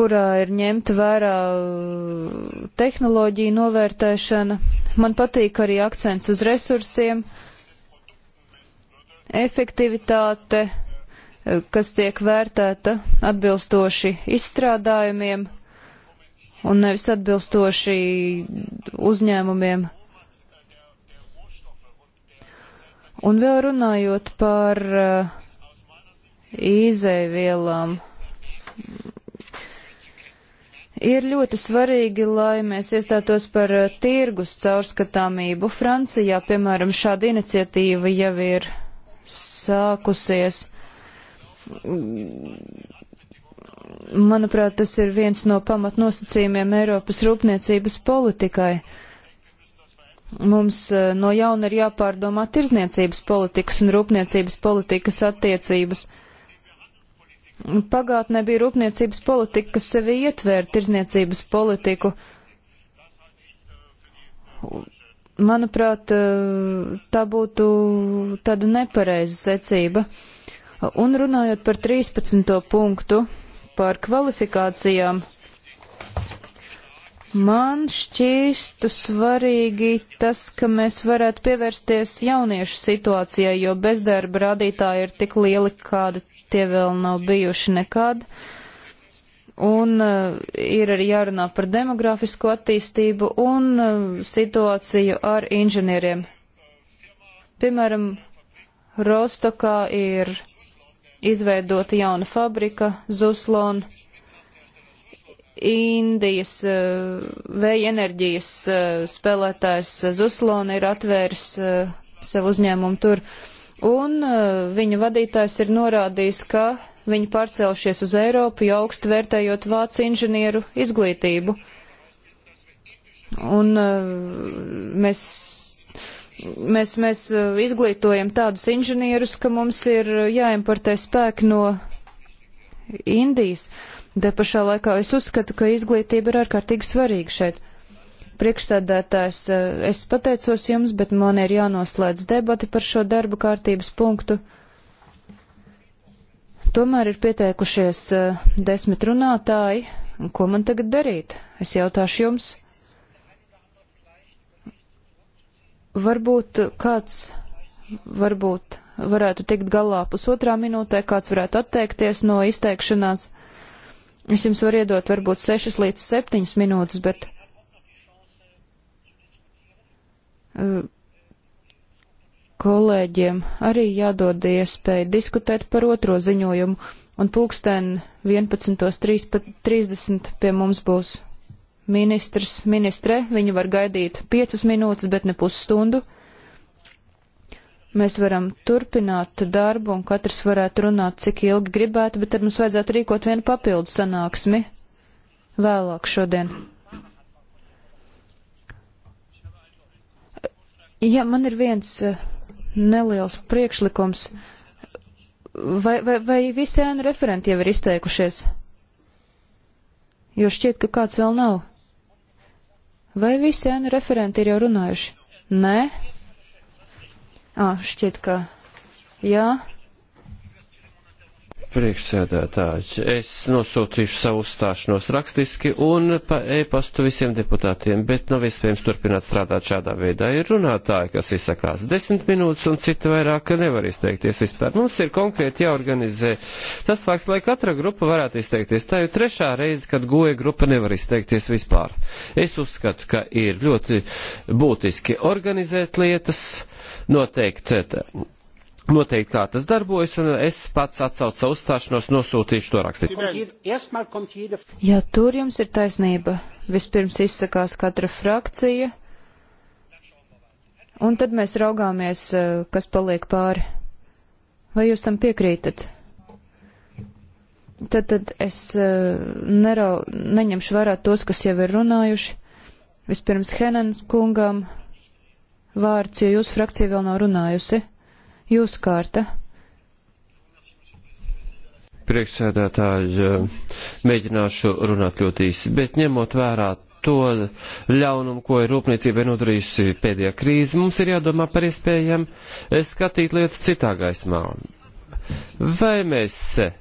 kurā ir ņemta vērā tehnoloģija novērtēšana. Man patīk arī akcents uz resursiem, efektivitāte, kas tiek vērtēta atbilstoši izstrādājumiem un nevis atbilstoši uzņēmumiem. Un vēl runājot par uh, izēvielām, ir ļoti svarīgi, lai mēs iestātos par uh, tirgus caurskatāmību. Francijā, piemēram, šāda iniciatīva jau ir sākusies manuprāt, tas ir viens no pamatnosacījumiem Eiropas rūpniecības politikai. Mums eh, no jauna ir jāpārdomā tirzniecības politikas un rūpniecības politikas attiecības. Pagātnē bija rūpniecības politika, kas sevi ietvēra tirzniecības politiku. Manuprāt, eh, tā būtu tāda nepareiza secība. Uh, Un runājot par 13. punktu, par kvalifikācijām, man šķīstu svarīgi tas, ka mēs varētu pievērsties jauniešu situācijai, jo bezdarba rādītāji ir tik lieli, kādi tie vēl nav bijuši nekad. Un uh, ir arī jārunā par demografisko attīstību un uh, situāciju ar inženieriem. Piemēram, Rostokā ir izveidota jauna fabrika Zuslon. Indijas eh, vēja enerģijas eh, spēlētājs Zuslon ir atvēris eh, savu uzņēmumu tur, un viņa vadītājs ir norādījis, ka viņi pārcelšies uz Eiropu, jau augstu vērtējot vācu inženieru izglītību. Un mēs mēs, mēs uh, izglītojam tādus inženierus, ka mums ir uh, jāimportē spēki no Indijas. Te pašā laikā es uzskatu, ka izglītība ir ārkārtīgi svarīga šeit. Priekšsēdētājs, uh, es pateicos jums, bet man ir jānoslēdz debati par šo darba kārtības punktu. Tomēr ir pieteikušies desmit runātāji. Ko man tagad darīt? Es jautāšu jums. Varbūt kāds varbūt varētu tikt galā pusotrā minūtē, kāds varētu atteikties no izteikšanās. Es jums varu iedot varbūt 6 līdz 7 minūtes, bet e, kolēģiem arī jādod iespēja diskutēt par otro ziņojumu, un pulksten 11.30 pie mums būs ministrs, ministre, viņu var gaidīt piecas minūtes, bet ne pusstundu. Mēs varam turpināt darbu, un katrs varētu runāt, cik ilgi gribētu, bet tad mums vajadzētu rīkot vienu papildu sanāksmi vēlāk šodien. Jā, man ir viens eh, neliels priekšlikums. Vai, vai, vai visi ēnu referenti jau ir izteikušies? Jo šķiet, ka kāds vēl nav. Vai visi ēnu referenti ir jau runājuši? Nē? Ā, šķiet, ka jā priekšsēdētāji, es nosūtīšu savu uzstāšanos rakstiski un pa e-pastu visiem deputātiem, bet nav iespējams turpināt strādāt šādā veidā. Ir runātāji, kas izsakās desmit minūtes un citi vairāk nevar izteikties vispār. Mums ir konkrēti jāorganizē tas fakts, lai katra grupa varētu izteikties. Tā jau trešā reize, kad goja grupa nevar izteikties vispār. Es uzskatu, ka ir ļoti būtiski organizēt lietas, noteikt noteikti, kā tas darbojas, un es pats atsaucu savu uzstāšanos, nosūtīšu to rakstīt. Jā, tur jums ir taisnība. Vispirms izsakās katra frakcija, un tad mēs raugāmies, eh, kas paliek pāri. Vai jūs tam piekrītat? Tad, tad es eh, nerau, neņemšu vērā tos, kas jau ir runājuši. Vispirms Henens kungam vārds, jo jūsu frakcija vēl nav runājusi. Jūsu kārta. Priekšsēdētāji, eh, mēģināšu runāt ļoti īsi, bet ņemot vērā to ļaunumu, ko ir rūpniecība nodarījusi pēdējā krīze, mums ir jādomā par iespējām eh, skatīt lietas citā gaismā. Vai mēs eh,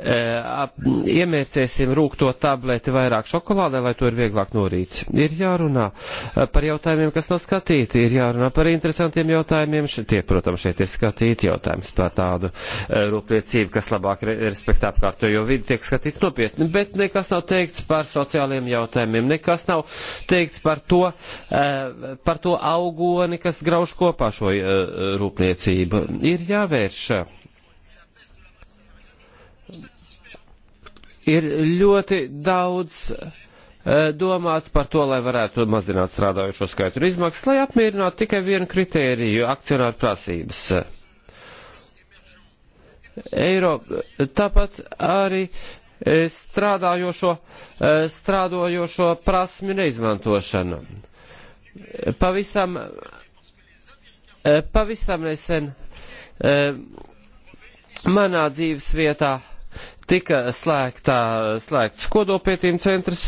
Eh, iemērcēsim rūkto tableti vairāk šokolādē, lai to ir vieglāk norīt. Ir jārunā eh, par jautājumiem, kas nav skatīti, ir jārunā par interesantiem jautājumiem. Tie, protams, šeit ir skatīti jautājums par tādu eh, rūpniecību, kas labāk respektē apkārtējo vidi, tiek skatīts nopietni, bet nekas nav teikts par sociāliem jautājumiem, nekas nav teikts par to, par to augoni, kas grauž kopā šo rūpniecību. Ir jāvērš ir ļoti daudz eh, domāts par to, lai varētu mazināt strādājušo skaitu un izmaksas, lai apmierinātu tikai vienu kritēriju - akcionāru prasības. Eiro, tāpat arī eh, strādājošo, eh, strādājošo prasmi neizmantošana. Pavisam, pavisam nesen manā dzīves vietā tika slēgtā, slēgts kodolpētījuma centrs,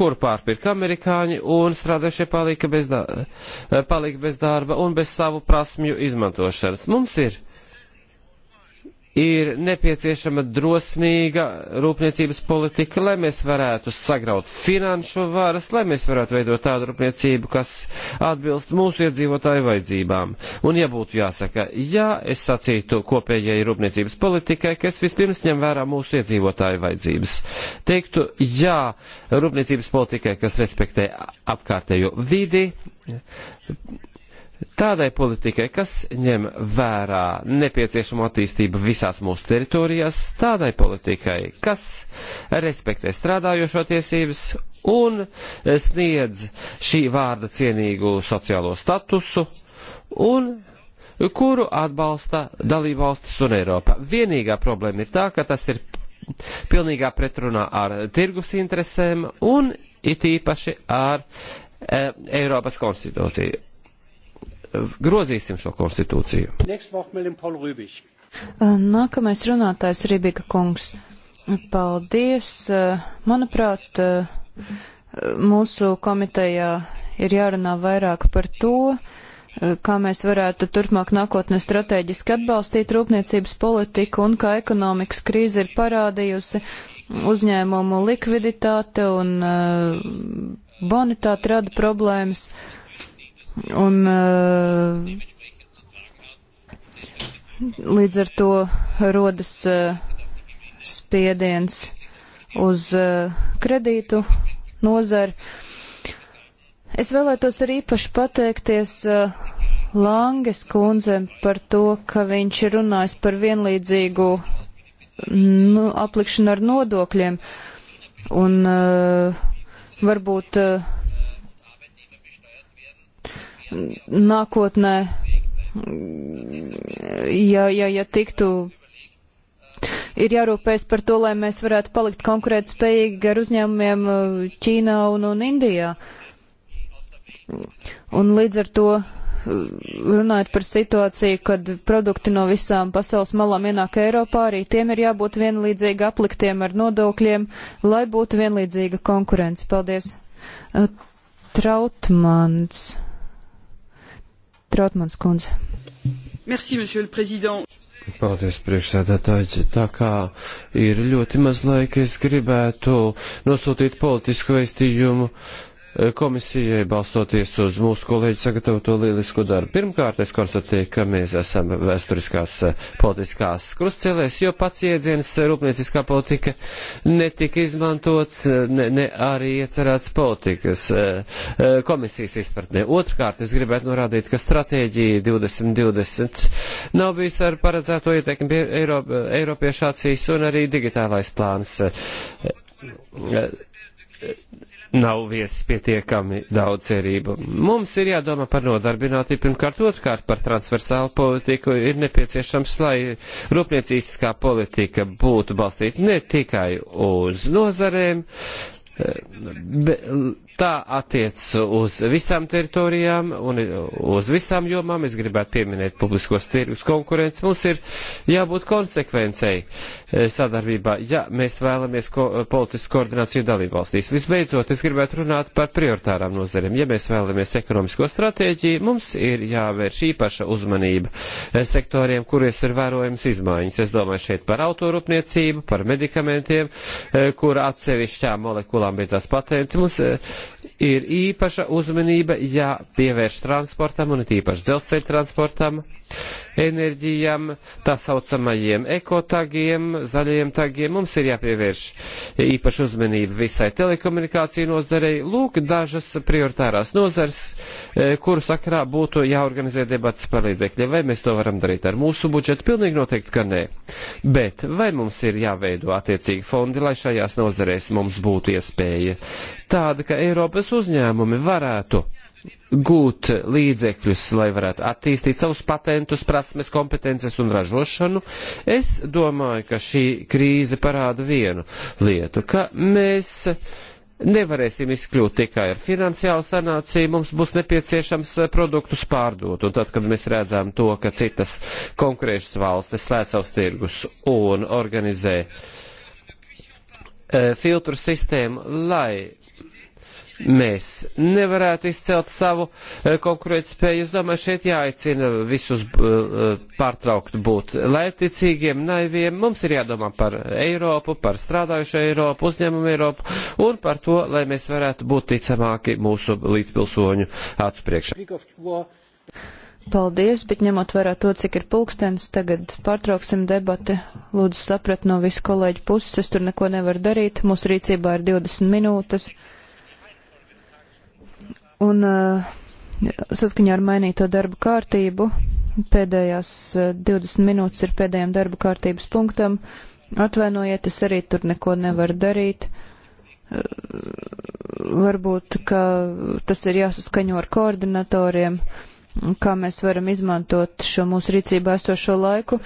kur pārpirka amerikāņi un strādājušie palika bez, da, palika bez darba un bez savu prasmju izmantošanas. Mums ir uh, ir nepieciešama drosmīga rūpniecības politika, lai mēs varētu sagraut finanšu varas, lai mēs varētu veidot tādu rūpniecību, kas atbilst mūsu iedzīvotāju vajadzībām. Un, ja būtu jāsaka, jā, es sacītu kopējai rūpniecības politikai, kas vispirms ņem vērā mūsu iedzīvotāju vajadzības. Teiktu, jā, rūpniecības politikai, kas respektē apkārtējo vidi, tādai politikai, kas ņem vērā nepieciešamo attīstību visās mūsu teritorijās, tādai politikai, kas respektē strādājošo tiesības un sniedz šī vārda cienīgu sociālo statusu un kuru atbalsta dalībvalstis un Eiropa. Vienīgā problēma ir tā, ka tas ir pilnīgā pretrunā ar tirgus interesēm un it īpaši ar e, Eiropas konstitūciju grozīsim šo konstitūciju. Nākamais runātājs Rībika kungs. Paldies. Manuprāt, mūsu komitejā ir jārunā vairāk par to, kā mēs varētu turpmāk nākotnē strateģiski atbalstīt rūpniecības politiku un kā ekonomikas krīze ir parādījusi uzņēmumu likviditāte un bonitāte rada problēmas. Uh, Un eh, līdz ar to rodas eh, spiediens uz eh, kredītu nozari. Es vēlētos arī īpaši pateikties Langes kundzem par to, ka viņš ir runājis par vienlīdzīgu nu, aplikšanu ar nodokļiem. Un uh, varbūt uh, nākotnē, ja, ja, ja tiktu ir jārūpējas par to, lai mēs varētu palikt konkurēt spējīgi ar uzņēmumiem uh, Ķīnā un, un Indijā. Un līdz ar to uh, runājot par situāciju, kad produkti no visām pasaules malām ienāk Eiropā, arī tiem ir jābūt vienlīdzīgi apliktiem ar nodokļiem, lai būtu vienlīdzīga konkurence. Paldies. Uh, Trautmans. Trotmans kundze. Merci, monsieur le président. Paldies, priekšsēdētāji. Tā kā ir ļoti maz laika, es gribētu nosūtīt politisku vēstījumu komisijai, balstoties uz mūsu kolēģi sagatavoto lielisko darbu. Pirmkārt, es konstatēju, ka mēs esam vēsturiskās eh, politiskās krustcelēs, jo pats iedziens eh, rūpnieciskā politika netika izmantots, eh, ne, ne arī iecerēts politikas komisijas izpratnē. Otrkārt, es gribētu norādīt, ka stratēģija 2020 nav bijis ar paredzēto ietekmi Eiropa, Eiropiešācijas un arī digitālais plāns nav viesis pietiekami daudz cerību. Mums ir jādomā par nodarbinātību, pirmkārt, otrkārt par transversālu politiku ir nepieciešams, lai rūpniecīskā politika būtu balstīta ne tikai uz nozarēm, Tā attiec uz visām teritorijām un uz visām jomām. Es gribētu pieminēt publiskos tirgus konkurences. Mums ir jābūt konsekvencei eh, sadarbībā, ja mēs vēlamies ko, politisku koordināciju dalībvalstīs. Visbeidzot, es gribētu runāt par prioritārām nozarēm. Ja mēs vēlamies ekonomisko stratēģiju, mums ir jāvērš īpaša uzmanība eh, sektoriem, kuries ir vērojams izmaiņas. Es domāju šeit par autorūpniecību, par medikamentiem, eh, kur atsevišķām molekulām kurām beidzās patenti, mums e, ir īpaša uzmanība jāpievērš transportam un it īpaši dzelzceļa transportam, enerģijām, tā saucamajiem ekotagiem, zaļajiem tagiem. Mums ir jāpievērš īpaši uzmanība visai telekomunikāciju nozarei. Lūk, dažas prioritārās nozars, e, kuru sakarā būtu jāorganizē debats par līdzekļiem. Vai mēs to varam darīt ar mūsu budžetu? Pilnīgi noteikti, ka nē. Bet vai mums ir jāveido attiecīgi fondi, lai šajās nozarēs mums būtu iespēja tāda, ka Eiropas uzņēmumi varētu gūt līdzekļus, lai varētu attīstīt savus patentus, prasmes, kompetences un ražošanu, es domāju, ka šī krīze parāda vienu lietu, ka mēs nevarēsim izkļūt tikai ar finansiālu sanāciju, mums būs nepieciešams produktus pārdot. Un tad, kad mēs redzam to, ka citas konkurēšas valstis slēdz savus tirgus un organizē eh, filtru sistēmu, lai mēs nevarētu izcelt savu eh, konkurētspēju. Es domāju, šeit jāaicina visus eh, pārtraukt būt lēticīgiem, naiviem. Mums ir jādomā par Eiropu, par strādājušo Eiropu, uzņēmumu Eiropu un par to, lai mēs varētu būt ticamāki mūsu līdzpilsoņu acu priekšā. Paldies, bet ņemot vērā to, cik ir pulkstens, tagad pārtrauksim debati. Lūdzu, saprat no visu kolēģu puses, es tur neko nevaru darīt, mūsu rīcībā ir 20 minūtes. Un eh, saskaņā ar mainīto darbu kārtību pēdējās 20 eh, minūtes ir pēdējiem darbu kārtības punktam. Atvainojiet, es arī tur neko nevaru darīt. Eh, varbūt, ka tas ir jāsaskaņo ar koordinatoriem, kā mēs varam izmantot šo mūsu rīcībā esošo laiku.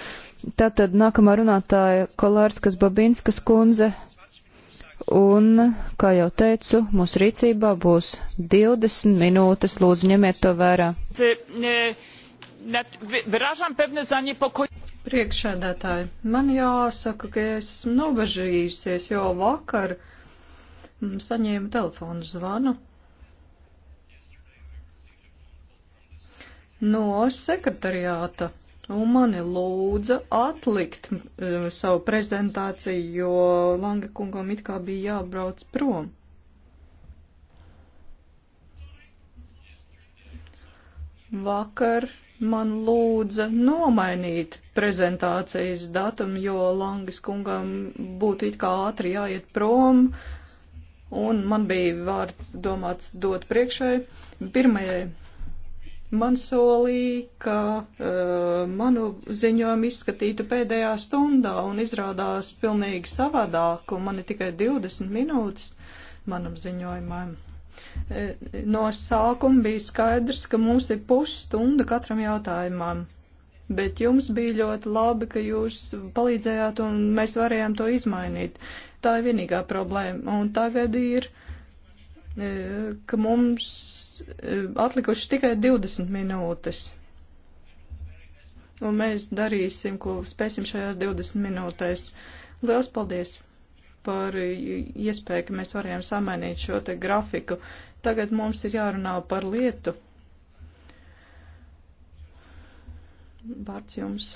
Tātad nākamā runātāja Kolārskas Babinskas kundze Un, kā jau teicu, mūsu rīcībā būs 20 minūtes. Lūdzu, ņemiet to vērā. Priekšsēdētāji, man jāsaka, ka es esmu nobežījusies, jo vakar mm, saņēmu telefonu zvanu no sekretariāta un nu, mani lūdza atlikt uh, savu prezentāciju, jo Langa kungam it kā bija jābrauc prom. Vakar man lūdza nomainīt prezentācijas datumu, jo Langas kungam būtu it kā ātri jāiet prom, un man bija vārds domāts dot priekšai pirmajai man solīja, ka uh, manu ziņojumu izskatītu pēdējā stundā un izrādās pilnīgi savādāk, un man ir tikai 20 minūtes manam ziņojumam. Eh, no sākuma bija skaidrs, ka mums ir pusstunda katram jautājumam, bet jums bija ļoti labi, ka jūs palīdzējāt un mēs varējām to izmainīt. Tā ir vienīgā problēma, un tagad ir uh, E, ka mums e, atlikuši tikai 20 minūtes. Un mēs darīsim, ko spēsim šajās 20 minūtēs. Liels paldies par iespēju, ka mēs varējām samainīt šo te grafiku. Tagad mums ir jārunā par lietu. Vārds jums.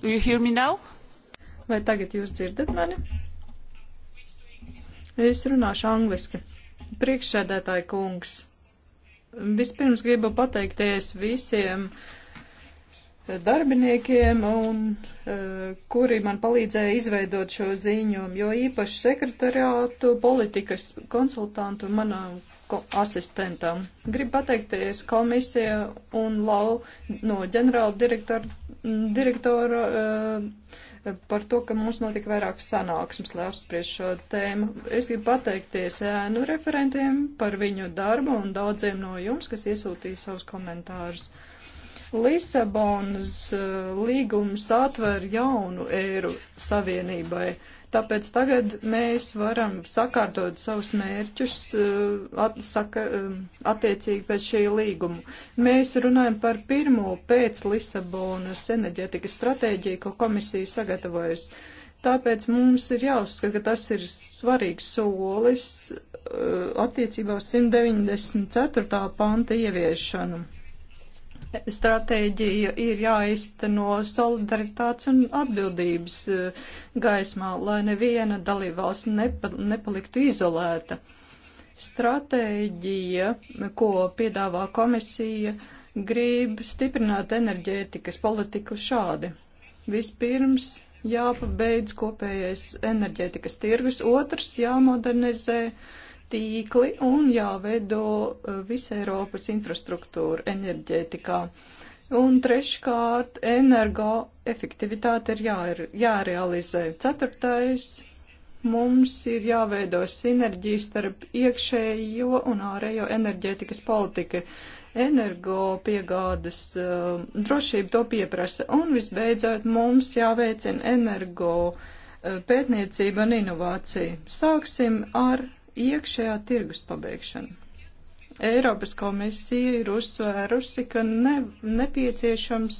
Do you hear me now? Vai tagad jūs dzirdat mani? Es runāšu angliski. Priekšsēdētāji kungs, vispirms gribu pateikties visiem uh, darbiniekiem, un, e, kuri man palīdzēja izveidot šo ziņojumu, jo īpaši sekretariātu, politikas konsultantu un manam asistentam. Gribu pateikties komisija un lau no ģenerāla direktora, direktora par to, ka mums notika vairāk sanāksmes, lai apspriež šo tēmu. Es gribu pateikties ēnu referentiem par viņu darbu un daudziem no jums, kas iesūtīja savus komentārus. Uh, Lisabonas eh, līgums atver jaunu eiru savienībai, tāpēc tagad mēs varam sakārtot savus mērķus eh, at, saka, eh, attiecīgi pēc šī līguma. Mēs runājam par pirmo pēc Lisabonas enerģētikas stratēģiju, ko komisija sagatavojusi. Tāpēc mums ir jāuzskata, ka tas ir svarīgs solis attiecībā uz 194. panta ieviešanu stratēģija ir jāizteno solidaritātes un atbildības eh, gaismā, lai neviena dalībvalsts nepa, nepaliktu izolēta. Stratēģija, ko piedāvā komisija, grib stiprināt enerģētikas politiku šādi. Vispirms jāpabeidz kopējais enerģētikas tirgus, otrs jāmodernizē uh, tīkli un jāveido e, visa Eiropas infrastruktūra enerģētikā. Un treškārt, energoefektivitāte ir jā, jārealizē. Ceturtais, mums ir jāveido sinerģija starp iekšējo un ārējo enerģētikas politiku. Energo piegādes uh, drošība to pieprasa. Un visbeidzot, mums jāveicina energo uh, pētniecība un inovācija. Sāksim ar iekšējā tirgus pabeigšana. Eiropas komisija ir uzsvērusi, ka ne, nepieciešams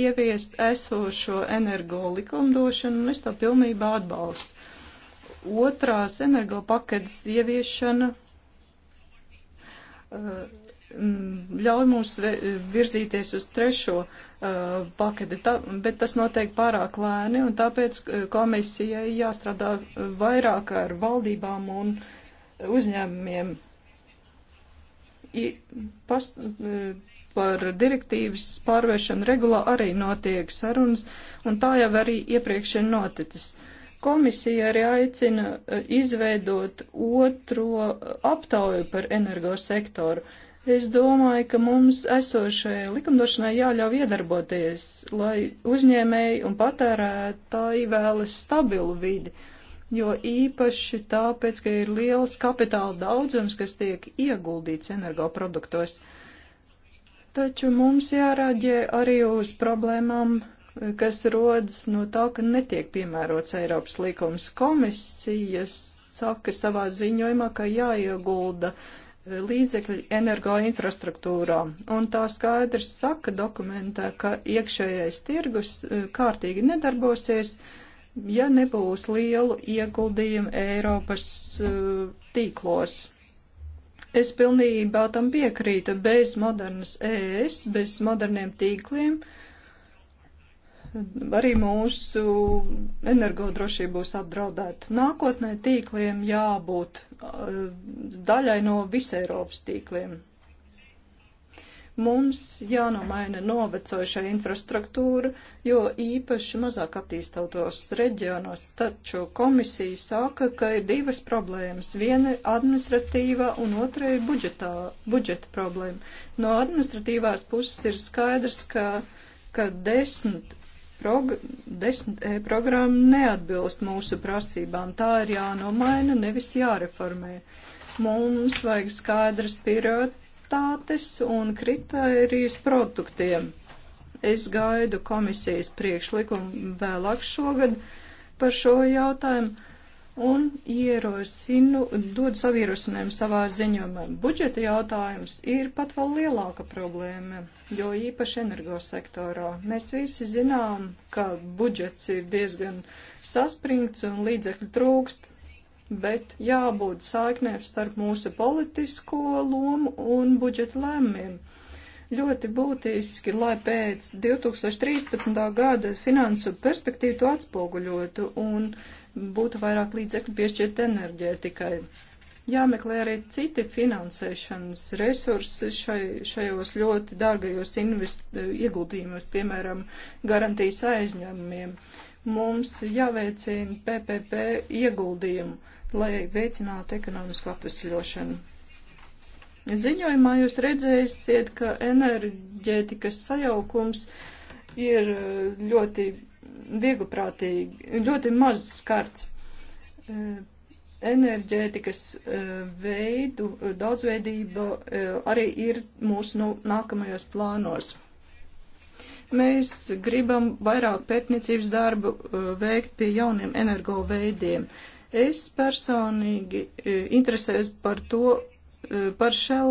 ieviest esošo energo likumdošanu, un es to pilnībā atbalstu. Otrās energo paketes ieviešana uh, ļauj mums virzīties uz trešo uh, paketi, tā, bet tas notiek pārāk lēni, un tāpēc uh, komisijai jāstrādā vairāk ar valdībām un uzņēmumiem past, e, par direktīvas pārvēršanu regulā arī notiek sarunas, un tā jau arī iepriekš ir noticis. Komisija arī aicina e, izveidot otro aptauju par energosektoru. Es domāju, ka mums esošajai likumdošanai jāļauj iedarboties, lai uzņēmēji un patērētāji vēlas stabilu vidi. Uh, jo īpaši tāpēc, ka ir liels kapitāla daudzums, kas tiek ieguldīts energoproduktos. Taču mums jārāģē arī uz problēmām, kas rodas no tā, ka netiek piemērots Eiropas likums. Komisijas saka savā ziņojumā, ka jāiegulda eh, līdzekļi energoinfrastruktūrā, un tā skaidrs saka dokumentā, ka iekšējais tirgus eh, kārtīgi nedarbosies, uh, ja nebūs lielu ieguldījumu Eiropas uh, tīklos. Es pilnībā tam piekrītu. Bez modernas ES, bez moderniem tīkliem arī mūsu energodrošība būs apdraudēta. Nākotnē tīkliem jābūt uh, daļai no visai Eiropas tīkliem. Mums jānomaina novecojušā infrastruktūra, jo īpaši mazāk attīstotos reģionos, taču komisija saka, ka ir divas problēmas. Viena ir administratīvā un otra ir budžetā, budžeta problēma. No administratīvās puses ir skaidrs, ka, ka desmit, prog desmit e programma neatbilst mūsu prasībām. Tā ir jānomaina, nevis jāreformē. Mums vajag skaidrs pirot kvalitātes un kritērijus produktiem. Es gaidu komisijas priekšlikumu vēlāk šogad par šo jautājumu un ierosinu, dod savu ierosinājumu savā ziņojumā. Budžeta jautājums ir pat vēl lielāka problēma, jo īpaši energosektorā. Mēs visi zinām, ka budžets ir diezgan saspringts un līdzekļu trūkst bet jābūt saiknēm starp mūsu politisko lomu un budžeta lēmumiem. Ļoti būtiski, lai pēc 2013. gada finansu perspektīvu to atspoguļotu un būtu vairāk līdzekļu piešķirt enerģētikai. Jāmeklē arī citi finansēšanas resursi šai, šajos ļoti dārgajos invest, ieguldījumos, piemēram, garantijas aizņēmumiem. Mums jāveicina PPP ieguldījumu lai veicinātu ekonomisku atvesļošanu. Ziņojumā jūs redzēsiet, ka enerģētikas sajaukums ir ļoti viegliprātīgi, ļoti maz skarts. E, enerģētikas e, veidu e, daudzveidība arī ir mūsu nu, nākamajos plānos mēs gribam vairāk pētniecības darbu veikt pie jauniem energo veidiem. Es personīgi e, interesējos par to, e, par šel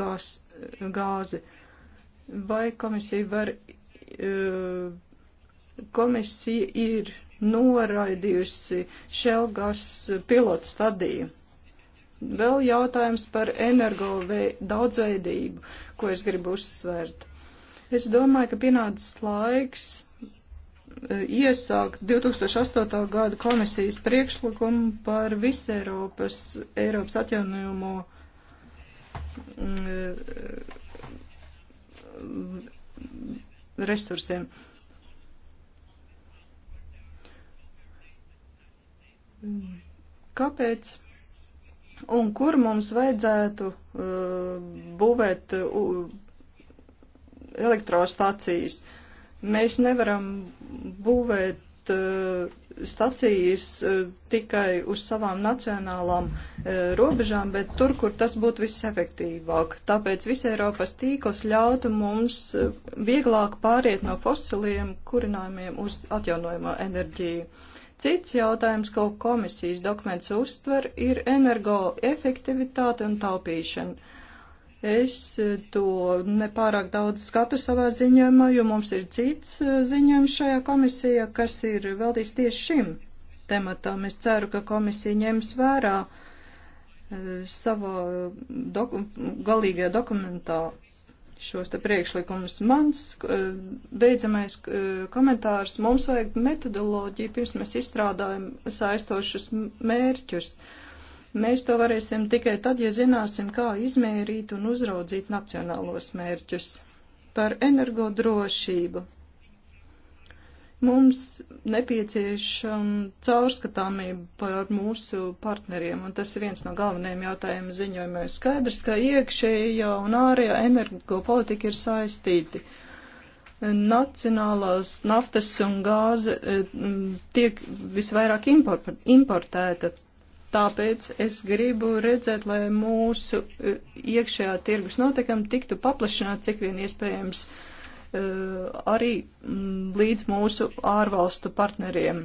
gās, e, gāzi. Vai komisija var, komisija ir noraidījusi šel gās pilotu stadiju. Vēl jautājums par energo daudzveidību, ko es gribu uzsvērt. Es domāju, ka pienācis laiks E, iesākt 2008. gada komisijas priekšlikumu par visu Eiropas, Eiropas atjaunojumu mm, e, resursiem. Kāpēc un kur mums vajadzētu uh, būvēt uh, elektrostacijas? Uh, Mēs nevaram būvēt eh, stacijas eh, tikai uz savām nacionālām eh, robežām, bet tur, kur tas būtu visefektīvāk. Tāpēc visa Eiropas tīkls ļautu mums vieglāk pāriet no fosiliem kurinājumiem uz atjaunojamo enerģiju. Cits jautājums, ko komisijas dokuments uztver, ir energoefektivitāte un taupīšana. Es to nepārāk daudz skatu savā ziņojumā, jo mums ir cits eh, ziņojums šajā komisijā, kas ir veltīts tieši šim tematam. Es ceru, ka komisija ņems vērā eh, savā doku, galīgajā dokumentā šos te priekšlikumus. Mans eh, beidzamais komentārs, mums vajag metodoloģiju, pirms mēs izstrādājam saistošus mērķus. Uh, Mēs to varēsim tikai tad, ja zināsim, kā izmērīt un uzraudzīt nacionālos mērķus. Par energodrošību. Mums nepieciešama caurskatāmība par mūsu partneriem, un tas ir viens no galvenajiem jautājumiem ziņojumā. Skaidrs, ka iekšējā un ārējā energopolitika ir saistīti. Nacionālās naftas un gāze eh, tiek visvairāk import, importēta Tāpēc es gribu redzēt, lai mūsu e, iekšējā tirgus notekam tiktu paplašināt cik vien iespējams e, arī mm, līdz mūsu ārvalstu partneriem.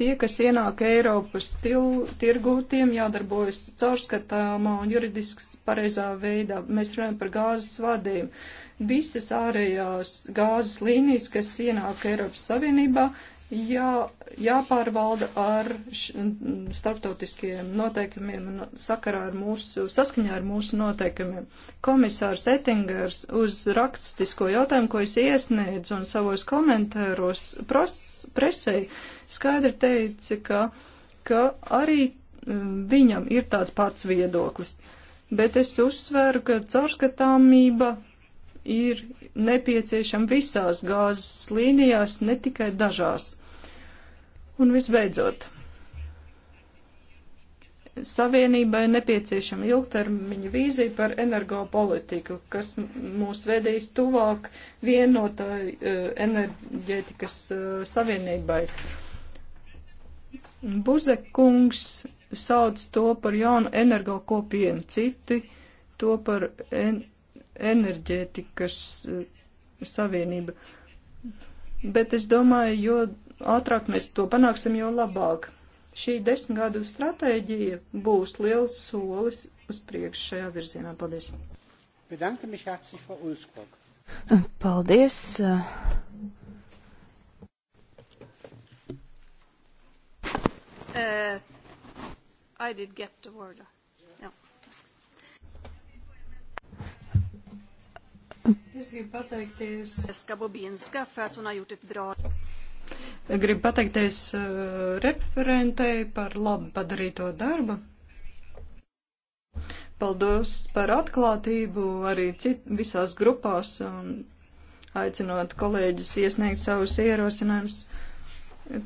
Tie, kas ienāk Eiropas tirgū, tiem jādarbojas caurskatāmā un juridiski pareizā veidā. Mēs runājam par gāzes vadiem. Visas ārējās gāzes līnijas, kas ienāk Eiropas Savienībā, jā, jāpārvalda ar starptautiskiem noteikumiem un sakarā ar mūsu, saskaņā ar mūsu noteikumiem. Komisārs Ettingers uz rakstisko jautājumu, ko es iesniedzu un savos komentāros pros, presē, skaidri teica, ka, ka arī mm, viņam ir tāds pats viedoklis. Bet es uzsveru, ka caurskatāmība ir nepieciešama visās gāzes līnijās, ne tikai dažās. Un visbeidzot, Savienībai nepieciešama ilgtermiņa vīzija par energopolitiku, kas mūs vedīs tuvāk vienotai uh, enerģētikas uh, savienībai. Buzekungs sauc to par jaunu energo kopienu, citi to par en enerģētikas eh, savienība. Bet es domāju, jo ātrāk mēs to panāksim, jo labāk. Šī desmitgadu stratēģija būs liels solis uz priekšu šajā virzienā. Paldies! Paldies! Uh, I did get the word. Es gribu pateikties. Es kā Bobīnska, Fētuna jūtit drādu. Gribu pateikties uh, referentei par labi padarīto darbu. Paldos par atklātību arī cit, visās grupās un aicinot kolēģus iesniegt savus ierosinājumus.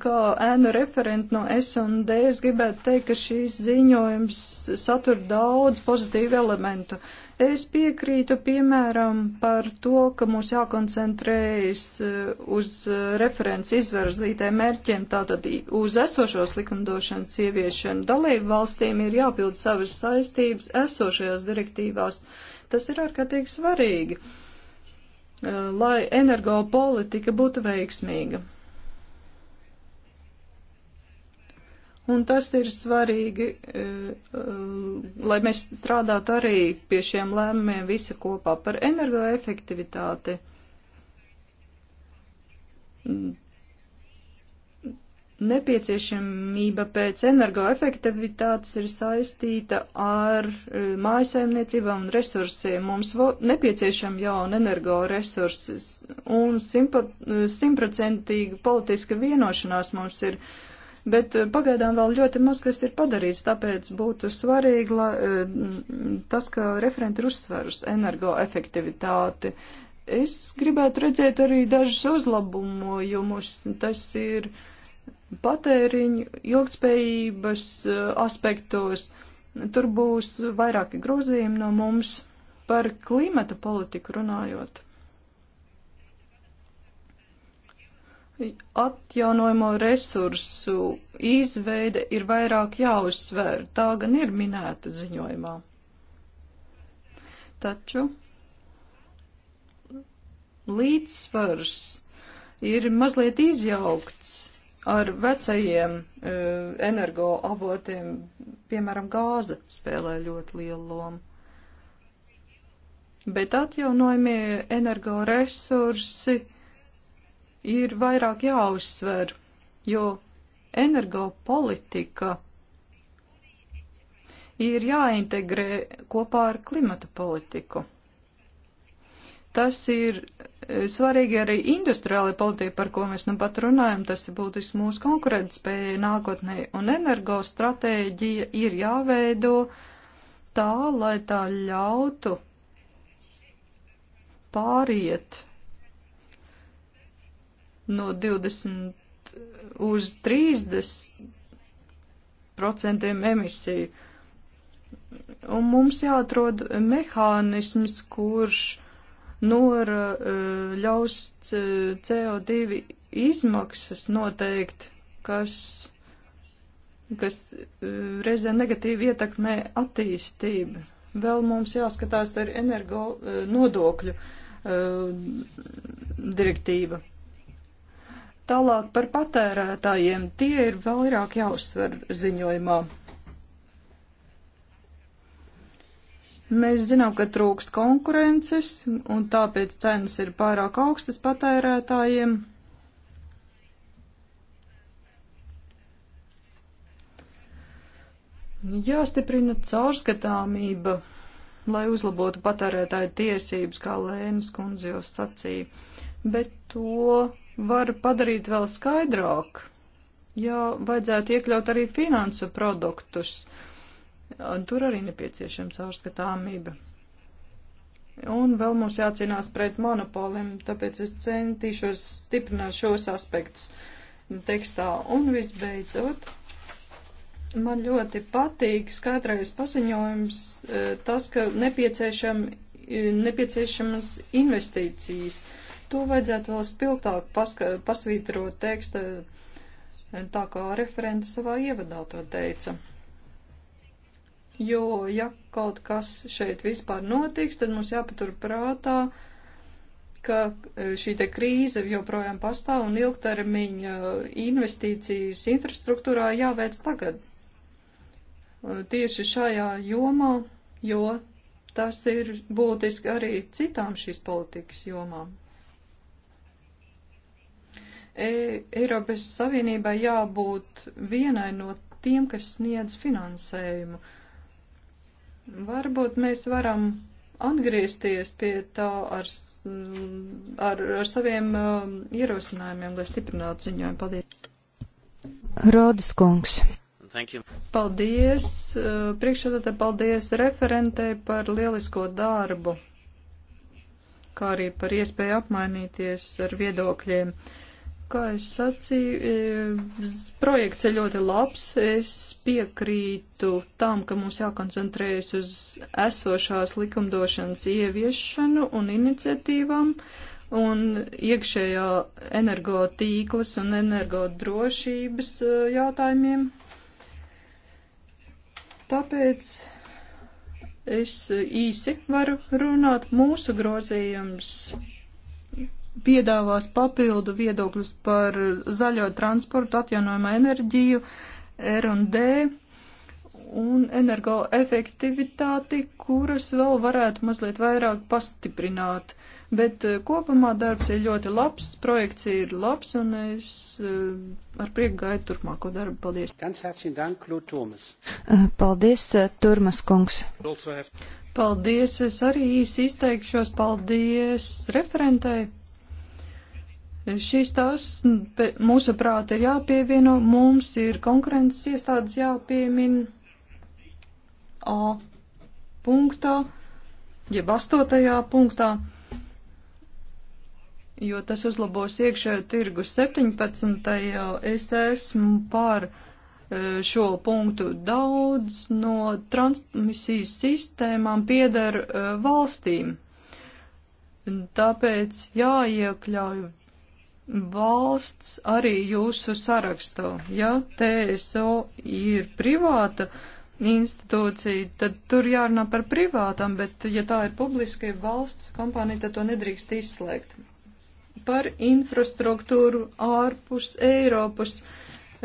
Kā ēnu referenti no S&D es gribētu teikt, ka šīs ziņojums satur daudz pozitīvu elementu. Es piekrītu, piemēram, par to, ka mums jākoncentrējas uh, uz uh, referents izverzītēm mērķiem, tātad uz esošos likumdošanas ieviešanu. Dalību valstīm ir jāpild savas saistības esošajās direktīvās. Tas ir ārkārtīgi svarīgi, uh, lai energopolitika būtu veiksmīga. Un tas ir svarīgi, e, e, lai mēs strādātu arī pie šiem lēmumiem visi kopā par energoefektivitāti. Nepieciešamība pēc energoefektivitātes ir saistīta ar e, mājasaimniecībām un resursiem. Mums nepieciešama jauna energoresurses un simtprocentīga politiska vienošanās mums ir. Uh, bet eh, pagaidām vēl ļoti maz kas ir padarīts, tāpēc būtu svarīgi la, eh, tas, ka referenti ir uzsverus energoefektivitāti. Es gribētu redzēt arī dažus uzlabojumus, tas ir patēriņu ilgspējības eh, aspektos. Tur būs vairāki grozījumi no mums par klimata politiku runājot. atjaunojamo resursu izveide ir vairāk jāuzsver. Tā gan ir minēta ziņojumā. Taču līdzsvars ir mazliet izjaukts ar vecajiem uh, energoavotiem, piemēram, gāze spēlē ļoti lielu lomu. Bet atjaunojamie energoresursi uh, ir vairāk jāuzsver, jo energopolitika ir jāintegrē kopā ar klimata politiku. Tas ir e, svarīgi arī industriālajai politikai, par ko mēs nu pat runājam. Tas ir būtiski mūsu konkurētspējai nākotnē, un energostratēģija ir jāveido tā, lai tā ļautu pāriet no 20 uz 30% emisiju. Un mums jāatrod mehānisms, kurš nor eh, ļaus eh, CO2 izmaksas noteikt, kas kas eh, reizē negatīvi ietekmē attīstību. Vēl mums jāskatās ar energo nodokļu direktīva. Tālāk par patērētājiem. Tie ir vairāk jāuzsver ziņojumā. Mēs zinām, ka trūkst konkurences, un tāpēc cenas ir pārāk augstas patērētājiem. Jāstiprina caurskatāmība, lai uzlabotu patērētāju tiesības, kā Lēnas kundze jau sacīja, bet to var padarīt vēl skaidrāk, ja vajadzētu iekļaut arī finansu produktus. Tur arī nepieciešama caurskatāmība. Un vēl mums jācīnās pret monopoliem, tāpēc es centīšos stiprināt šos aspektus tekstā. Un visbeidzot, man ļoti patīk skaidrais paziņojums, eh, tas, ka nepieciešam, nepieciešamas investīcijas. Uh, To vajadzētu vēl spilgtāk paska, pasvītrot teksta, eh, tā kā referenta savā ievadā to teica. Jo, ja kaut kas šeit vispār notiks, tad mums jāpatur prātā, ka eh, šī te krīze joprojām pastāv un ilgtermiņa eh, investīcijas infrastruktūrā jāveic tagad. Tieši šajā jomā, jo tas ir būtiski arī citām šīs politikas jomām. E Eiropas Savienībai jābūt vienai no tiem, kas sniedz finansējumu. Varbūt mēs varam atgriezties pie tā ar, ar, ar saviem um, ierosinājumiem, lai stiprinātu ziņojumu. Paldies! Rodas kungs. Paldies, uh, priekšsēdētē, paldies referentē par lielisko darbu, kā arī par iespēju apmainīties ar viedokļiem. Uh, kā es sacīju, e, projekts ir ļoti labs. Es piekrītu tam, ka mums jākoncentrējas uz esošās likumdošanas ieviešanu un iniciatīvām un iekšējā energotīklas un energodrošības e, jautājumiem. Tāpēc es e, īsi varu runāt. Mūsu grozījums piedāvās papildu viedokļus par zaļo transportu, atjaunojamo enerģiju, R&D un energoefektivitāti, kuras vēl varētu mazliet vairāk pastiprināt. Bet eh, kopumā darbs ir ļoti labs, projekts ir labs, un es eh, ar prieku gaidu turpmāko darbu. Paldies! Eh, paldies, Turmas kungs! Paldies, es arī īsi izteikšos. Paldies referentei! Šīs tās, mūsuprāt, ir jāpievieno, mums ir konkurences iestādes jāpiemin A punktā, jeb astotajā punktā, jo tas uzlabos iekšējo tirgu 17. Es esmu par e, šo punktu daudz no transmisijas sistēmām pieder e, valstīm. Tāpēc jāiekļauj valsts arī jūsu sarakstā. Ja TSO ir privāta institūcija, tad tur jārunā par privātam, bet ja tā ir publiska valsts kompānija, tad to nedrīkst izslēgt. Par infrastruktūru ārpus Eiropas. Uh,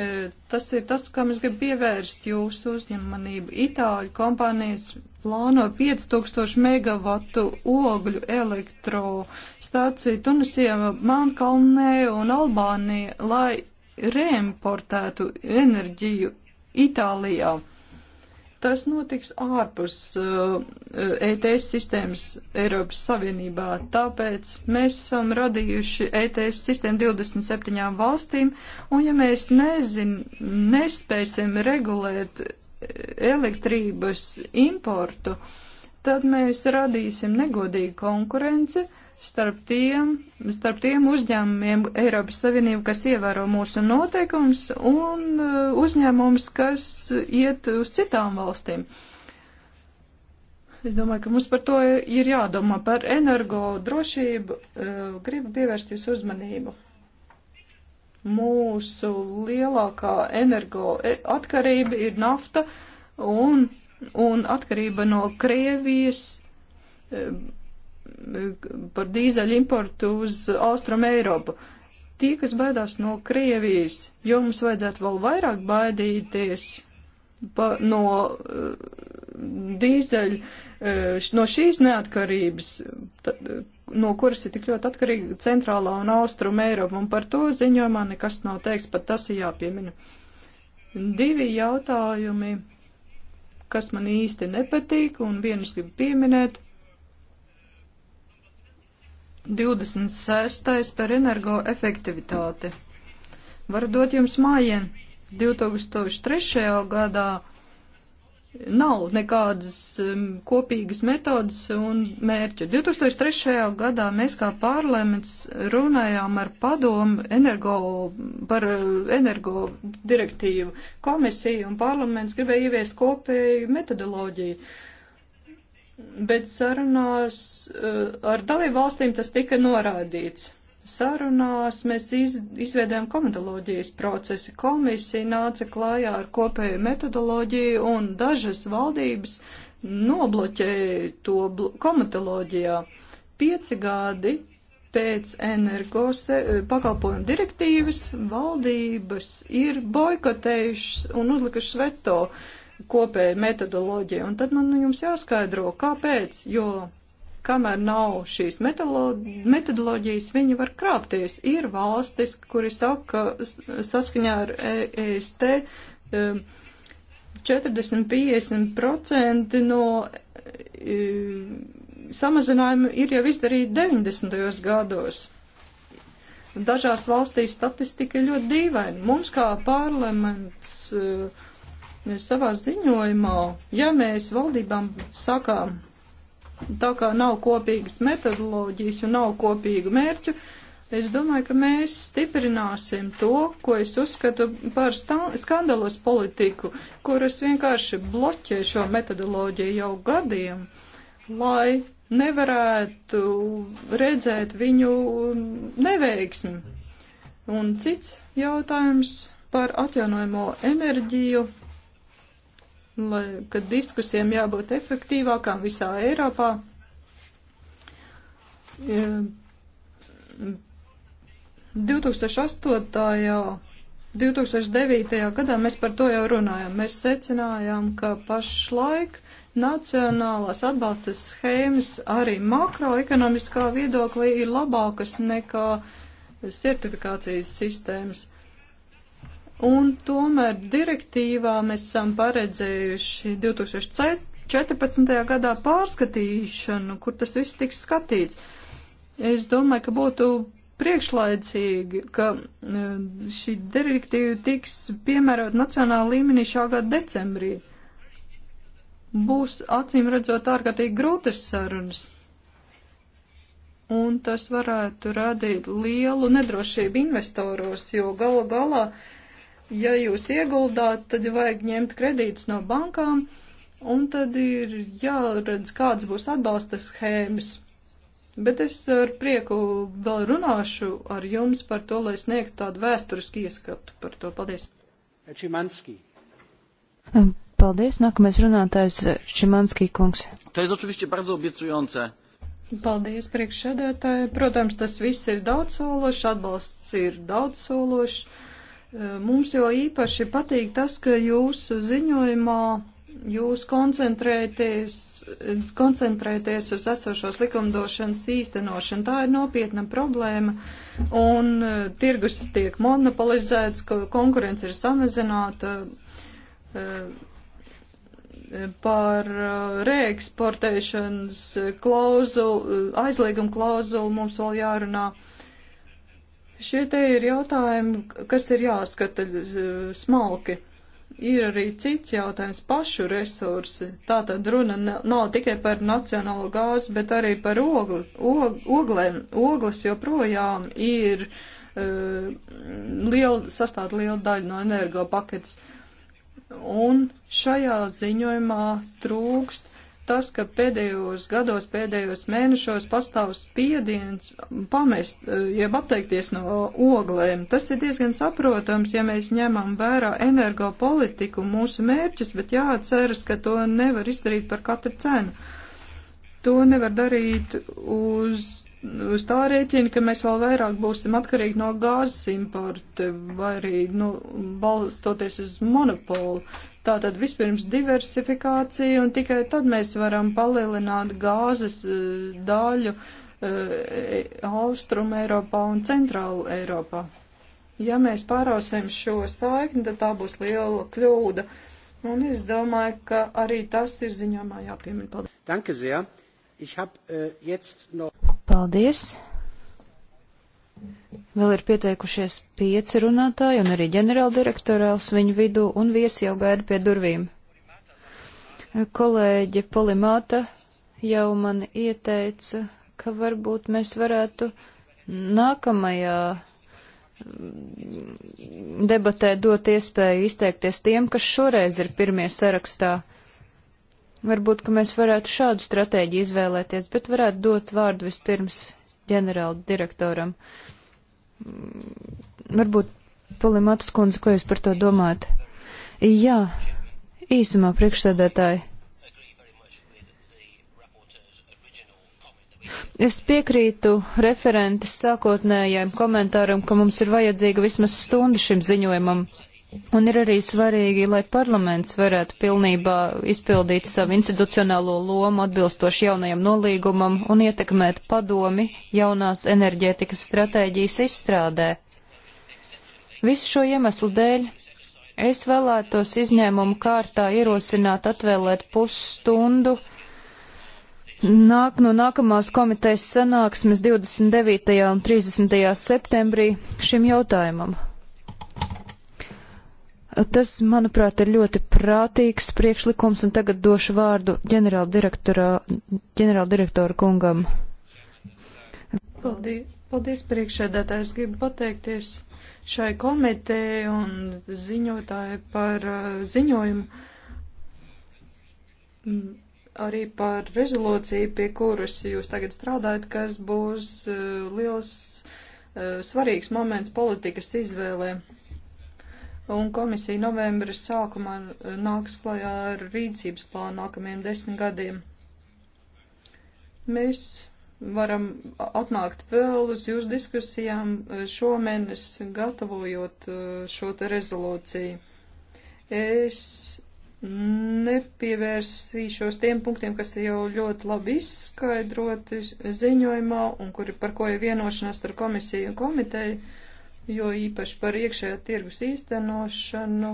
E, tas ir tas, kam es gribu pievērst jūsu uzņemanību. Itāļu kompānijas plāno 5000 megavatu ogļu elektrostaciju Tunisijā, Mankalnē un Albānijā, lai reimportētu enerģiju Itālijā tas notiks ārpus uh, eh, ETS sistēmas Eiropas Savienībā. Tāpēc mēs esam radījuši ETS sistēmu 27 valstīm, un ja mēs nezin, nespēsim regulēt elektrības importu, tad mēs radīsim negodīgu konkurenci, uh, starp tiem, starp tiem uzņēmumiem Eiropas Savienību, kas ievēro mūsu noteikums un uh, uzņēmums, kas iet uz citām valstīm. Es domāju, ka mums par to ir jādomā. Par energo drošību uh, gribu pievērst jūs uzmanību. Mūsu lielākā energo e, atkarība ir nafta un, un atkarība no Krievijas uh, par dīzeļu importu uz Austrum Eiropu. Tie, kas baidās no Krievijas, jums vajadzētu vēl vairāk baidīties pa, no eh, dīzeļa eh, no šīs neatkarības, no kuras ir tik ļoti atkarīga centrālā un austruma Eiropa, un par to ziņojumā nekas nav teiks, pat tas ir jāpiemina. Divi jautājumi, kas man īsti nepatīk, un vienu es gribu pieminēt. 26. par energoefektivitāti. Varu dot jums mājien. 2003. gadā nav nekādas um, kopīgas metodas un mērķu. 2003. gadā mēs kā parlaments runājām ar padomu energo, par uh, energo direktīvu. Komisija un parlaments gribēja ieviest kopēju metodoloģiju bet sarunās eh, ar dalību valstīm tas tika norādīts. Sarunās mēs iz, izveidojam komitoloģijas procesi. Komisija nāca klājā ar kopēju metodoloģiju un dažas valdības nobloķēja to komitoloģijā. Pieci gadi pēc energos eh, pakalpojumu direktīvas valdības ir boikotējušas un uzlikušas veto. Uh, kopēja metodoloģija. Un tad man nu, jums jāskaidro, kāpēc, jo kamēr nav šīs metodoloģijas, viņi var krāpties. Ir valstis, kuri saka, saskaņā ar e e um, EST 40-50% no um, samazinājuma ir jau izdarīti 90. gados. Dažās valstīs statistika ir ļoti dīvaina. Mums kā parlaments uh, savā ziņojumā, ja mēs valdībām sakām, tā kā nav kopīgas metodoloģijas un nav kopīgu mērķu, es domāju, ka mēs stiprināsim to, ko es uzskatu par skandalos politiku, kuras vienkārši bloķē šo metodoloģiju jau gadiem, lai nevarētu redzēt viņu neveiksmi. Un cits jautājums par atjaunojamo enerģiju lai, ka diskusijām jābūt efektīvākām visā Eiropā. E, 2008. 2009. gadā mēs par to jau runājām. Mēs secinājām, ka pašlaik nacionālās atbalsta schēmas arī makroekonomiskā viedoklī ir labākas nekā sertifikācijas sistēmas. Un tomēr direktīvā mēs esam paredzējuši 2014. gadā pārskatīšanu, kur tas viss tiks skatīts. Es domāju, ka būtu priekšlaicīgi, ka e, šī direktīva tiks piemērot nacionāla līmenī šā gada decembrī. Būs acīm redzot ārkārtīgi grūtas sarunas un tas varētu radīt lielu nedrošību investoros, jo gala galā ja jūs ieguldāt, tad vajag ņemt kredītus no bankām, un tad ir jāredz, kādas būs atbalsta schēmas. Bet es ar prieku vēl runāšu ar jums par to, lai sniegtu tādu vēsturisku ieskatu par to. Paldies! Čimanski. Paldies, nākamais runātājs Čimanski eh, kungs. To ir oczywiście bardzo obiecujące. Paldies, priekšsēdētāji. Protams, tas viss ir daudzsološs, atbalsts ir daudzsološs Mums jau īpaši patīk tas, ka jūsu ziņojumā jūs koncentrēties, koncentrēties uz esošos likumdošanas īstenošanu. Tā ir nopietna problēma, un e, tirgus tiek monopolizēts, konkurence ir samazināta e, e, par reeksportēšanas klauzulu, aizliegumu klauzulu mums vēl jārunā. Uh, Šie te ir jautājumi, kas ir jāskata eh, smalki. Ir arī cits jautājums - pašu resursi. Tā tad runa nav tikai par nacionālo gāzi, bet arī par ogli, og, oglēm. Ogles joprojām ir uh, eh, liela, sastāv liela daļa no energo paketes. Un šajā ziņojumā trūkst tas, ka pēdējos gados, pēdējos mēnešos pastāv spiediens pamest, jeb apteikties no oglēm. Tas ir diezgan saprotams, ja mēs ņemam vērā energopolitiku mūsu mērķus, bet jāatceras, ka to nevar izdarīt par katru cenu. To nevar darīt uz uz tā rēķina, ka mēs vēl vairāk būsim atkarīgi no gāzes importa vai arī nu, balstoties uz monopolu. Tātad vispirms diversifikācija un tikai tad mēs varam palielināt gāzes eh, daļu eh, Austrum Eiropā un Centrāla Eiropā. Ja mēs pārāsim šo saikni, tad tā būs liela kļūda. Un es domāju, ka arī tas ir ziņojumā jāpiemina. Paldies. Danke sehr. Ich hab, uh, jetzt noch... Paldies. Vēl ir pieteikušies pieci runātāji un arī ģenerāldirektorāls viņu vidū, un viesi jau gaida pie durvīm. Kolēģi Polimāta jau man ieteica, ka varbūt mēs varētu nākamajā mm, debatē dot iespēju izteikties tiem, kas šoreiz ir pirmie sarakstā. Varbūt, ka mēs varētu šādu stratēģiju izvēlēties, bet varētu dot vārdu vispirms ģenerāla direktoram. Varbūt, Polimātas kundze, ko jūs par to domājat? Jā, īsumā priekšsēdētāji. Es piekrītu referentes sākotnējiem komentāram, ka mums ir vajadzīga vismaz stunda šim ziņojumam, Un ir arī svarīgi, lai parlaments varētu pilnībā izpildīt savu institucionālo lomu atbilstoši jaunajam nolīgumam un ietekmēt padomi jaunās enerģētikas stratēģijas izstrādē. Visu šo iemeslu dēļ es vēlētos izņēmumu kārtā ierosināt atvēlēt pusstundu Nāk no nākamās komitejas sanāksmes 29. un 30. septembrī šim jautājumam. Tas, manuprāt, ir ļoti prātīgs priekšlikums, un tagad došu vārdu ģenerāldirektora kungam. Paldies, paldies priekšēdētājs. Gribu pateikties šai komitejai un ziņotāji par uh, ziņojumu, mm, arī par rezolūciju, pie kuras jūs tagad strādājat, kas būs uh, liels, uh, svarīgs moments politikas izvēlē un komisija novembris sākumā eh, nāks klajā ar rīcības plānu nākamajiem desmit gadiem. Mēs varam atnākt vēl uz jūsu diskusijām eh, šomēnes, gatavojot eh, šo te rezolūciju. Es nepievērsīšos tiem punktiem, kas ir jau ļoti labi izskaidroti ziņojumā un kuri, par ko ir vienošanās ar komisiju un komiteju jo īpaši par iekšējā tirgus īstenošanu,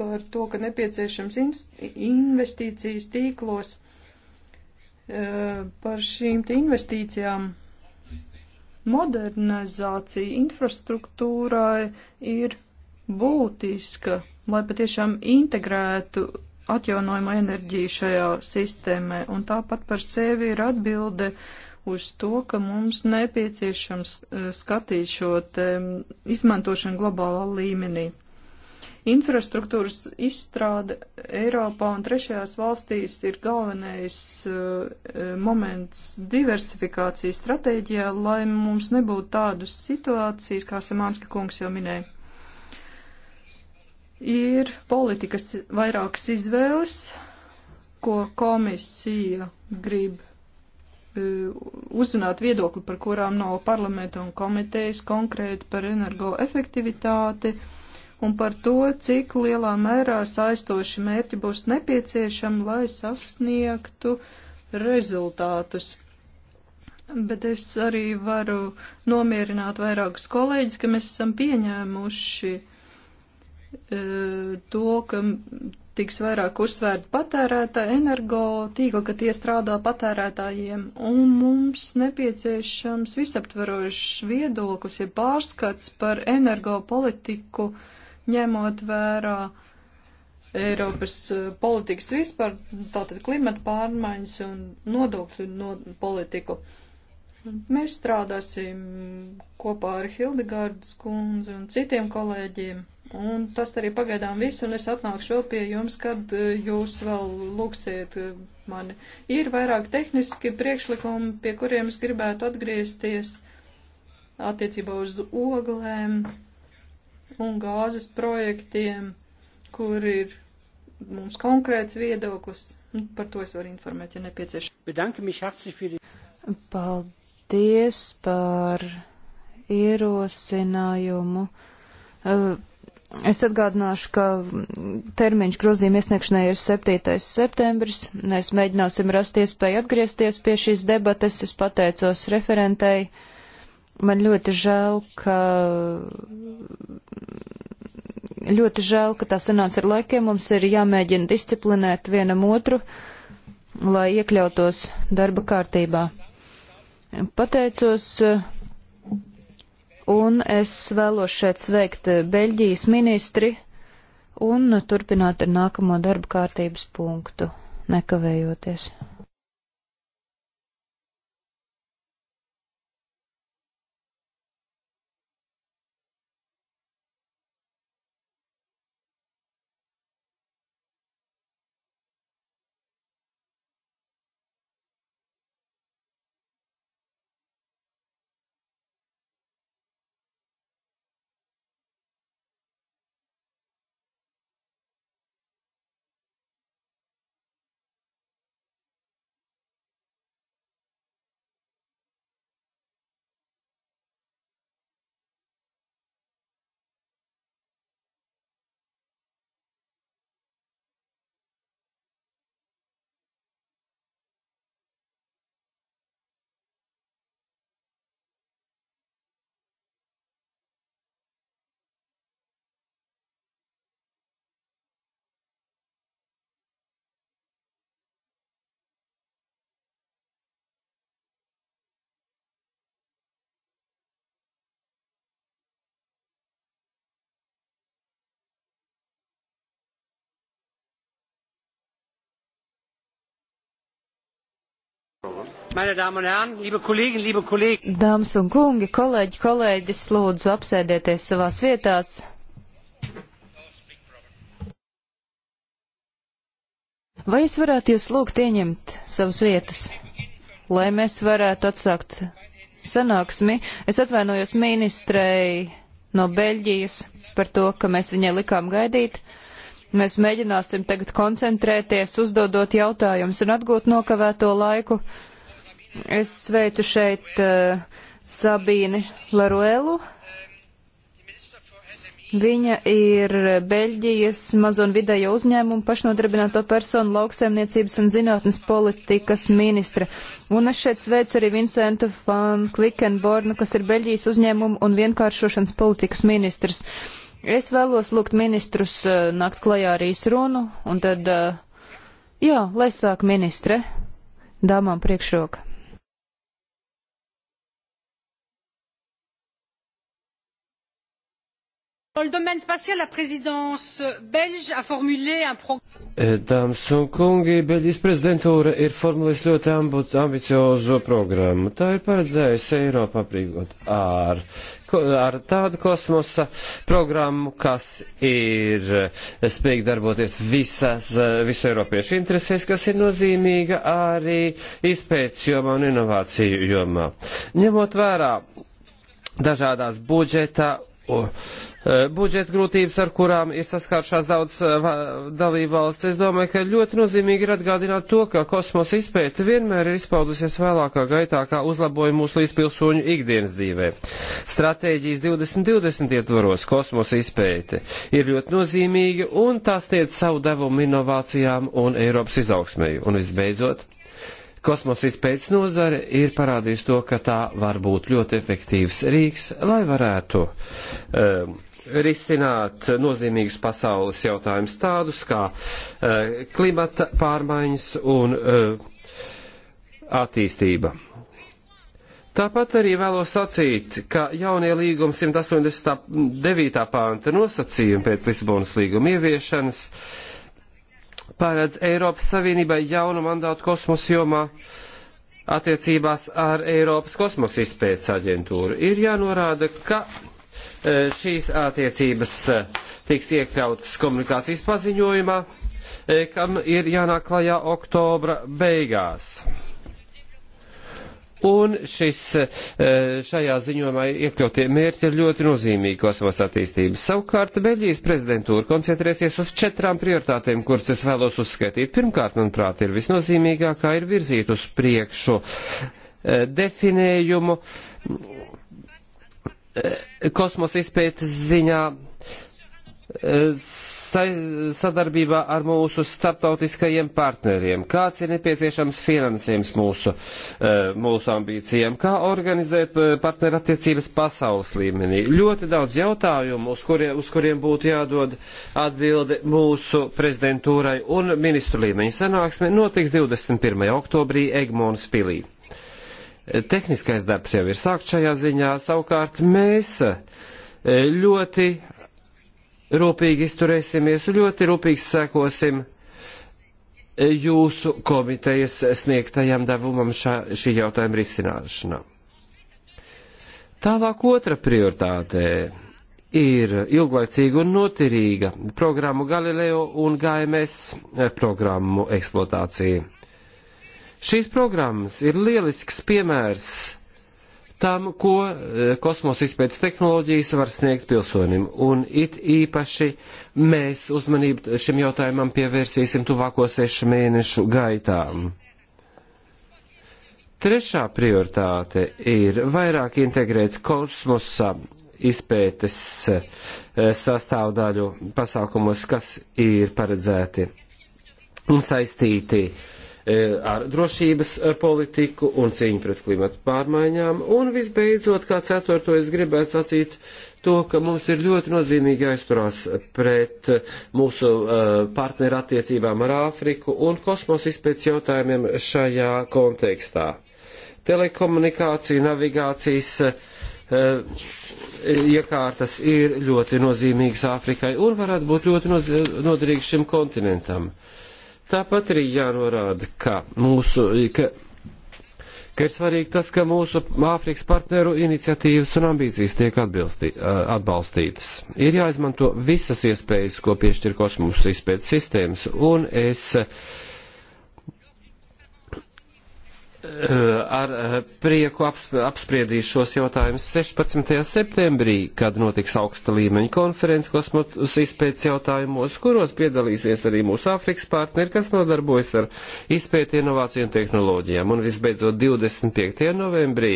par to, ka nepieciešams investīcijas tīklos, e, par šīm investīcijām modernizācija infrastruktūrai ir būtiska, lai patiešām integrētu atjaunojumu enerģiju šajā sistēmē, un tāpat par sevi ir atbilde uh, uz to, ka mums nepieciešams eh, skatīt šo izmantošanu globālā līmenī. Infrastruktūras izstrāde Eiropā un trešajās valstīs ir galvenais eh, moments diversifikācijas stratēģijā, lai mums nebūtu tādas situācijas, kā Semānska kungs jau minēja ir politikas vairākas izvēles, ko komisija grib E, uzzināt viedokli, par kurām nav parlamenta un komitejas konkrēti par energoefektivitāti un par to, cik lielā mērā saistoši mērķi būs nepieciešami, lai sasniegtu rezultātus. Bet es arī varu nomierināt vairākus kolēģis, ka mēs esam pieņēmuši e, to, ka tiks vairāk uzsvērta patērēta energo tīkla, ka tie strādā patērētājiem, un mums nepieciešams visaptverošs viedoklis, ja pārskats par energo politiku, ņemot vērā Eiropas eh, politikas vispār, tātad klimata pārmaiņas un nodokļu no politiku. Mēs strādāsim kopā ar Hildegārdas kundzi un citiem kolēģiem Un tas arī pagaidām viss, un es atnākšu vēl pie jums, kad e, jūs vēl lūksiet e, mani. Ir vairāk tehniski priekšlikumi, pie kuriem es gribētu atgriezties attiecībā uz oglēm un gāzes projektiem, kur ir mums konkrēts viedoklis. Par to es varu informēt, ja nepieciešams. Paldies par ierosinājumu. Uh, Es atgādināšu, ka termiņš grozījuma iesniegšanai ir 7. septembris. Mēs mēģināsim rast iespēju atgriezties pie šīs debates. Es pateicos referentei. Man ļoti žēl, ka. Ļoti žēl, ka tā sanāca ar laikiem. Mums ir jāmēģina disciplinēt vienam otru, lai iekļautos darba kārtībā. Pateicos uh, un es vēlos šeit sveikt eh, Beļģijas ministri un turpināt ar nākamo darba kārtības punktu, nekavējoties. Dāmas un kungi, kolēģi, kolēģis, lūdzu apsēdieties savās vietās. Vai es varētu jūs lūgt ieņemt savas vietas, lai mēs varētu atsākt sanāksmi? Es atvainojos ministrei no Beļģijas par to, ka mēs viņai likām gaidīt. Uh, Mēs mēģināsim tagad koncentrēties, uzdodot jautājumus un atgūt nokavēto laiku. Es sveicu šeit uh, Sabīni Laruelu. Viņa ir Beļģijas mazo un vidējo uzņēmumu pašnodarbināto personu lauksaimniecības un zinātnes politikas ministre. Un es šeit sveicu arī Vincentu van Klikenbornu, kas ir Beļģijas uzņēmumu un vienkāršošanas politikas ministrs. Uh, Es vēlos lūgt ministrus uh, eh, nakt klajā ar īsrunu, un tad, uh, jā, lai sāk ministre, dāmām priekšroka. Dans le domaine spatial, la présidence belge a formulé un programme. E, dāmas un kungi, Beļģijas prezidentūra ir formulējusi ļoti ambiciozo programmu. Tā ir paredzējusi Eiropu aprīkot ar, ar tādu kosmosa programmu, kas ir spējīga darboties visas, visu Eiropiešu interesēs, kas ir nozīmīga arī izpētes jomā un inovāciju jomā. Ņemot vērā dažādās budžeta. Uh, Eh, budžeta grūtības, ar kurām ir saskāršās daudz eh, dalībvalsts. Es domāju, ka ļoti nozīmīgi ir atgādināt to, ka kosmosa izpēta vienmēr ir izpaudusies vēlākā gaitā, kā uzlaboja mūsu līdzpilsoņu ikdienas dzīvē. Stratēģijas 2020 ietvaros kosmosa izpēte ir ļoti nozīmīga un tās tiec savu devumu inovācijām un Eiropas izaugsmēju. Un visbeidzot, Kosmosa izpētes nozare ir parādījusi to, ka tā var būt ļoti efektīvs rīks, lai varētu um, risināt nozīmīgus pasaules jautājumus tādus kā uh, klimata pārmaiņas un uh, attīstība. Tāpat arī vēlos sacīt, ka jaunie līguma 189. pānta nosacījumi pēc Lisabonas līguma ieviešanas paredz Eiropas Savienībai jaunu mandātu kosmosa jomā attiecībās ar Eiropas kosmosa izpētes aģentūru. Ir jānorāda, ka Eh, šīs attiecības eh, tiks iekļautas komunikācijas paziņojumā, eh, kam ir jānāk klajā oktobra beigās. Un šis, šajā ziņojumā iekļautie mērķi ir ļoti nozīmīgi kosmosa attīstības. Savukārt, Beļģijas prezidentūra koncentrēsies uz četrām prioritātēm, kuras es vēlos uzskaitīt. Pirmkārt, manuprāt, ir visnozīmīgākā ir virzīt uz priekšu definējumu Eh, kosmosa izpētes ziņā eh, sadarbībā ar mūsu starptautiskajiem partneriem, kāds ir nepieciešams finansējums mūsu, eh, mūsu ambīcijām, kā organizēt partnerattiecības pasaules līmenī. Ļoti daudz jautājumu, uz, kurie, uz kuriem būtu jādod atbildi mūsu prezidentūrai un ministru līmeņa sanāksme, notiks 21. oktobrī Egmonas pilī. Tehniskais darbs jau ir sākts šajā ziņā, savukārt mēs e, ļoti rūpīgi izturēsimies un ļoti rūpīgi sekosim jūsu komitejas sniegtajam devumam šā, šī jautājuma risināšanā. Tālāk otra prioritāte ir ilglaicīga un noturīga programmu Galileo un GMS programmu eksploatācija. Šīs programmas ir lielisks piemērs tam, ko eh, kosmosa izpētes tehnoloģijas var sniegt pilsonim. Un it īpaši mēs uzmanību šim jautājumam pievērsīsim tuvāko sešu mēnešu gaitām. Trešā prioritāte ir vairāk integrēt kosmosa izpētes eh, sastāvdaļu pasākumus, kas ir paredzēti un saistīti uh, E, ar drošības e, politiku un cīņu pret klimatu pārmaiņām. Un visbeidzot, kā ceturto, es gribētu sacīt to, ka mums ir ļoti nozīmīgi jāizturās pret mūsu e, partneru attiecībām ar Āfriku un kosmosa izpēc jautājumiem šajā kontekstā. Telekomunikāciju, navigācijas iekārtas ir ļoti nozīmīgas Āfrikai un varētu būt ļoti noderīgas šim kontinentam. Uh, Tāpat arī jānorāda, ka mūsu, ka, ka ir svarīgi tas, ka mūsu Āfrikas partneru iniciatīvas un ambīcijas tiek atbilstī, atbalstītas. Ir jāizmanto visas iespējas, ko piešķir kosmosa izpētes sistēmas, un es uh, Eh, ar eh, prieku apspriedīs šos jautājumus 16. septembrī, kad notiks augsta līmeņa konference kosmotus izpētes jautājumos, kuros piedalīsies arī mūsu Āfrikas partneri, kas nodarbojas ar izpēti inovāciju un tehnoloģijām. Un visbeidzot 25. novembrī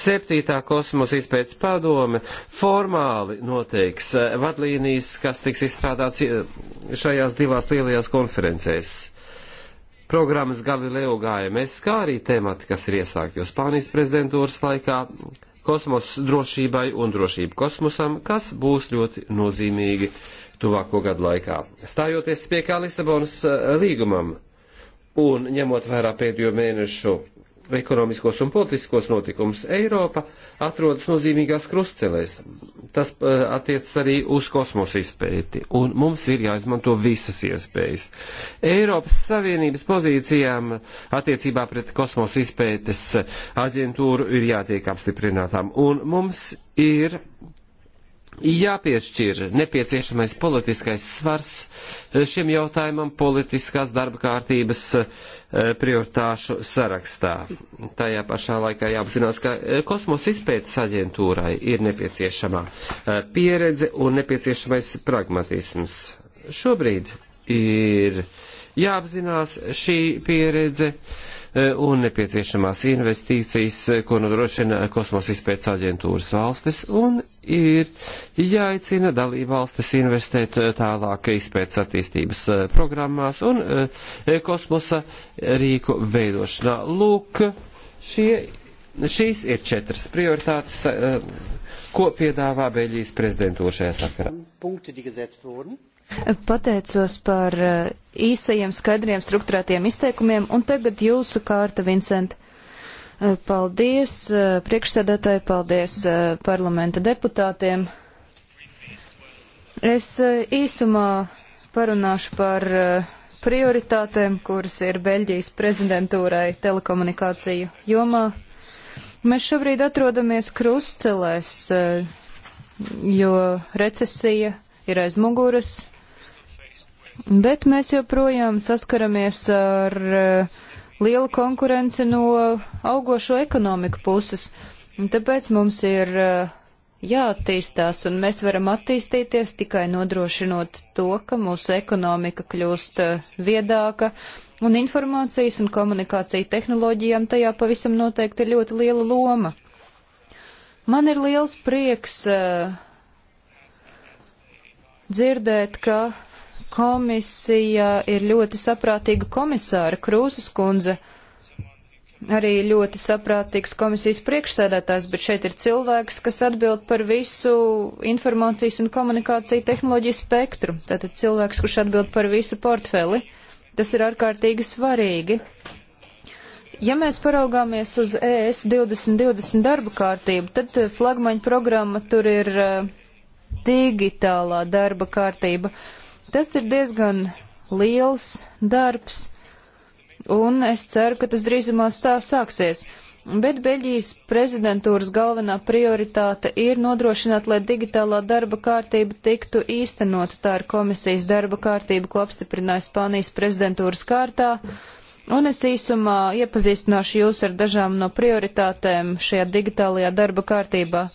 7. kosmosa izpētes padome formāli noteiks eh, vadlīnijas, kas tiks izstrādāts šajās divās lielajās konferencēs programmas Galileo GMS, kā arī temati, kas ir iesākti jau Spānijas prezidentūras laikā, kosmos drošībai un drošību kosmosam, kas būs ļoti nozīmīgi tuvāko gadu laikā. Stājoties pie kā Lisabonas eh, līgumam un ņemot vērā pēdējo mēnešu ekonomiskos un politiskos notikumus, Eiropa atrodas nozīmīgās krustcelēs. Tas uh, attiecas arī uz kosmosa izpēti, un mums ir jāizmanto visas iespējas. Eiropas Savienības pozīcijām attiecībā pret kosmosa izpētes aģentūru ir jātiek apstiprinātām, un mums ir jāpiešķir nepieciešamais politiskais svars eh, šim jautājumam politiskās darba kārtības eh, prioritāšu sarakstā. Tajā pašā laikā jāapzinās, ka eh, kosmosa izpētes aģentūrai ir nepieciešamā pieredze un nepieciešamais pragmatisms. Šobrīd ir jāapzinās šī pieredze Eh, un nepieciešamās investīcijas, eh, ko nodrošina kosmosa izpētes aģentūras valstis, un ir jāicina dalībvalstis investēt eh, tālāk izpētes attīstības programmās un kosmosa rīku veidošanā. Lūk, šie, šīs ir četras prioritātes, ko piedāvā Beļģijas prezidentūra šajā sakarā. Punkti, Pateicos par eh, īsajiem, skaidriem, struktūrētiem izteikumiem, un tagad jūsu kārta, Vincent. Eh, paldies, eh, priekšsēdētāji, paldies parlamenta deputātiem. Es īsumā parunāšu par prioritātēm, kuras ir Beļģijas prezidentūrai telekomunikāciju jomā. Mēs šobrīd atrodamies krustcelēs, jo recesija ir aiz muguras, bet mēs joprojām saskaramies ar eh, lielu konkurenci no augošo ekonomiku puses. Un tāpēc mums ir eh, jāattīstās, un mēs varam attīstīties tikai nodrošinot to, ka mūsu ekonomika kļūst eh, viedāka, un informācijas un komunikācija tehnoloģijām tajā pavisam noteikti ir ļoti liela loma. Man ir liels prieks dzirdēt, ka komisija ir ļoti saprātīga komisāra Krūzes kundze, arī ļoti saprātīgs komisijas priekšsēdētājs, bet šeit ir cilvēks, kas atbild par visu informācijas un komunikāciju tehnoloģiju spektru. Tātad cilvēks, kurš atbild par visu portfeli. Tas ir ārkārtīgi svarīgi. Ja mēs paraugāmies uz e ES 2020 darba kārtību, tad eh, flagmaņa programma tur ir eh, digitālā darba kārtība. Uh, Tas ir diezgan liels darbs, un es ceru, ka tas drīzumā stāv sāksies. Bet Beļģijas prezidentūras galvenā prioritāte ir nodrošināt, lai digitālā darba kārtība tiktu īstenota. Tā ir komisijas darba kārtība, ko apstiprināja Spānijas prezidentūras kārtā. Un es īsumā iepazīstināšu jūs ar dažām no prioritātēm šajā digitālajā darba kārtībā.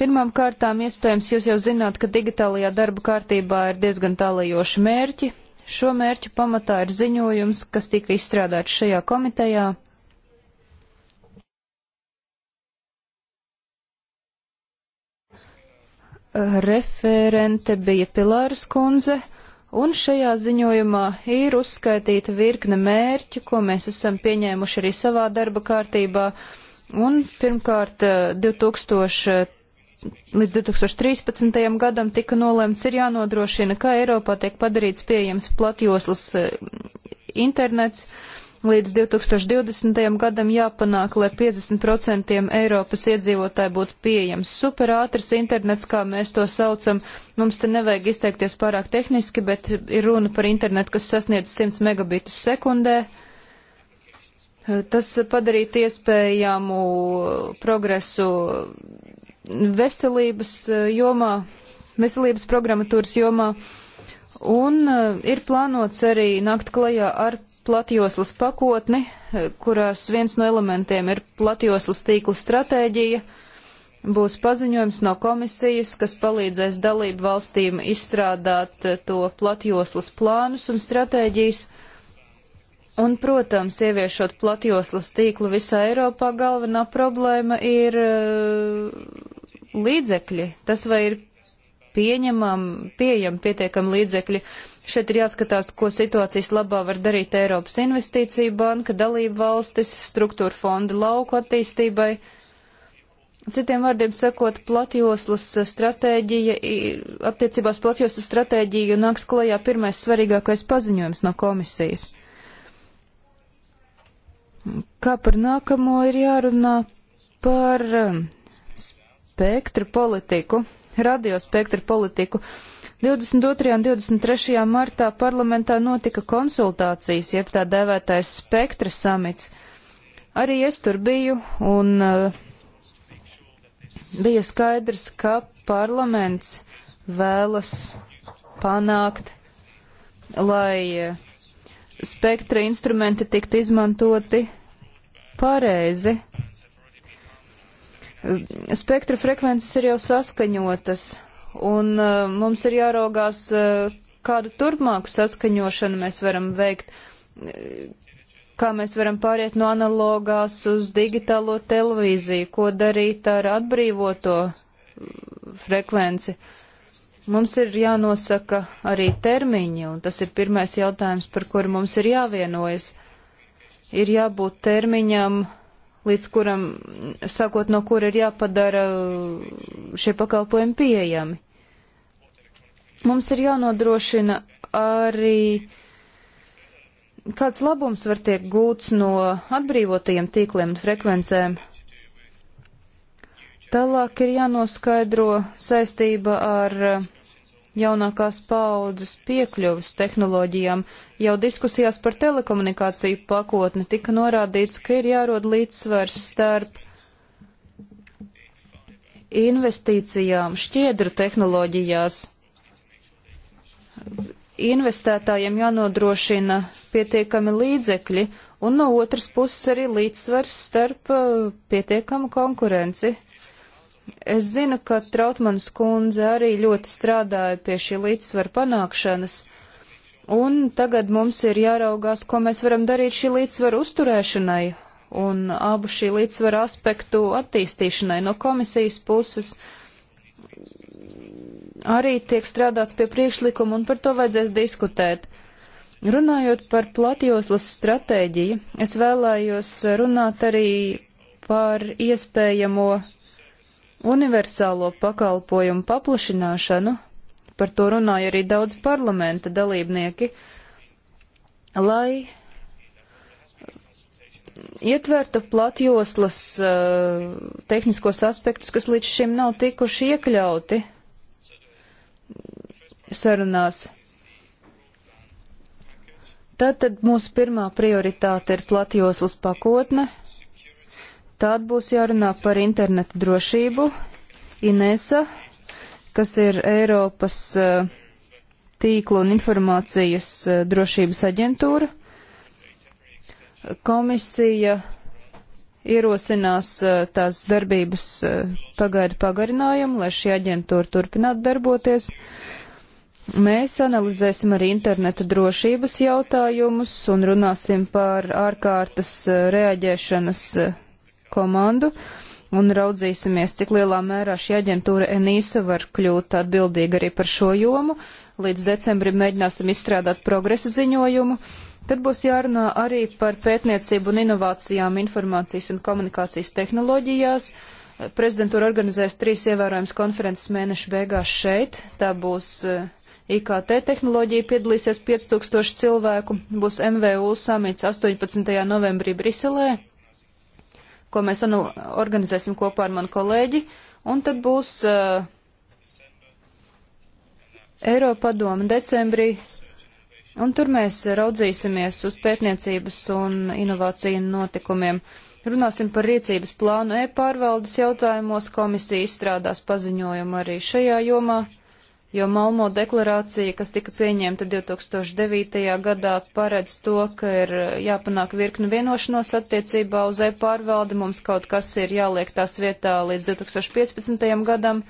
Pirmām kārtām, iespējams, jūs jau zināt, ka digitālajā darba kārtībā ir diezgan tālajoši mērķi. Šo mērķu pamatā ir ziņojums, kas tika izstrādāts šajā komitejā. Referente bija Pilārs Kunze, un šajā ziņojumā ir uzskaitīta virkne mērķu, ko mēs esam pieņēmuši arī savā darba kārtībā. Un pirmkārt, 2000 eh, līdz 2013. gadam tika nolēmts, ir jānodrošina, ka Eiropā tiek padarīts pieejams platjoslas eh, internets. Līdz 2020. gadam jāpanāk, lai 50% Eiropas iedzīvotāji būtu pieejams superātrs internets, kā mēs to saucam. Mums te nevajag izteikties pārāk tehniski, bet ir runa par internetu, kas sasniedz 100 megabitus sekundē. Eh, tas padarītu iespējamu progresu veselības eh, jomā, veselības programmatūras jomā, un eh, ir plānots arī nākt klajā ar platjoslas pakotni, eh, kurās viens no elementiem ir platjoslas tīkla stratēģija. Būs paziņojums no komisijas, kas palīdzēs dalību valstīm izstrādāt to platjoslas plānus un stratēģijas. Un, protams, ieviešot platjoslas tīklu visā Eiropā, galvenā problēma ir uh, līdzekļi, tas vai ir pieņemam, pieejam pietiekam līdzekļi. Šeit ir jāskatās, ko situācijas labā var darīt Eiropas investīcija banka, dalība valstis, struktūra fondi lauku attīstībai. Citiem vārdiem sakot, platjoslas stratēģija, attiecībās platjoslas stratēģija nāks klajā pirmais svarīgākais paziņojums no komisijas. Kā par nākamo ir jārunā par spektra politiku, radiospektra politiku. 22. un 23. martā parlamentā notika konsultācijas, jeb tā dēvētais spektra samits. Arī es tur biju, un uh, bija skaidrs, ka parlaments vēlas panākt, lai uh, spektra instrumenti tiktu izmantoti pareizi Spektra frekvences ir jau saskaņotas, un uh, mums ir jāraugās, uh, kādu turpmāku saskaņošanu mēs varam veikt, uh, kā mēs varam pāriet no analogās uz digitālo televīziju, ko darīt ar atbrīvoto frekvenci. Mums ir jānosaka arī termiņi, un tas ir pirmais jautājums, par kuru mums ir jāvienojas. Ir jābūt termiņam līdz kuram, sākot no kura ir jāpadara uh, šie pakalpojumi pieejami. Mums ir jānodrošina arī, kāds labums var tiek gūts no atbrīvotajiem tīkliem un frekvencēm. Tālāk ir jānoskaidro saistība ar uh, jaunākās paaudzes piekļuvis tehnoloģijām. Jau diskusijās par telekomunikāciju pakotni tika norādīts, ka ir jārod līdzsvars starp investīcijām šķiedru tehnoloģijās. Investētājiem jānodrošina pietiekami līdzekļi, un no otras puses arī līdzsvars starp uh, pietiekamu konkurenci Es zinu, ka Trautmanas kundze arī ļoti strādāja pie šī līdzsvara panākšanas, un tagad mums ir jāraugās, ko mēs varam darīt šī līdzsvara uzturēšanai un abu šī līdzsvara aspektu attīstīšanai no komisijas puses arī tiek strādāts pie priekšlikuma, un par to vajadzēs diskutēt. Runājot par platjoslas stratēģiju, es vēlējos runāt arī par iespējamo universālo pakalpojumu paplašināšanu, par to runāja arī daudz parlamenta dalībnieki, lai ietvertu platjoslas uh, tehniskos aspektus, kas līdz šim nav tikuši iekļauti sarunās. Tātad mūsu pirmā prioritāte ir platjoslas pakotne, Tad būs jārunā par internetu drošību. Inesa, kas ir Eiropas eh, tīklu un informācijas eh, drošības aģentūra, komisija ierosinās eh, tās darbības pagaidu pagarinājumu, lai šī aģentūra turpinātu darboties. Mēs analizēsim arī interneta drošības jautājumus un runāsim par ārkārtas reaģēšanas komandu un raudzīsimies, cik lielā mērā šī aģentūra Enīsa var kļūt atbildīga arī par šo jomu. Līdz decembrim mēģināsim izstrādāt progresa ziņojumu. Tad būs jārunā arī par pētniecību un inovācijām informācijas un komunikācijas tehnoloģijās. Prezidentūra organizēs trīs ievērojams konferences mēnešu beigās šeit. Tā būs eh, IKT tehnoloģija piedalīsies 5000 cilvēku, būs MVU samits 18. novembrī Briselē, ko mēs organizēsim kopā ar manu kolēģi, un tad būs uh, eh, Eiropadoma decembrī, un tur mēs raudzīsimies uz pētniecības un inovāciju notikumiem. Runāsim par rīcības plānu e-pārvaldes jautājumos, komisija izstrādās paziņojumu arī šajā jomā jo Malmo deklarācija, kas tika pieņemta 2009. gadā, paredz to, ka ir jāpanāk virkni vienošanos attiecībā uz e-pārvaldi, mums kaut kas ir jāliek tās vietā līdz 2015. gadam.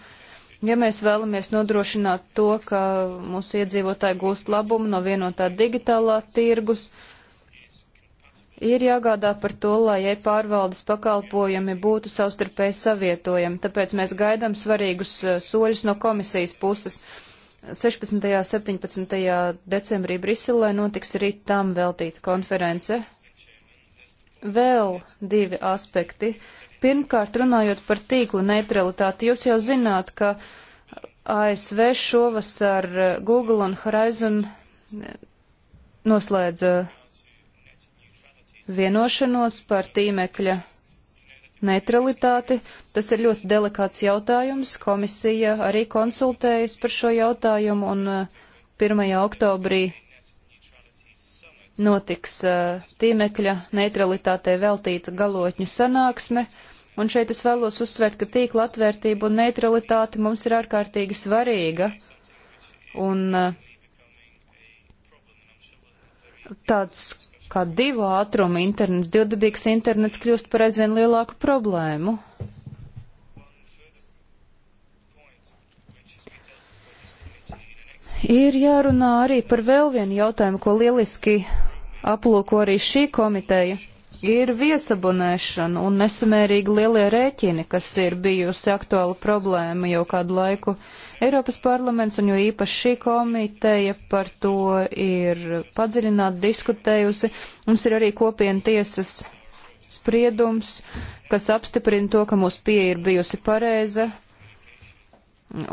Ja mēs vēlamies nodrošināt to, ka mūsu iedzīvotāji gūst labumu no vienotā digitālā tirgus, uh, Ir jāgādā par to, lai e-pārvaldes pakalpojumi būtu savstarpēji savietojami, tāpēc mēs gaidām svarīgus eh, soļus no komisijas puses. 16. un 17. decembrī Briselē notiks arī tam veltīta konference. Vēl divi aspekti. Pirmkārt, runājot par tīkla neutralitāti, jūs jau zināt, ka ASV šovasar eh, Google un Horizon eh, noslēdza vienošanos par tīmekļa neutralitāti. Tas ir ļoti delikāts jautājums. Komisija arī konsultējas par šo jautājumu un 1. Eh, oktobrī notiks eh, tīmekļa neutralitātei veltīta galotņu sanāksme. Un šeit es vēlos uzsvērt, ka tīkla atvērtība un neutralitāte mums ir ārkārtīgi svarīga. Un eh, tāds kā divu ātrumu internets, divdabīgs internets kļūst par aizvien lielāku problēmu. Ir jārunā arī par vēl vienu jautājumu, ko lieliski aplūko arī šī komiteja. Ir viesabunēšana un nesamērīgi lielie rēķini, kas ir bijusi aktuāla problēma jau kādu laiku. Uh, Eiropas parlaments un jo īpaši šī komiteja par to ir padziļināti diskutējusi. Mums ir arī kopiena tiesas spriedums, kas apstiprina to, ka mūsu pieeja ir bijusi pareiza.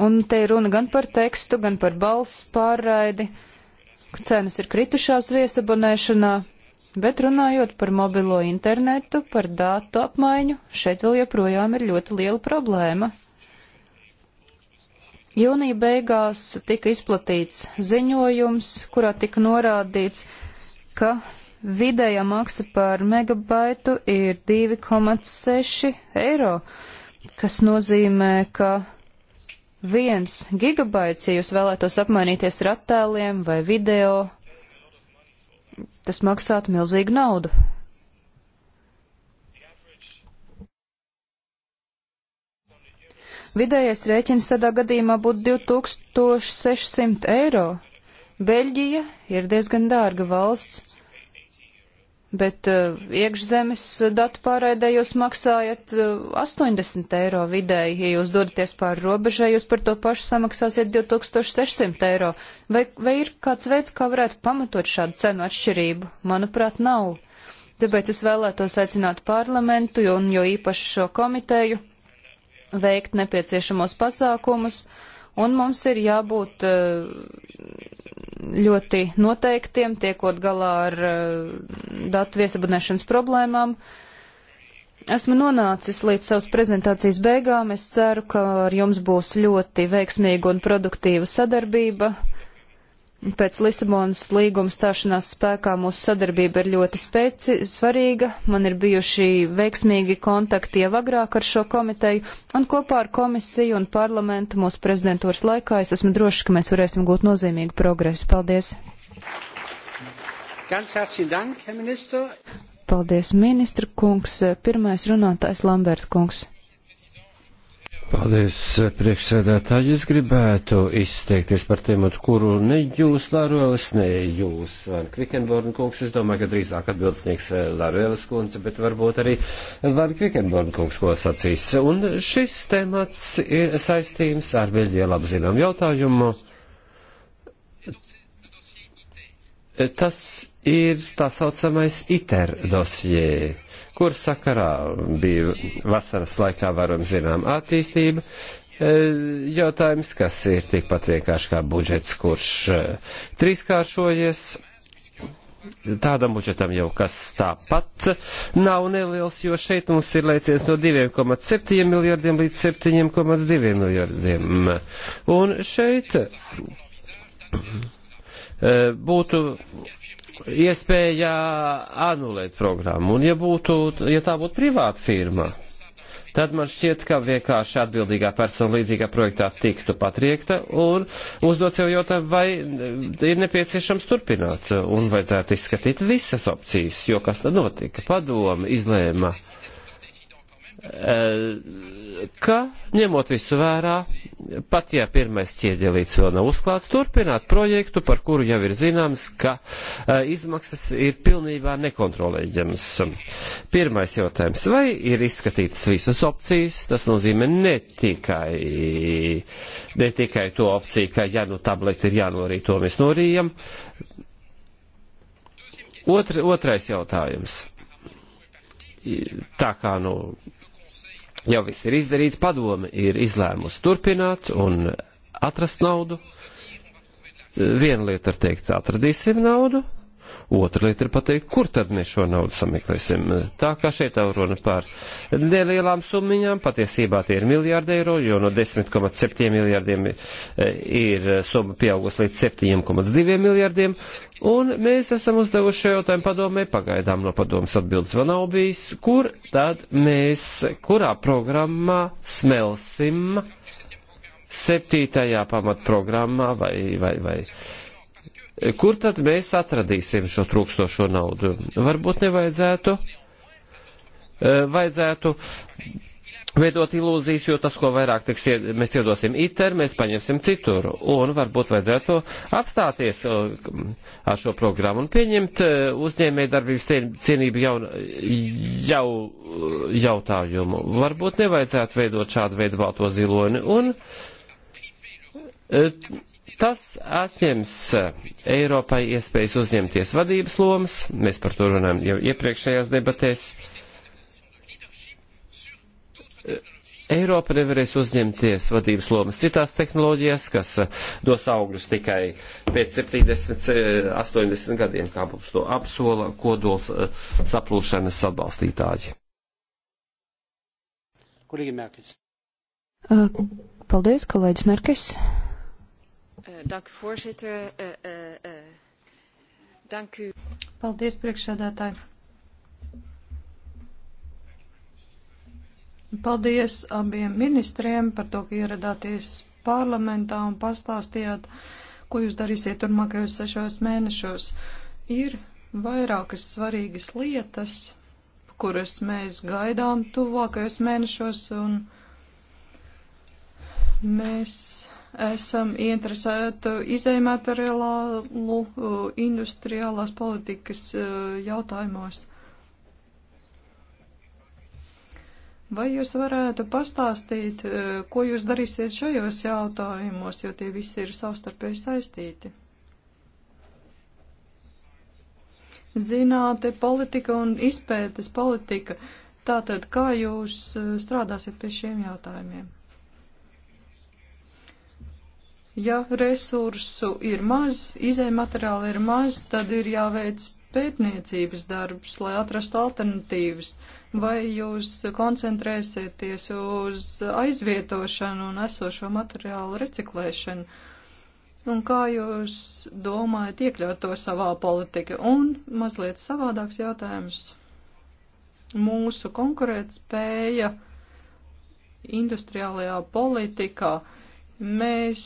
Un te ir runa gan par tekstu, gan par balss pārraidi. Cenas ir kritušās viesabonēšanā, Bet runājot par mobilo internetu, par datu apmaiņu, šeit vēl joprojām ir ļoti liela problēma. Jūnija beigās tika izplatīts ziņojums, kurā tika norādīts, ka vidējā maksa par megabaitu ir 2,6 eiro, kas nozīmē, ka viens gigabaits, ja jūs vēlētos apmainīties ar attēliem vai video, tas maksātu milzīgu naudu. Vidējais rēķins tādā gadījumā būtu 2600 eiro. Beļģija ir diezgan dārga valsts, bet uh, iekšzemes datu pārraidējos maksājat uh, 80 eiro vidēji. Ja jūs dodaties pāri robežai, jūs par to pašu samaksāsiet 2600 eiro. Vai, vai ir kāds veids, kā varētu pamatot šādu cenu atšķirību? Manuprāt, nav. Tāpēc es vēlētos aicināt parlamentu un jo īpaši šo komiteju veikt nepieciešamos pasākumus, un mums ir jābūt eh, ļoti noteiktiem, tiekot galā ar eh, datu viesabunēšanas problēmām. Esmu nonācis līdz savas prezentācijas beigām. Es ceru, ka ar jums būs ļoti veiksmīga un produktīva sadarbība. Pēc Lisabonas līguma stāšanās spēkā mūsu sadarbība ir ļoti spēci, svarīga. Man ir bijuši veiksmīgi kontakti jau agrāk ar šo komiteju, un kopā ar komisiju un parlamentu mūsu prezidentūras laikā es esmu droši, ka mēs varēsim gūt nozīmīgu progresu. Paldies! Paldies, ministra kungs. Pirmais runātājs Lamberta kungs. Paldies, priekšsēdētāji. Es gribētu izteikties par tēmatu, kuru ne jūs, Lārēlis, ne jūs, Van Kvikenborn kungs. Es domāju, ka drīzāk atbildsnieks eh, Lārēlis kungs, bet varbūt arī Van Kvikenborn kungs, ko sacīs. Un šis tēmats ir saistīms ar Beļģiju labi zinām jautājumu. Tas ir tā saucamais ITER dosjē, kur sakarā bija vasaras laikā varam zinām attīstība. E, jautājums, kas ir tikpat vienkārši kā budžets, kurš e, trīskāršojies. Tādam budžetam jau kas tāpat nav neliels, jo šeit mums ir lēcies no 2,7 miljardiem līdz 7,2 miljardiem. Un šeit e, būtu iespējā anulēt programmu. Un ja, būtu, ja tā būtu privāta firma, tad man šķiet, ka vienkārši atbildīgā persona līdzīgā projektā tiktu patriekta un uzdot sev jautājumu, vai ir nepieciešams turpināt un vajadzētu izskatīt visas opcijas, jo kas tad notika? Padoma izlēma. Uh, Eh, ka, ņemot visu vērā, pat ja pirmais ķieģelīts vēl nav uzklāts, turpināt projektu, par kuru jau ir zināms, ka eh, izmaksas ir pilnībā nekontrolējamas. Pirmais jautājums, vai ir izskatītas visas opcijas, tas nozīmē ne tikai, ne tikai to opciju, ka ja nu tableti ir jānorīt, to mēs norījam. Otr, otrais jautājums tā kā nu, jau viss ir izdarīts, padome ir izlēmusi turpināt un atrast naudu. Viena lieta ir teikt, atradīsim naudu, Otra lieta ir pateikt, kur tad mēs šo naudu sameklēsim. Tā kā šeit jau runa par nelielām summiņām, patiesībā tie ir miljārdi eiro, jo no 10,7 miljārdiem e, ir e, summa pieaugusi līdz 7,2 miljārdiem. Un mēs esam uzdevuši jautājumu padomē, pagaidām no padomas atbildes vēl nav bijis, kur tad mēs, kurā programmā smelsim septītajā pamatprogrammā vai, vai, vai Kur tad mēs atradīsim šo trūkstošo naudu? Varbūt nevajadzētu, e, vajadzētu veidot ilūzijas, jo tas, ko vairāk tiks, mēs iedosim ITER, mēs paņemsim citur. Un varbūt vajadzētu apstāties e, ar šo programmu un pieņemt e, uzņēmē darbības cienību jaun, jau, jautājumu. Varbūt nevajadzētu veidot šādu veidu balto ziloni. Un, et, Tas atņems Eiropai iespējas uzņemties vadības lomas, mēs par to runājam jau iepriekšējās debatēs. Eiropa nevarēs uzņemties vadības lomas citās tehnoloģijās, kas dos augļus tikai pēc 70, 80 eh, gadiem, kā mums to apsola kodols eh, saplūšanas atbalstītāji. Paldies, kolēģis Merkis. Dank, voorzitter. Uh, uh, uh. Dank u. Paldies, priekšsēdētāji. Paldies abiem ministriem par to, ka ieradāties parlamentā un pastāstījāt, ko jūs darīsiet turmākajos sešos mēnešos. Ir vairākas svarīgas lietas, kuras mēs gaidām tuvākajos mēnešos, un mēs esam interesēti izējumateriālu industriālās politikas eh, jautājumos. Vai jūs varētu pastāstīt, eh, ko jūs darīsiet šajos jautājumos, jo tie visi ir savstarpēji saistīti? Zināte, politika un izpētes politika. Tātad, kā jūs eh, strādāsiet pie šiem jautājumiem? Ja resursu ir maz, izējumateriāli ir maz, tad ir jāveic pētniecības darbs, lai atrastu alternatīvas. Vai jūs koncentrēsieties uz aizvietošanu un esošo materiālu reciklēšanu? Un kā jūs domājat iekļaut to savā politika? Un mazliet savādāks jautājums. Mūsu konkurētspēja industriālajā politikā Mēs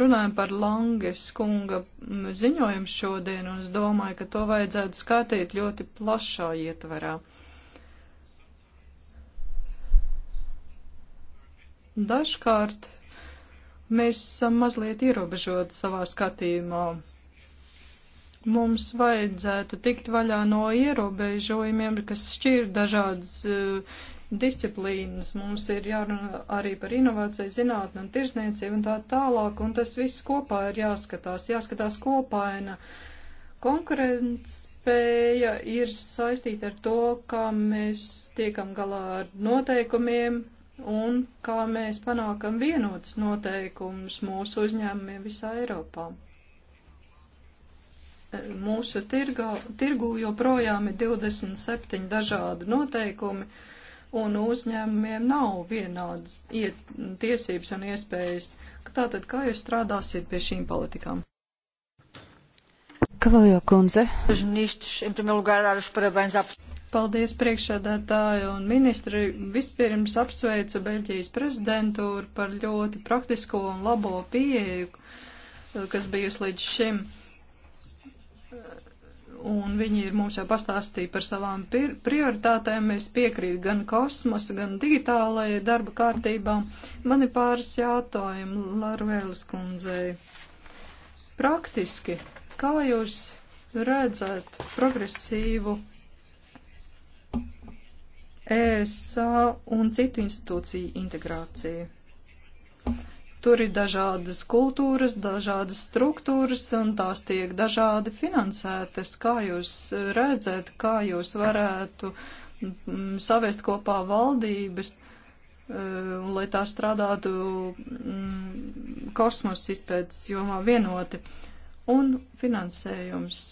runājam par Langes kunga ziņojumu šodien, un es domāju, ka to vajadzētu skatīt ļoti plašā ietverā. Dažkārt mēs esam mazliet ierobežoti savā skatījumā. Mums vajadzētu tikt vaļā no ierobežojumiem, kas šķir dažādas uh, disciplīnas, mums ir jārunā arī par inovāciju, zinātni un tirzniecību un tā tālāk, un tas viss kopā ir jāskatās, jāskatās kopaina. Konkurentspēja ir saistīta ar to, kā mēs tiekam galā ar noteikumiem un kā mēs panākam vienotus noteikumus mūsu uzņēmumiem visā Eiropā mūsu tirgā, tirgū joprojām ir 27 dažādi noteikumi, un uzņēmumiem nav vienādas tiesības un iespējas. Tātad, kā jūs strādāsiet pie šīm politikām? Kavaljo kundze. Paldies priekšsēdētāju un ministri. Vispirms apsveicu Beļģijas prezidentūru par ļoti praktisko un labo pieeju, kas bijusi līdz šim un viņi ir mums jau pastāstīja par savām prioritātēm. Mēs piekrīt gan kosmosa, gan digitālajai darba kārtībām. Man ir pāris jātājumi Larvēlis kundzei. Praktiski, kā jūs redzat progresīvu ESA un citu institūciju integrāciju? Tur ir dažādas kultūras, dažādas struktūras, un tās tiek dažādi finansētas. Kā jūs redzat, kā jūs varētu mm, savest kopā valdības, eh, lai tā strādātu mm, kosmosa izpētes jomā vienoti? Un finansējums.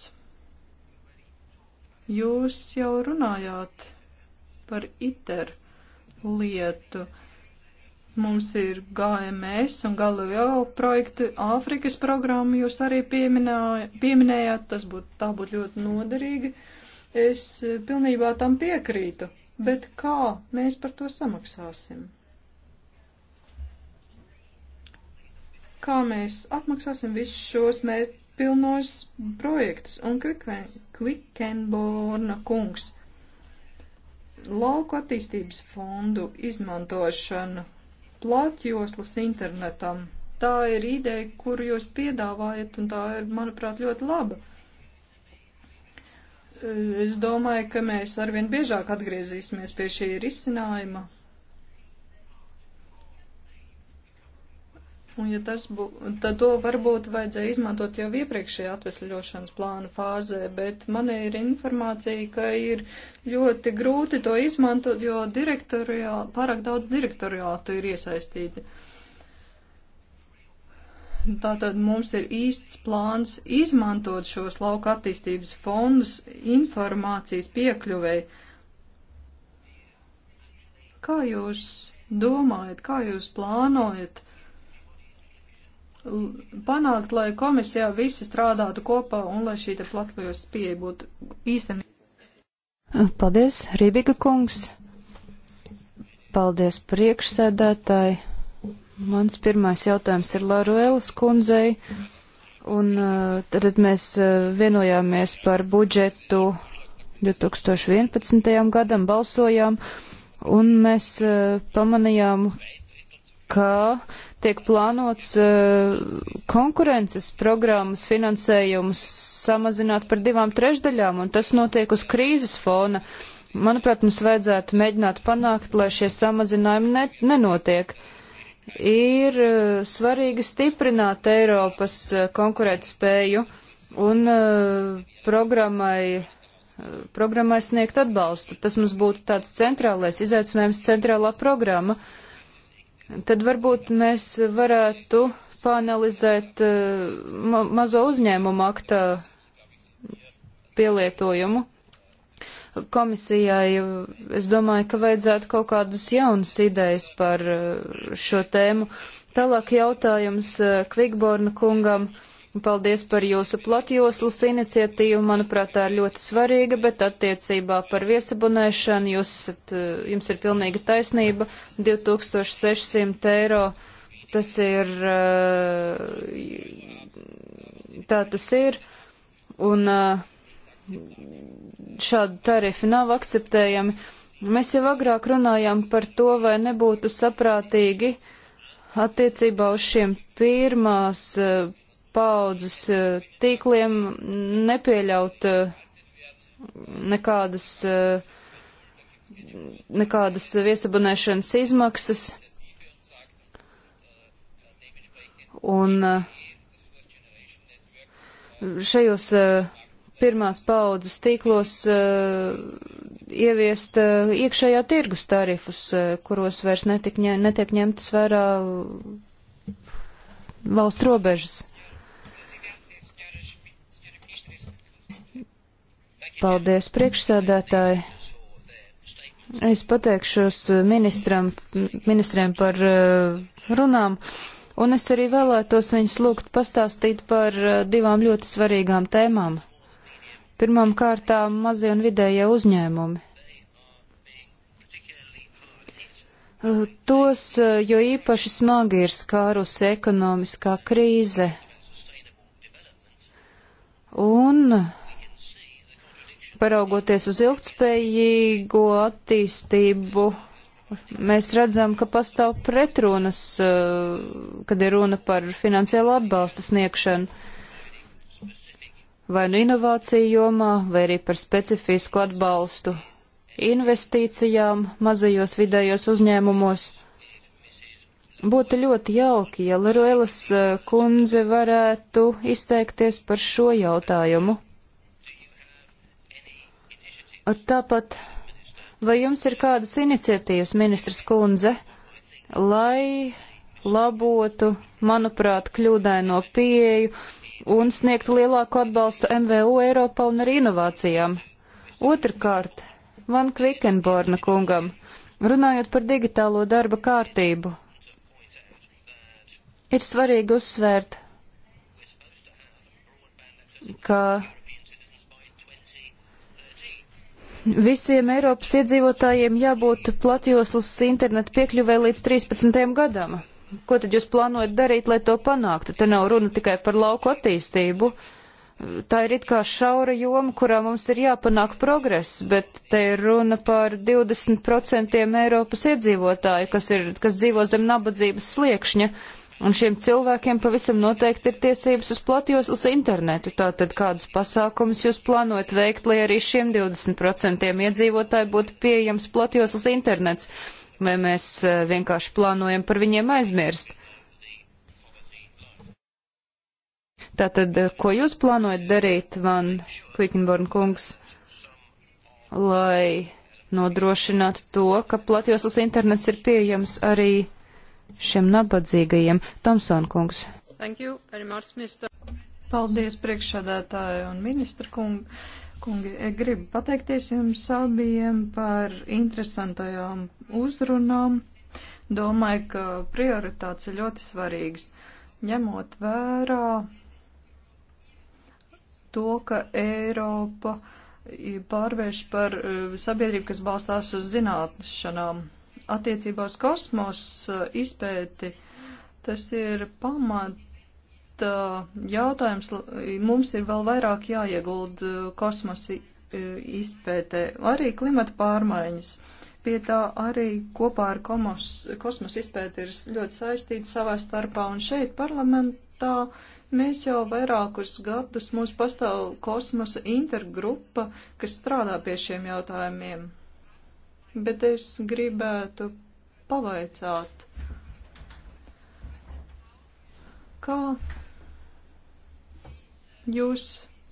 Jūs jau runājāt par ITER lietu. Uh, Mums ir GMS un Galileo projekti, Āfrikas programma jūs arī pieminējāt, tas būtu, tā būtu ļoti noderīgi. Es e, pilnībā tam piekrītu, bet kā mēs par to samaksāsim? Kā mēs apmaksāsim visus šos mērķpilnos projektus? Un Kvikenborna kungs, lauku attīstības fondu izmantošana plātjoslas internetam. Tā ir ideja, kuru jūs piedāvājat, un tā ir, manuprāt, ļoti laba. Es domāju, ka mēs arvien biežāk atgriezīsimies pie šī risinājuma, Un, ja tas bū, tad to varbūt vajadzēja izmantot jau iepriekšējā atvesļošanas plāna fāzē, bet man ir informācija, ka ir ļoti grūti to izmantot, jo pārāk daudz direktoriātu ir iesaistīti. Tātad mums ir īsts plāns izmantot šos lauka attīstības fondus informācijas piekļuvēji. Kā jūs domājat, kā jūs plānojat? panākt, lai komisijā visi strādātu kopā un lai šī te platlajos pieeja būtu īstenība. Paldies, Rībiga kungs. Paldies, priekšsēdētāji. Mans pirmais jautājums ir Laruēlas kundzei. Un eh, tad mēs eh, vienojāmies par budžetu 2011. gadam, balsojām, un mēs eh, pamanījām, ka tiek plānots uh, konkurences programmas finansējums samazināt par divām trešdaļām, un tas notiek uz krīzes fona. Manuprāt, mums vajadzētu mēģināt panākt, lai šie samazinājumi ne, nenotiek. Ir uh, svarīgi stiprināt Eiropas uh, konkurētspēju un programmai, programmai sniegt atbalstu. Tas mums būtu tāds centrālais izaicinājums, centrālā programma. Uh, Tad varbūt mēs varētu pāanalizēt eh, ma mazo uzņēmumu akta pielietojumu. Komisijai es domāju, ka vajadzētu kaut kādas jaunas idejas par eh, šo tēmu. Tālāk jautājums eh, Kvikborna kungam. Uh, Paldies par jūsu platjoslas iniciatīvu. Manuprāt, tā ir ļoti svarīga, bet attiecībā par viesabunēšanu jūs esat, eh, jums ir pilnīga taisnība. 2600 eiro tas ir. Eh, tā tas ir. Un eh, šādi tarifi nav akceptējami. Mēs jau agrāk runājām par to, vai nebūtu saprātīgi attiecībā uz šiem pirmās paudzes eh, tīkliem nepieļaut eh, nekādas, eh, nekādas viesabunēšanas izmaksas. Un šajos pirmās paudzes tīklos ieviest iekšējā tirgus tarifus, kuros vairs netik, netiek ņemtas vērā valsts robežas. Paldies, priekšsēdētāji. Es pateikšos ministram, ministriem par eh, runām, un es arī vēlētos viņus lūgt pastāstīt par eh, divām ļoti svarīgām tēmām. Pirmām kārtām mazie un vidējie uzņēmumi. Eh, tos jo īpaši smagi ir skārusi ekonomiskā krīze. Un paraugoties uz ilgtspējīgo attīstību, mēs redzam, ka pastāv pretrunas, eh, kad ir runa par finansiālu atbalsta sniegšanu. Vai nu inovāciju jomā, vai arī par specifisku atbalstu investīcijām mazajos vidējos uzņēmumos. Būtu ļoti jauki, ja Leroelas eh, kundze varētu izteikties par šo jautājumu. Tāpat, vai jums ir kādas iniciatīvas, ministrs Kundze, lai labotu, manuprāt, kļūdaino pieeju un sniegtu lielāku atbalstu MVU Eiropā un arī inovācijām? Otrkārt, Van Kvikenborna kungam, runājot par digitālo darba kārtību, ir svarīgi uzsvērt, ka visiem Eiropas iedzīvotājiem jābūt platjoslas internetu piekļuvē līdz 13. gadam. Ko tad jūs plānojat darīt, lai to panāktu? Te nav runa tikai par lauku attīstību. Tā ir it kā šaura joma, kurā mums ir jāpanāk progress, bet te ir runa par 20% Eiropas iedzīvotāju, kas, ir, kas dzīvo zem nabadzības sliekšņa. Uh, Un šiem cilvēkiem pavisam noteikti ir tiesības uz platjoslas internetu. Tātad kādus pasākumus jūs plānojat veikt, lai arī šiem 20% iedzīvotāji būtu pieejams platjoslas internets? Vai mēs e, vienkārši plānojam par viņiem aizmirst? Tātad, e, ko jūs plānojat darīt, Van Kvikenborn kungs, lai nodrošinātu to, ka platjoslas internets ir pieejams arī šiem nabadzīgajiem. Tomson kungs. Much, Paldies priekšsādātāju un ministra kungu. Kungi, gribu pateikties jums abiem par interesantajām uzrunām. Domāju, ka prioritāts ir ļoti svarīgs, ņemot vērā to, ka Eiropa pārvērš par eh, sabiedrību, kas balstās uz zinātnišanām attiecībā uz kosmosa uh, izpēti, tas ir pamata jautājums. Mums ir vēl vairāk jāieguld uh, kosmosa izpētē, arī klimata pārmaiņas. Pie tā arī kopā ar komos, kosmosa izpēti ir ļoti saistīti savā starpā, un šeit parlamentā Mēs jau vairākus gadus mums pastāv kosmosa intergrupa, kas strādā pie šiem jautājumiem bet es gribētu pavaicāt, kā jūs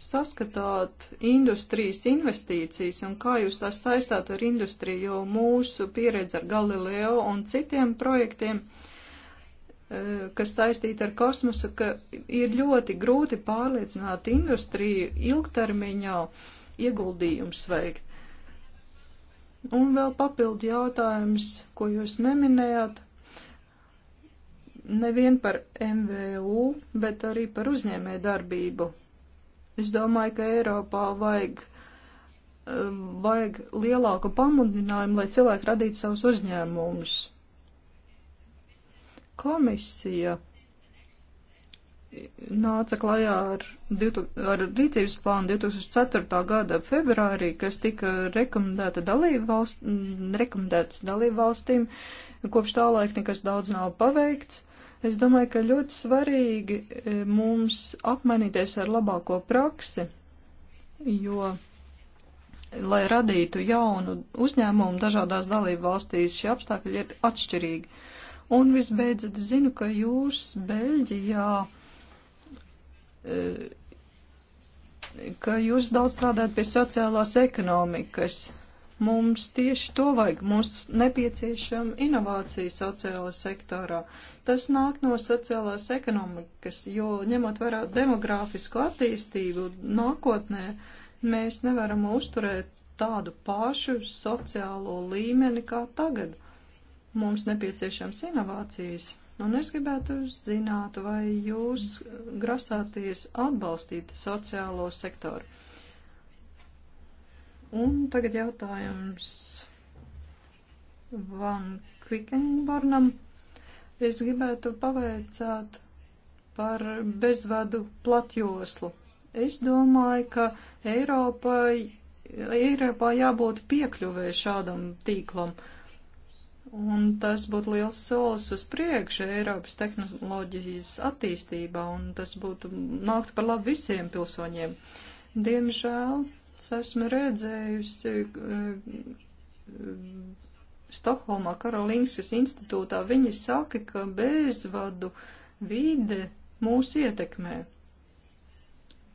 saskatāt industrijas investīcijas un kā jūs tās saistāt ar industriju, jo mūsu pieredze ar Galileo un citiem projektiem, eh, kas saistīti ar kosmosu, ka ir ļoti grūti pārliecināt industriju ilgtermiņā ieguldījums veikt. Un vēl papildu jautājums, ko jūs neminējāt, nevien par MVU, bet arī par uzņēmē darbību. Es domāju, ka Eiropā vajag, um, vajag lielāku pamudinājumu, lai cilvēki radītu savus uzņēmumus. Komisija nāca klajā ar, 2000, ar rīcības plānu 2004. gada februārī, kas tika rekomendēta dalību valst, mm, rekomendēts dalību valstīm. Kopš tā laika nekas daudz nav paveikts. Es domāju, ka ļoti svarīgi e, mums apmainīties ar labāko praksi, jo, lai radītu jaunu uzņēmumu dažādās dalību valstīs, šie apstākļi ir atšķirīgi. Un visbeidzot, zinu, ka jūs Beļģijā. Jā ka jūs daudz strādājat pie sociālās ekonomikas. Mums tieši to vajag. Mums nepieciešama inovācija sociālajā sektorā. Tas nāk no sociālās ekonomikas, jo ņemot vērā demogrāfisko attīstību nākotnē, mēs nevaram uzturēt tādu pašu sociālo līmeni kā tagad. Mums nepieciešams inovācijas. Un es gribētu zināt, vai jūs grasāties atbalstīt sociālo sektoru. Un tagad jautājums Van Kvikenbornam. Es gribētu pavaicāt par bezvadu platjoslu. Es domāju, ka Eiropai, Eiropā jābūt piekļuvē šādam tīklam. Uh, Un tas būtu liels solis uz priekšu Eiropas tehnoloģijas attīstībā, un tas būtu nākt par labu visiem pilsoņiem. Diemžēl es esmu redzējusi eh, Stokholmā Karolinskas institūtā, viņi saka, ka bezvadu vide mūs ietekmē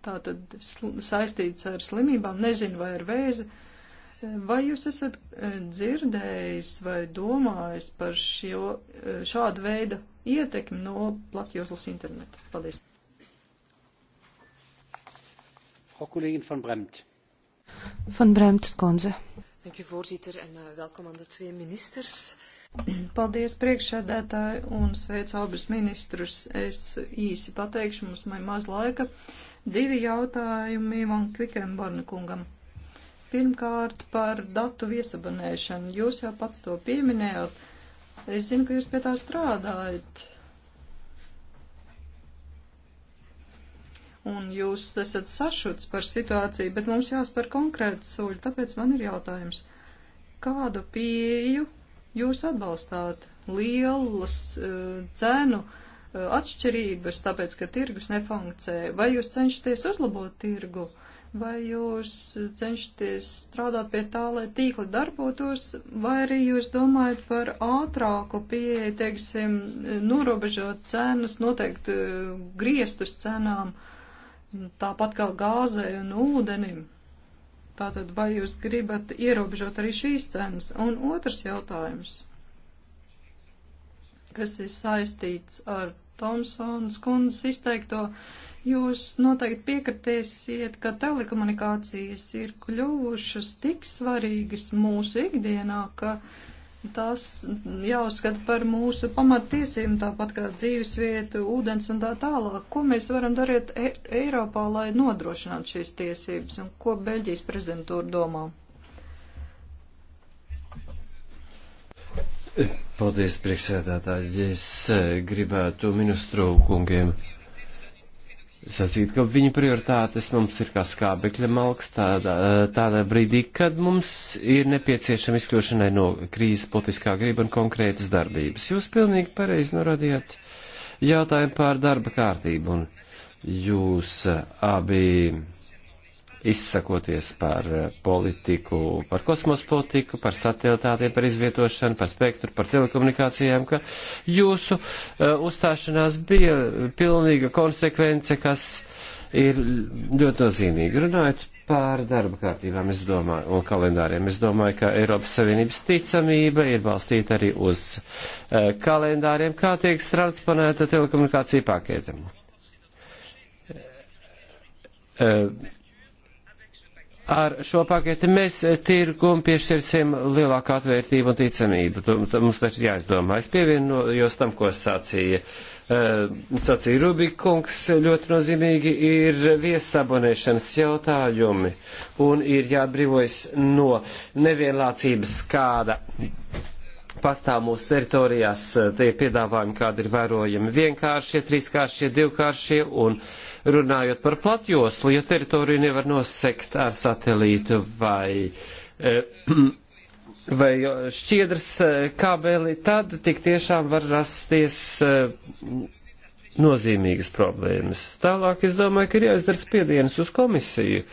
tātad saistīts ar slimībām, nezinu, vai ar vēzi, Vai jūs esat eh, dzirdējis vai domājis par šo, eh, šādu veidu ietekmi no platjoslas interneta? Paldies. Frau Kollegin van Bremt. Van Bremtes kundze. Dank u voorzitter en uh, welkom aan de twee ministers. Paldies priekšsēdētāji un sveicu abus ministrus. Es īsi pateikšu, mums man maz laika. Divi jautājumi Ivan Kvikenborna kungam. Pirmkārt par datu viesabonēšanu. Jūs jau pats to pieminējāt. Es zinu, ka jūs pie tā strādājat. Un jūs esat sašuts par situāciju, bet mums jāspēr konkrēti soļi, tāpēc man ir jautājums. Kādu pieju jūs atbalstāt? Lielas uh, cenu uh, atšķirības, tāpēc, ka tirgus nefunkcē, vai jūs cenšaties uzlabot tirgu? Uh, vai jūs cenšaties strādāt pie tā, lai tīkli darbotos, vai arī jūs domājat par ātrāku pieeju, teiksim, norobežot cenas, noteikt eh, griestus cenām, tāpat kā gāzei un ūdenim. Tātad, vai jūs gribat ierobežot arī šīs cenas? Un otrs jautājums, kas ir saistīts ar Tomsons kundzes izteikto, jūs noteikti piekritīsiet, ka telekomunikācijas ir kļuvušas tik svarīgas mūsu ikdienā, ka tas jāuzskata par mūsu pamatiesību, tāpat kā dzīvesvietu, ūdens un tā tālāk. Ko mēs varam darīt Ei Eiropā, lai nodrošinātu šīs tiesības un ko Beļģijas prezidentūra domā? Paldies, priekšsēdētāji. Es eh, gribētu ministru kungiem sacīt, ka viņa prioritātes mums ir kā skābekļa malks tādā, eh, tādā brīdī, kad mums ir nepieciešama izkļūšanai no krīzes politiskā griba un konkrētas darbības. Jūs pilnīgi pareizi norādījāt jautājumu par darba kārtību, un jūs eh, abi izsakoties par eh, politiku, par kosmos politiku, par satelitātiem, par izvietošanu, par spektru, par telekomunikācijām, ka jūsu eh, uzstāšanās bija pilnīga konsekvence, kas ir ļoti nozīmīga. Runājot par darba kārtībām, es domāju, un kalendāriem. Es domāju, ka Eiropas Savienības ticamība ir balstīta arī uz uh, kalendāriem, kā tiek transponēta telekomunikācija pakētama. Uh, ar šo paketi mēs eh, tirgumu piešķirsim lielāku atvērtību un ticamību. Mums taču jāizdomā. Es pievienojos tam, ko sacīja. Eh, sacīja Rubikungs, ļoti nozīmīgi ir viesabonēšanas jautājumi un ir jāatbrīvojas no nevienlācības kāda pastāv mūsu teritorijās tie piedāvājumi, kādi ir vērojami vienkāršie, trīskāršie, divkāršie un uh, runājot par platjoslu, ja teritoriju nevar nosekt ar satelītu vai, e, [clears throat] vai šķiedras e, kabeli, tad tik tiešām var rasties e, nozīmīgas problēmas. Tālāk es domāju, ka ir jāizdara spiediens uz komisiju,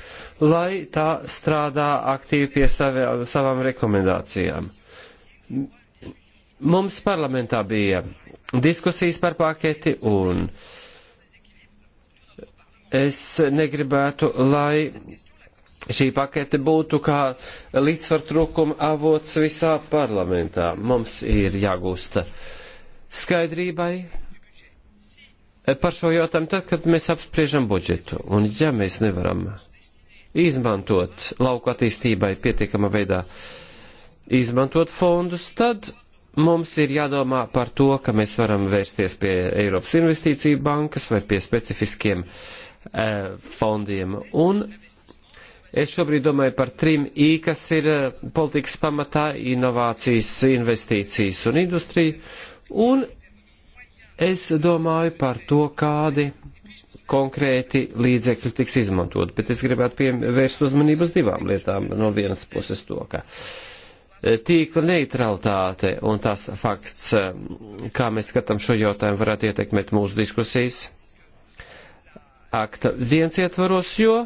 lai tā strādā aktīvi pie savā, savām rekomendācijām. Mums parlamentā bija diskusijas par paketi un uh, Es negribētu, lai šī pakete būtu kā līdzsvar trūkuma avots visā parlamentā. Mums ir jāgūsta skaidrībai, par šo jautājumu tad, kad mēs apspriežam budžetu. Un ja mēs nevaram izmantot lauku attīstībai pietiekama veidā, izmantot fondus, tad mums ir jādomā par to, ka mēs varam vērsties pie Eiropas investīciju bankas vai pie specifiskiem uh, Eh, fondiem. Un Es šobrīd domāju par trim I, kas ir eh, politikas pamatā - inovācijas, investīcijas un industrija. Un es domāju par to, kādi konkrēti līdzekļi tiks izmantot. Bet es gribētu pievērst uzmanību uz divām lietām. No vienas puses to, ka eh, tīkla neutralitāte un tas fakts, kā mēs skatām šo jautājumu, varētu ietekmēt mūsu diskusijas akta viens ietvaros, jo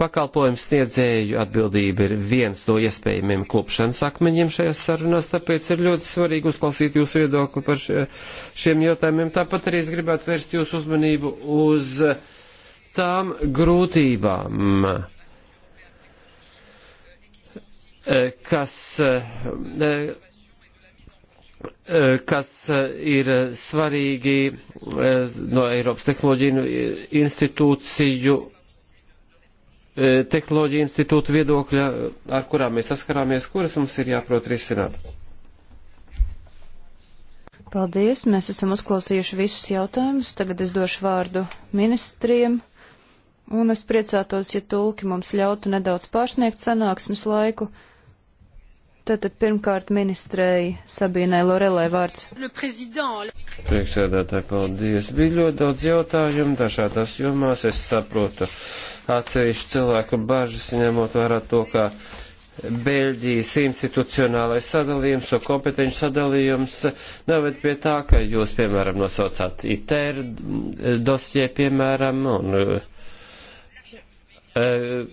pakalpojums sniedzēju atbildība ir viens no iespējamiem klupšanas akmeņiem šajās sarunās, tāpēc ir ļoti svarīgi uzklausīt jūsu viedokli par šiem jautājumiem. Tāpat arī es gribētu vērst jūsu uzmanību uz tām grūtībām, kas Eh, kas eh, ir svarīgi eh, no Eiropas tehnoloģiju institūciju, tehnoloģiju institūtu viedokļa, ar kurām mēs saskarāmies, kuras mums ir jāprot risināt. Paldies, mēs esam uzklausījuši visus jautājumus. Tagad es došu vārdu ministriem. Un es priecātos, ja tulki mums ļautu nedaudz pārsniegt sanāksmes laiku. Tātad pirmkārt ministrēji Sabīnai Lorelai vārds. Priekšsēdētāji, paldies. Bija ļoti daudz jautājumu dažādās jomās. Es saprotu atsevišķu cilvēku bažas, ņemot vērā to, ka Beļģijas institucionālais sadalījums un kompetenci sadalījums noved pie tā, ka jūs, piemēram, nosaucāt ITER dosie, piemēram, un Eh,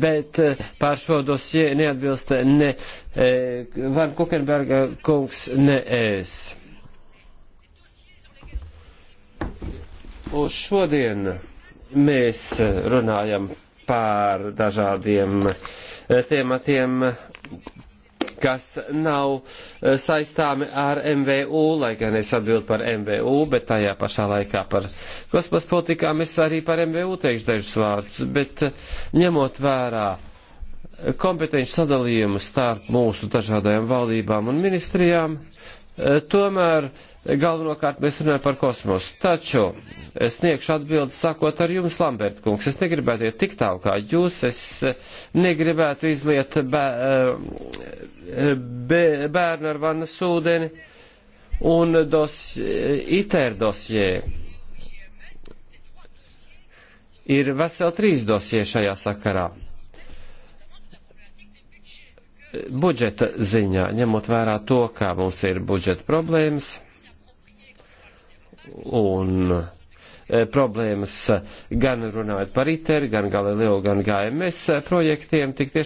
bet eh, pār šo dosie neatbilst ne eh, Van Kukenberga kungs, ne es. Uz šodien mēs runājam pār dažādiem tematiem, kas nav eh, saistāmi ar MVU, lai gan es atbildu par MVU, bet tajā pašā laikā par kosmos politikām es arī par MVU teikšu dažus vārdus, bet eh, ņemot vērā kompetenci sadalījumu starp mūsu dažādajām valdībām un ministrijām, eh, tomēr galvenokārt mēs runājam par kosmosu. Taču es sniegšu atbildi sakot ar jums, Lambert kungs. Es negribētu iet tik tālu kā jūs, es negribētu izliet bē, bērnu ar vannas ūdeni un dos, ITER dosjē. Ir vesel trīs dosjē šajā sakarā. Budžeta ziņā, ņemot vērā to, kā mums ir budžeta problēmas un e, problēmas gan runājot par ITER, gan Galileo, gan GMS projektiem, tik tiešām